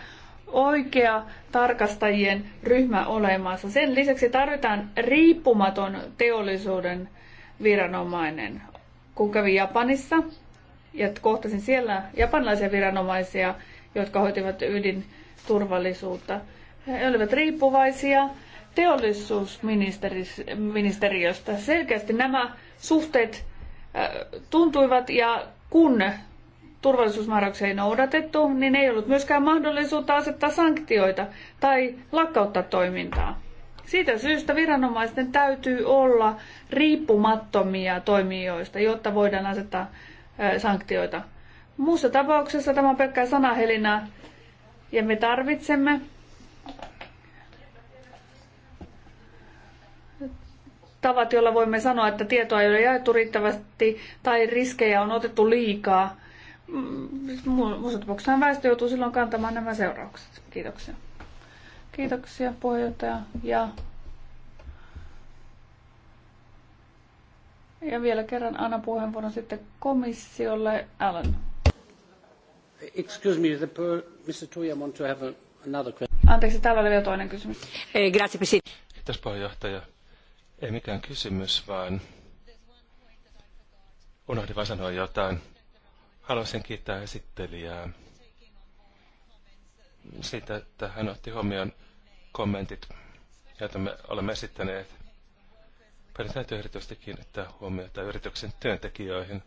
Speaker 4: oikea tarkastajien ryhmä olemassa. Sen lisäksi tarvitaan riippumaton teollisuuden viranomainen. Kun kävin Japanissa ja kohtasin siellä japanilaisia viranomaisia, jotka hoitivat ydinturvallisuutta, he olivat riippuvaisia teollisuusministeriöstä. Selkeästi nämä suhteet tuntuivat ja kun turvallisuusmääräyksiä ei noudatettu, niin ei ollut myöskään mahdollisuutta asettaa sanktioita tai lakkauttaa toimintaa. Siitä syystä viranomaisten täytyy olla riippumattomia toimijoista, jotta voidaan asettaa sanktioita. Muussa tapauksessa tämä on pelkkää sanahelinää ja me tarvitsemme tavat, joilla voimme sanoa, että tietoa ei ole jaettu riittävästi tai riskejä on otettu liikaa. Mm, muussa tapauksessa väestö joutuu silloin kantamaan nämä seuraukset. Kiitoksia. Kiitoksia puheenjohtaja ja, ja vielä kerran annan puheenvuoron sitten komissiolle Alan.
Speaker 1: Excuse me, the, Mr. Tuija, want to have a, another question. Anteeksi täällä oli
Speaker 4: vielä toinen kysymys. Eh, grazie,
Speaker 3: Kiitos puheenjohtaja ei mikään kysymys, vaan unohdin vain sanoa jotain. Haluaisin kiittää esittelijää siitä, että hän otti huomioon kommentit, joita me olemme esittäneet. Meidän täytyy erityisesti kiinnittää huomiota yrityksen työntekijöihin.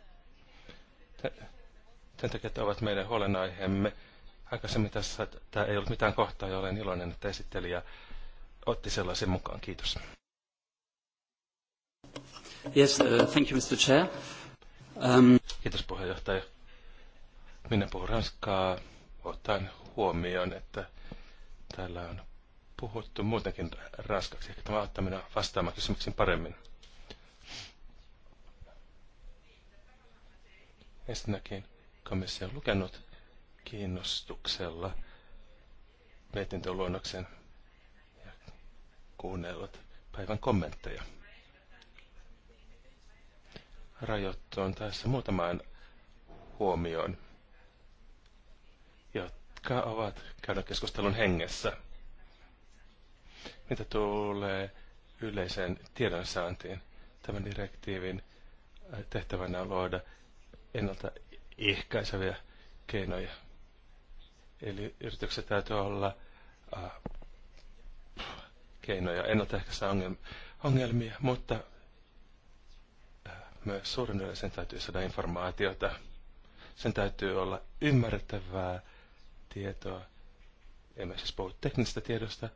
Speaker 3: Työntekijät ovat meidän huolenaiheemme. Aikaisemmin tässä tämä ei ollut mitään kohtaa, ja olen iloinen, että esittelijä otti sellaisen mukaan. Kiitos.
Speaker 1: Yes, uh, thank you, Mr. Chair. Um...
Speaker 3: Kiitos puheenjohtaja. Minä puhun ranskaa ottaen huomioon, että täällä on puhuttu muutenkin ranskaksi. Ehkä tämä auttaa minua vastaamaan kysymyksiin paremmin. Ensinnäkin komissio on lukenut kiinnostuksella mietintöluonnoksen ja kuunnellut päivän kommentteja rajoittuun tässä muutamaan huomioon, jotka ovat käydä keskustelun hengessä. Mitä tulee yleiseen tiedonsaantiin, tämän direktiivin äh, tehtävänä on luoda ennalta ehkäiseviä keinoja. Eli yritykset täytyy olla äh, keinoja ennaltaehkäistä ongelmia, mutta myös suurin sen täytyy saada informaatiota. Sen täytyy olla ymmärrettävää tietoa. Emme siis puhu teknisestä tiedosta,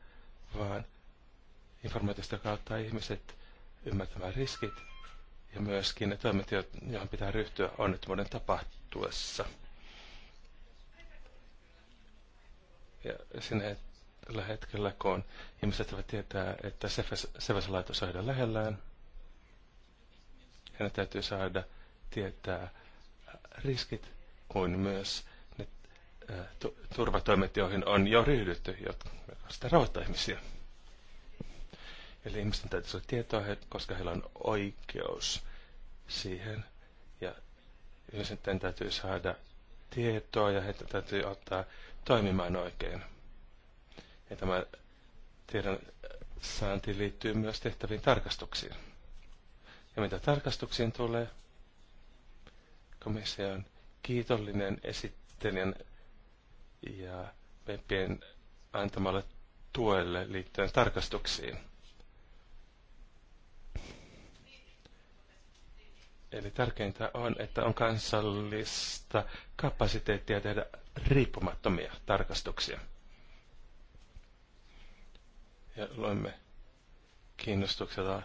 Speaker 3: vaan informaatiosta kautta ihmiset ymmärtämään riskit ja myöskin ne toimet, joihin pitää ryhtyä onnettomuuden tapahtuessa. Ja sinne tällä hetkellä, kun ihmiset eivät tietää, että Sefes-laitos on heidän lähellään, meidän täytyy saada tietää riskit kuin myös ne turvatoimet, joihin on jo ryhdytty, jotka sitä rahoittaa ihmisiä. Eli ihmisten täytyy saada tietoa, koska heillä on oikeus siihen. Ja ihmisten täytyy saada tietoa ja heitä täytyy ottaa toimimaan oikein. Ja tämä tiedon saanti liittyy myös tehtäviin tarkastuksiin mitä tarkastuksiin tulee, komissio on kiitollinen esittelijän ja meppien antamalle tuelle liittyen tarkastuksiin. Eli tärkeintä on, että on kansallista kapasiteettia tehdä riippumattomia tarkastuksia. Ja luemme kiinnostuksella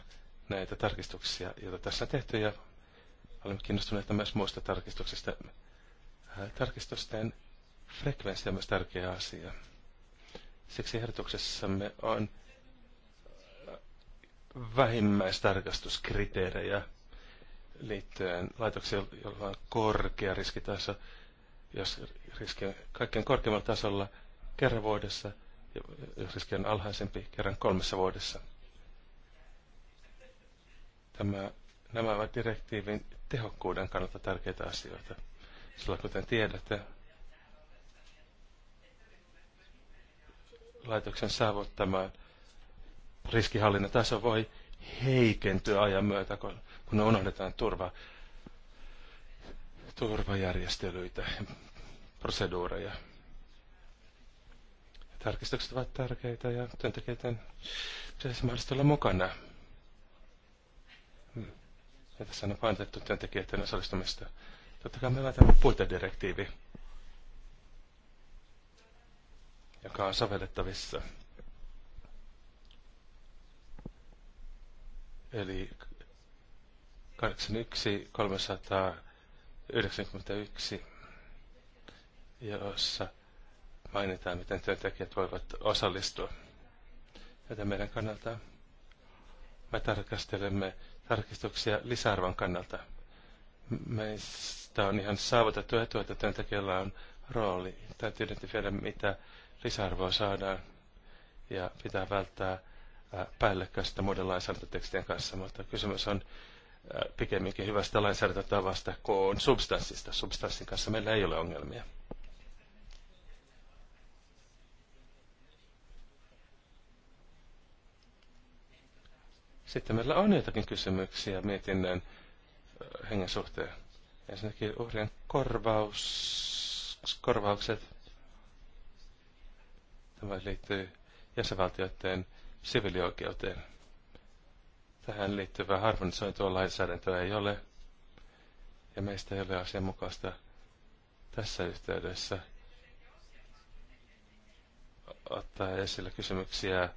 Speaker 3: näitä tarkistuksia, joita tässä on tehty, ja olemme kiinnostuneita myös muista tarkistuksista. Äh, tarkistusten frekvenssi on myös tärkeä asia. Siksi ehdotuksessamme on äh, vähimmäistarkastuskriteerejä liittyen laitoksiin, joilla on korkea riskitaso, jos riski on kaikkein korkeimmalla tasolla kerran vuodessa, ja jos riski on alhaisempi kerran kolmessa vuodessa – Tämä, nämä ovat direktiivin tehokkuuden kannalta tärkeitä asioita. Sillä kuten tiedätte, laitoksen saavuttama riskihallinnan taso voi heikentyä ajan myötä, kun, kun unohdetaan turva, turvajärjestelyitä ja proseduureja. Tarkistukset ovat tärkeitä ja työntekijöiden pitäisi mahdollisesti olla mukana ja tässä on painotettu työntekijöiden osallistumista. Totta kai meillä on tämä puitedirektiivi, joka on sovellettavissa. Eli 81.391, jossa mainitaan, miten työntekijät voivat osallistua. Joten meidän kannalta me tarkastelemme tarkistuksia lisäarvon kannalta. Meistä on ihan saavutettu etu, että työntekijällä on rooli. Täytyy identifioida, mitä lisäarvoa saadaan ja pitää välttää päällekkäistä muiden lainsäädäntötekstien kanssa, mutta kysymys on pikemminkin hyvästä lainsäädäntötavasta kuin substanssista. Substanssin kanssa meillä ei ole ongelmia. Sitten meillä on joitakin kysymyksiä mietinnön hengen suhteen. Ensinnäkin uhrien korvaus, korvaukset. Tämä liittyy jäsenvaltioiden sivilioikeuteen. Tähän liittyvää harmonisointua lainsäädäntöä ei ole, ja meistä ei ole asianmukaista tässä yhteydessä ottaa esille kysymyksiä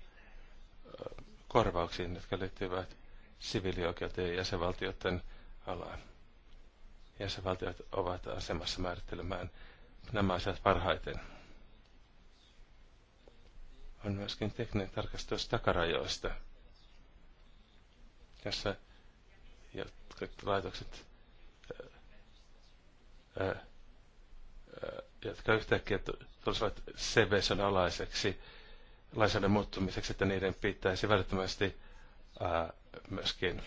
Speaker 3: korvauksiin, jotka liittyvät siviilioikeuteen ja jäsenvaltioiden alaan. Jäsenvaltiot ovat asemassa määrittelemään nämä asiat parhaiten. On myöskin tekninen tarkastus takarajoista, jossa jotkut laitokset, ää, ää, jotka yhtäkkiä tulisivat CBSn alaiseksi, lainsäädännön muuttumiseksi, että niiden pitäisi välittömästi ää, myöskin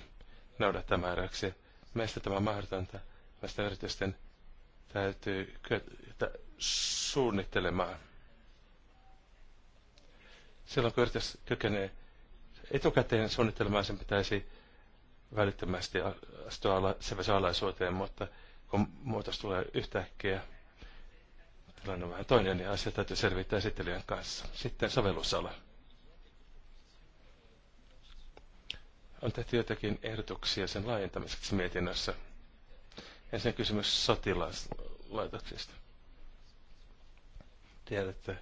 Speaker 3: noudattaa määräyksiä. Meistä tämä on mahdotonta. Meistä yritysten täytyy kyetä suunnittelemaan. Silloin kun yritys kykenee etukäteen suunnittelemaan, sen pitäisi välittömästi astua ala, alaisuuteen, mutta kun muutos tulee yhtäkkiä, tilanne on vähän toinen ja asia täytyy selvittää esittelijän kanssa. Sitten sovellusala. On tehty jotakin ehdotuksia sen laajentamiseksi mietinnössä. Ensin kysymys sotilaslaitoksista. Tiedätte,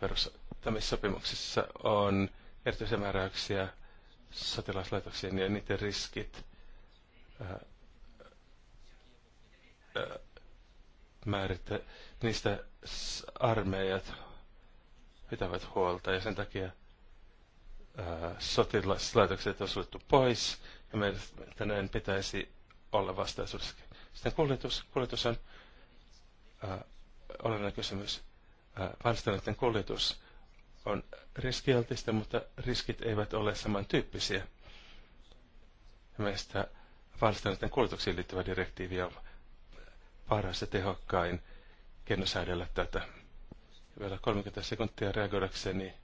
Speaker 3: perustamissopimuksessa on erityisiä määräyksiä sotilaslaitoksien ja niiden riskit. Ää, ää, määritte, niistä armeijat pitävät huolta ja sen takia ää, sotilaslaitokset on suljettu pois ja meidän en pitäisi olla vastaisuudessa. Sitten kuljetus, kuljetus on ää, olennainen kysymys. Vanhastaneiden kuljetus on riskialtista, mutta riskit eivät ole samantyyppisiä. Meistä vanhastaneiden kuljetuksiin liittyvä direktiivi on paras ja tehokkain keino säädellä tätä. Vielä 30 sekuntia reagoidakseni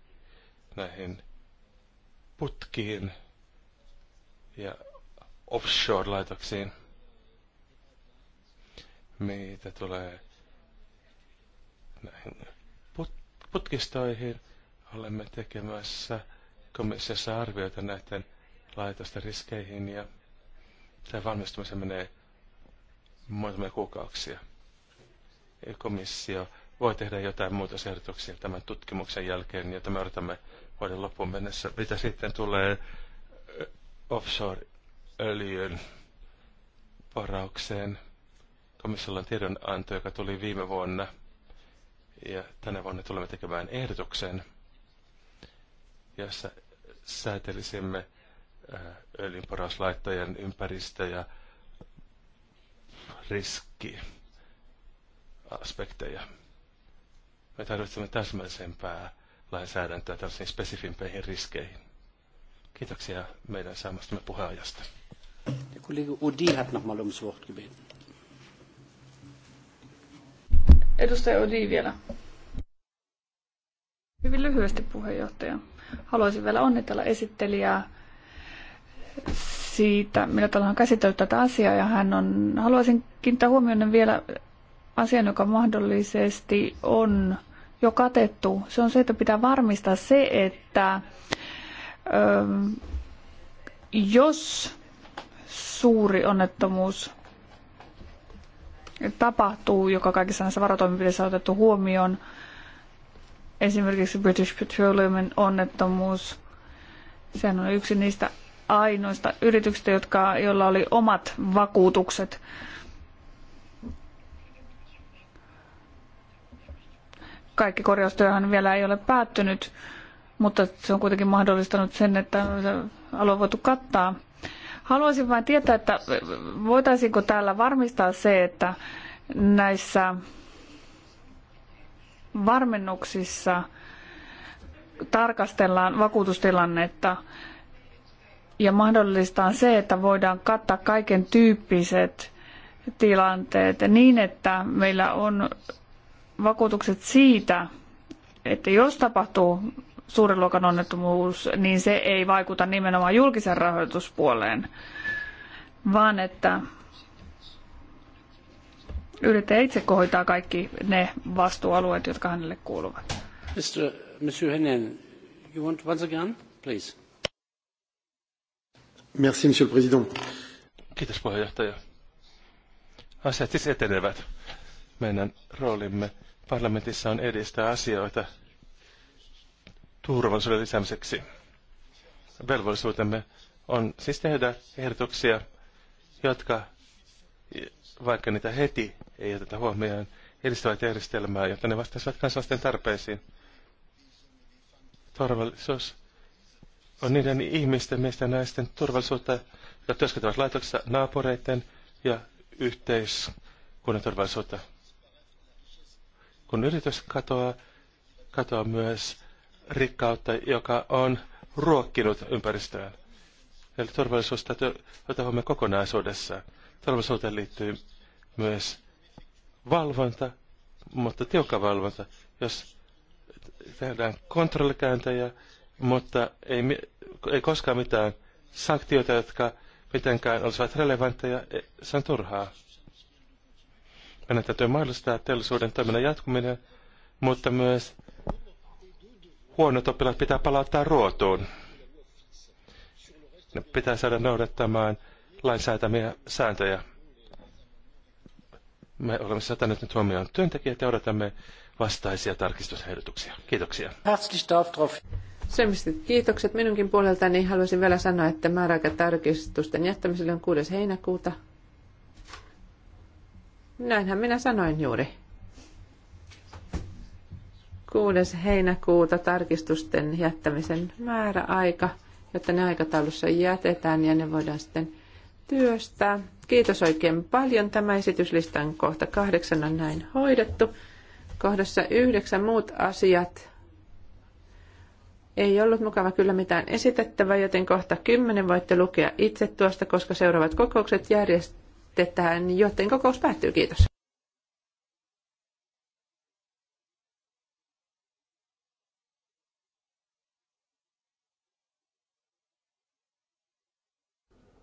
Speaker 3: näihin putkiin ja offshore-laitoksiin, mitä tulee näihin put- putkistoihin. Olemme tekemässä komissiossa arvioita näiden laitosten riskeihin ja tämä valmistumisen menee muutamia kuukauksia. Komissio voi tehdä jotain muutosehdotuksia tämän tutkimuksen jälkeen, ja me odotamme vuoden loppuun mennessä. Mitä sitten tulee offshore-öljyn varaukseen? Komissiolla on tiedonanto, joka tuli viime vuonna, ja tänä vuonna tulemme tekemään ehdotuksen, jossa säätelisimme öljynporauslaittojen ympäristöjä ja riskiaspekteja. Me tarvitsemme täsmällisempää lainsäädäntöä tällaisiin spesifimpeihin riskeihin. Kiitoksia meidän saamastamme puheenajasta. Odi
Speaker 1: Edustaja Odi vielä.
Speaker 4: Hyvin lyhyesti puheenjohtaja. Haluaisin vielä onnitella esittelijää siitä, millä tavalla hän käsitellyt tätä asiaa ja hän on, haluaisin kiinnittää huomioon vielä asian, joka mahdollisesti on jo katettu. Se on se, että pitää varmistaa se, että ö, ähm, jos suuri onnettomuus tapahtuu, joka kaikissa näissä varotoimenpiteissä on otettu huomioon, esimerkiksi British Petroleumin onnettomuus, sehän on yksi niistä ainoista yrityksistä, jotka, joilla oli omat vakuutukset. Kaikki korjaustyöhän vielä ei ole päättynyt, mutta se on kuitenkin mahdollistanut sen, että alue on voitu kattaa. Haluaisin vain tietää, että voitaisiinko täällä varmistaa se, että näissä varmennuksissa tarkastellaan vakuutustilannetta ja mahdollistaa se, että voidaan kattaa kaiken tyyppiset tilanteet niin, että meillä on vakuutukset siitä, että jos tapahtuu suuren luokan onnettomuus, niin se ei vaikuta nimenomaan julkisen rahoituspuoleen, vaan että yrittäjä itse hoitaa kaikki ne vastuualueet, jotka hänelle kuuluvat.
Speaker 2: Mr. Monsieur Hennen, you
Speaker 1: want once again, please?
Speaker 3: monsieur le président. Kiitos puheenjohtaja. Asiat siis etenevät. Meidän roolimme parlamentissa on edistää asioita turvallisuuden lisäämiseksi. Velvollisuutemme on siis tehdä ehdotuksia, jotka, vaikka niitä heti ei oteta huomioon, edistävät järjestelmää, jotta ne vastaisivat kansalaisten tarpeisiin. Turvallisuus on niiden ihmisten, miesten ja naisten turvallisuutta, jotka työskentelevät laitoksessa naapureiden ja yhteiskunnan turvallisuutta. Kun yritys katoaa, katoaa myös rikkautta, joka on ruokkinut ympäristöään. Eli turvallisuus täytyy ottaa huomioon Turvallisuuteen liittyy myös valvonta, mutta tiukka valvonta. Jos tehdään kontrollikäyntejä, mutta ei, ei koskaan mitään sanktioita, jotka mitenkään olisivat relevantteja. E, se on turhaa. Meidän täytyy mahdollistaa teollisuuden toiminnan jatkuminen, mutta myös huonot oppilaat pitää palauttaa ruotuun. Ne pitää saada noudattamaan lainsäätämiä sääntöjä. Me olemme sataneet siis nyt huomioon työntekijät ja odotamme vastaisia tarkistusehdotuksia. Kiitoksia.
Speaker 2: Syömiset kiitokset minunkin puoleltani. Haluaisin vielä sanoa, että tarkistusten jättämiselle on 6. heinäkuuta. Näinhän minä sanoin juuri. 6. heinäkuuta tarkistusten jättämisen määräaika, jotta ne aikataulussa jätetään ja ne voidaan sitten työstää. Kiitos oikein paljon. Tämä esityslistan kohta kahdeksan on näin hoidettu. Kohdassa yhdeksän muut asiat ei ollut mukava kyllä mitään esitettävää, joten kohta kymmenen voitte lukea itse tuosta, koska seuraavat kokoukset järjestetään, joten kokous päättyy. Kiitos.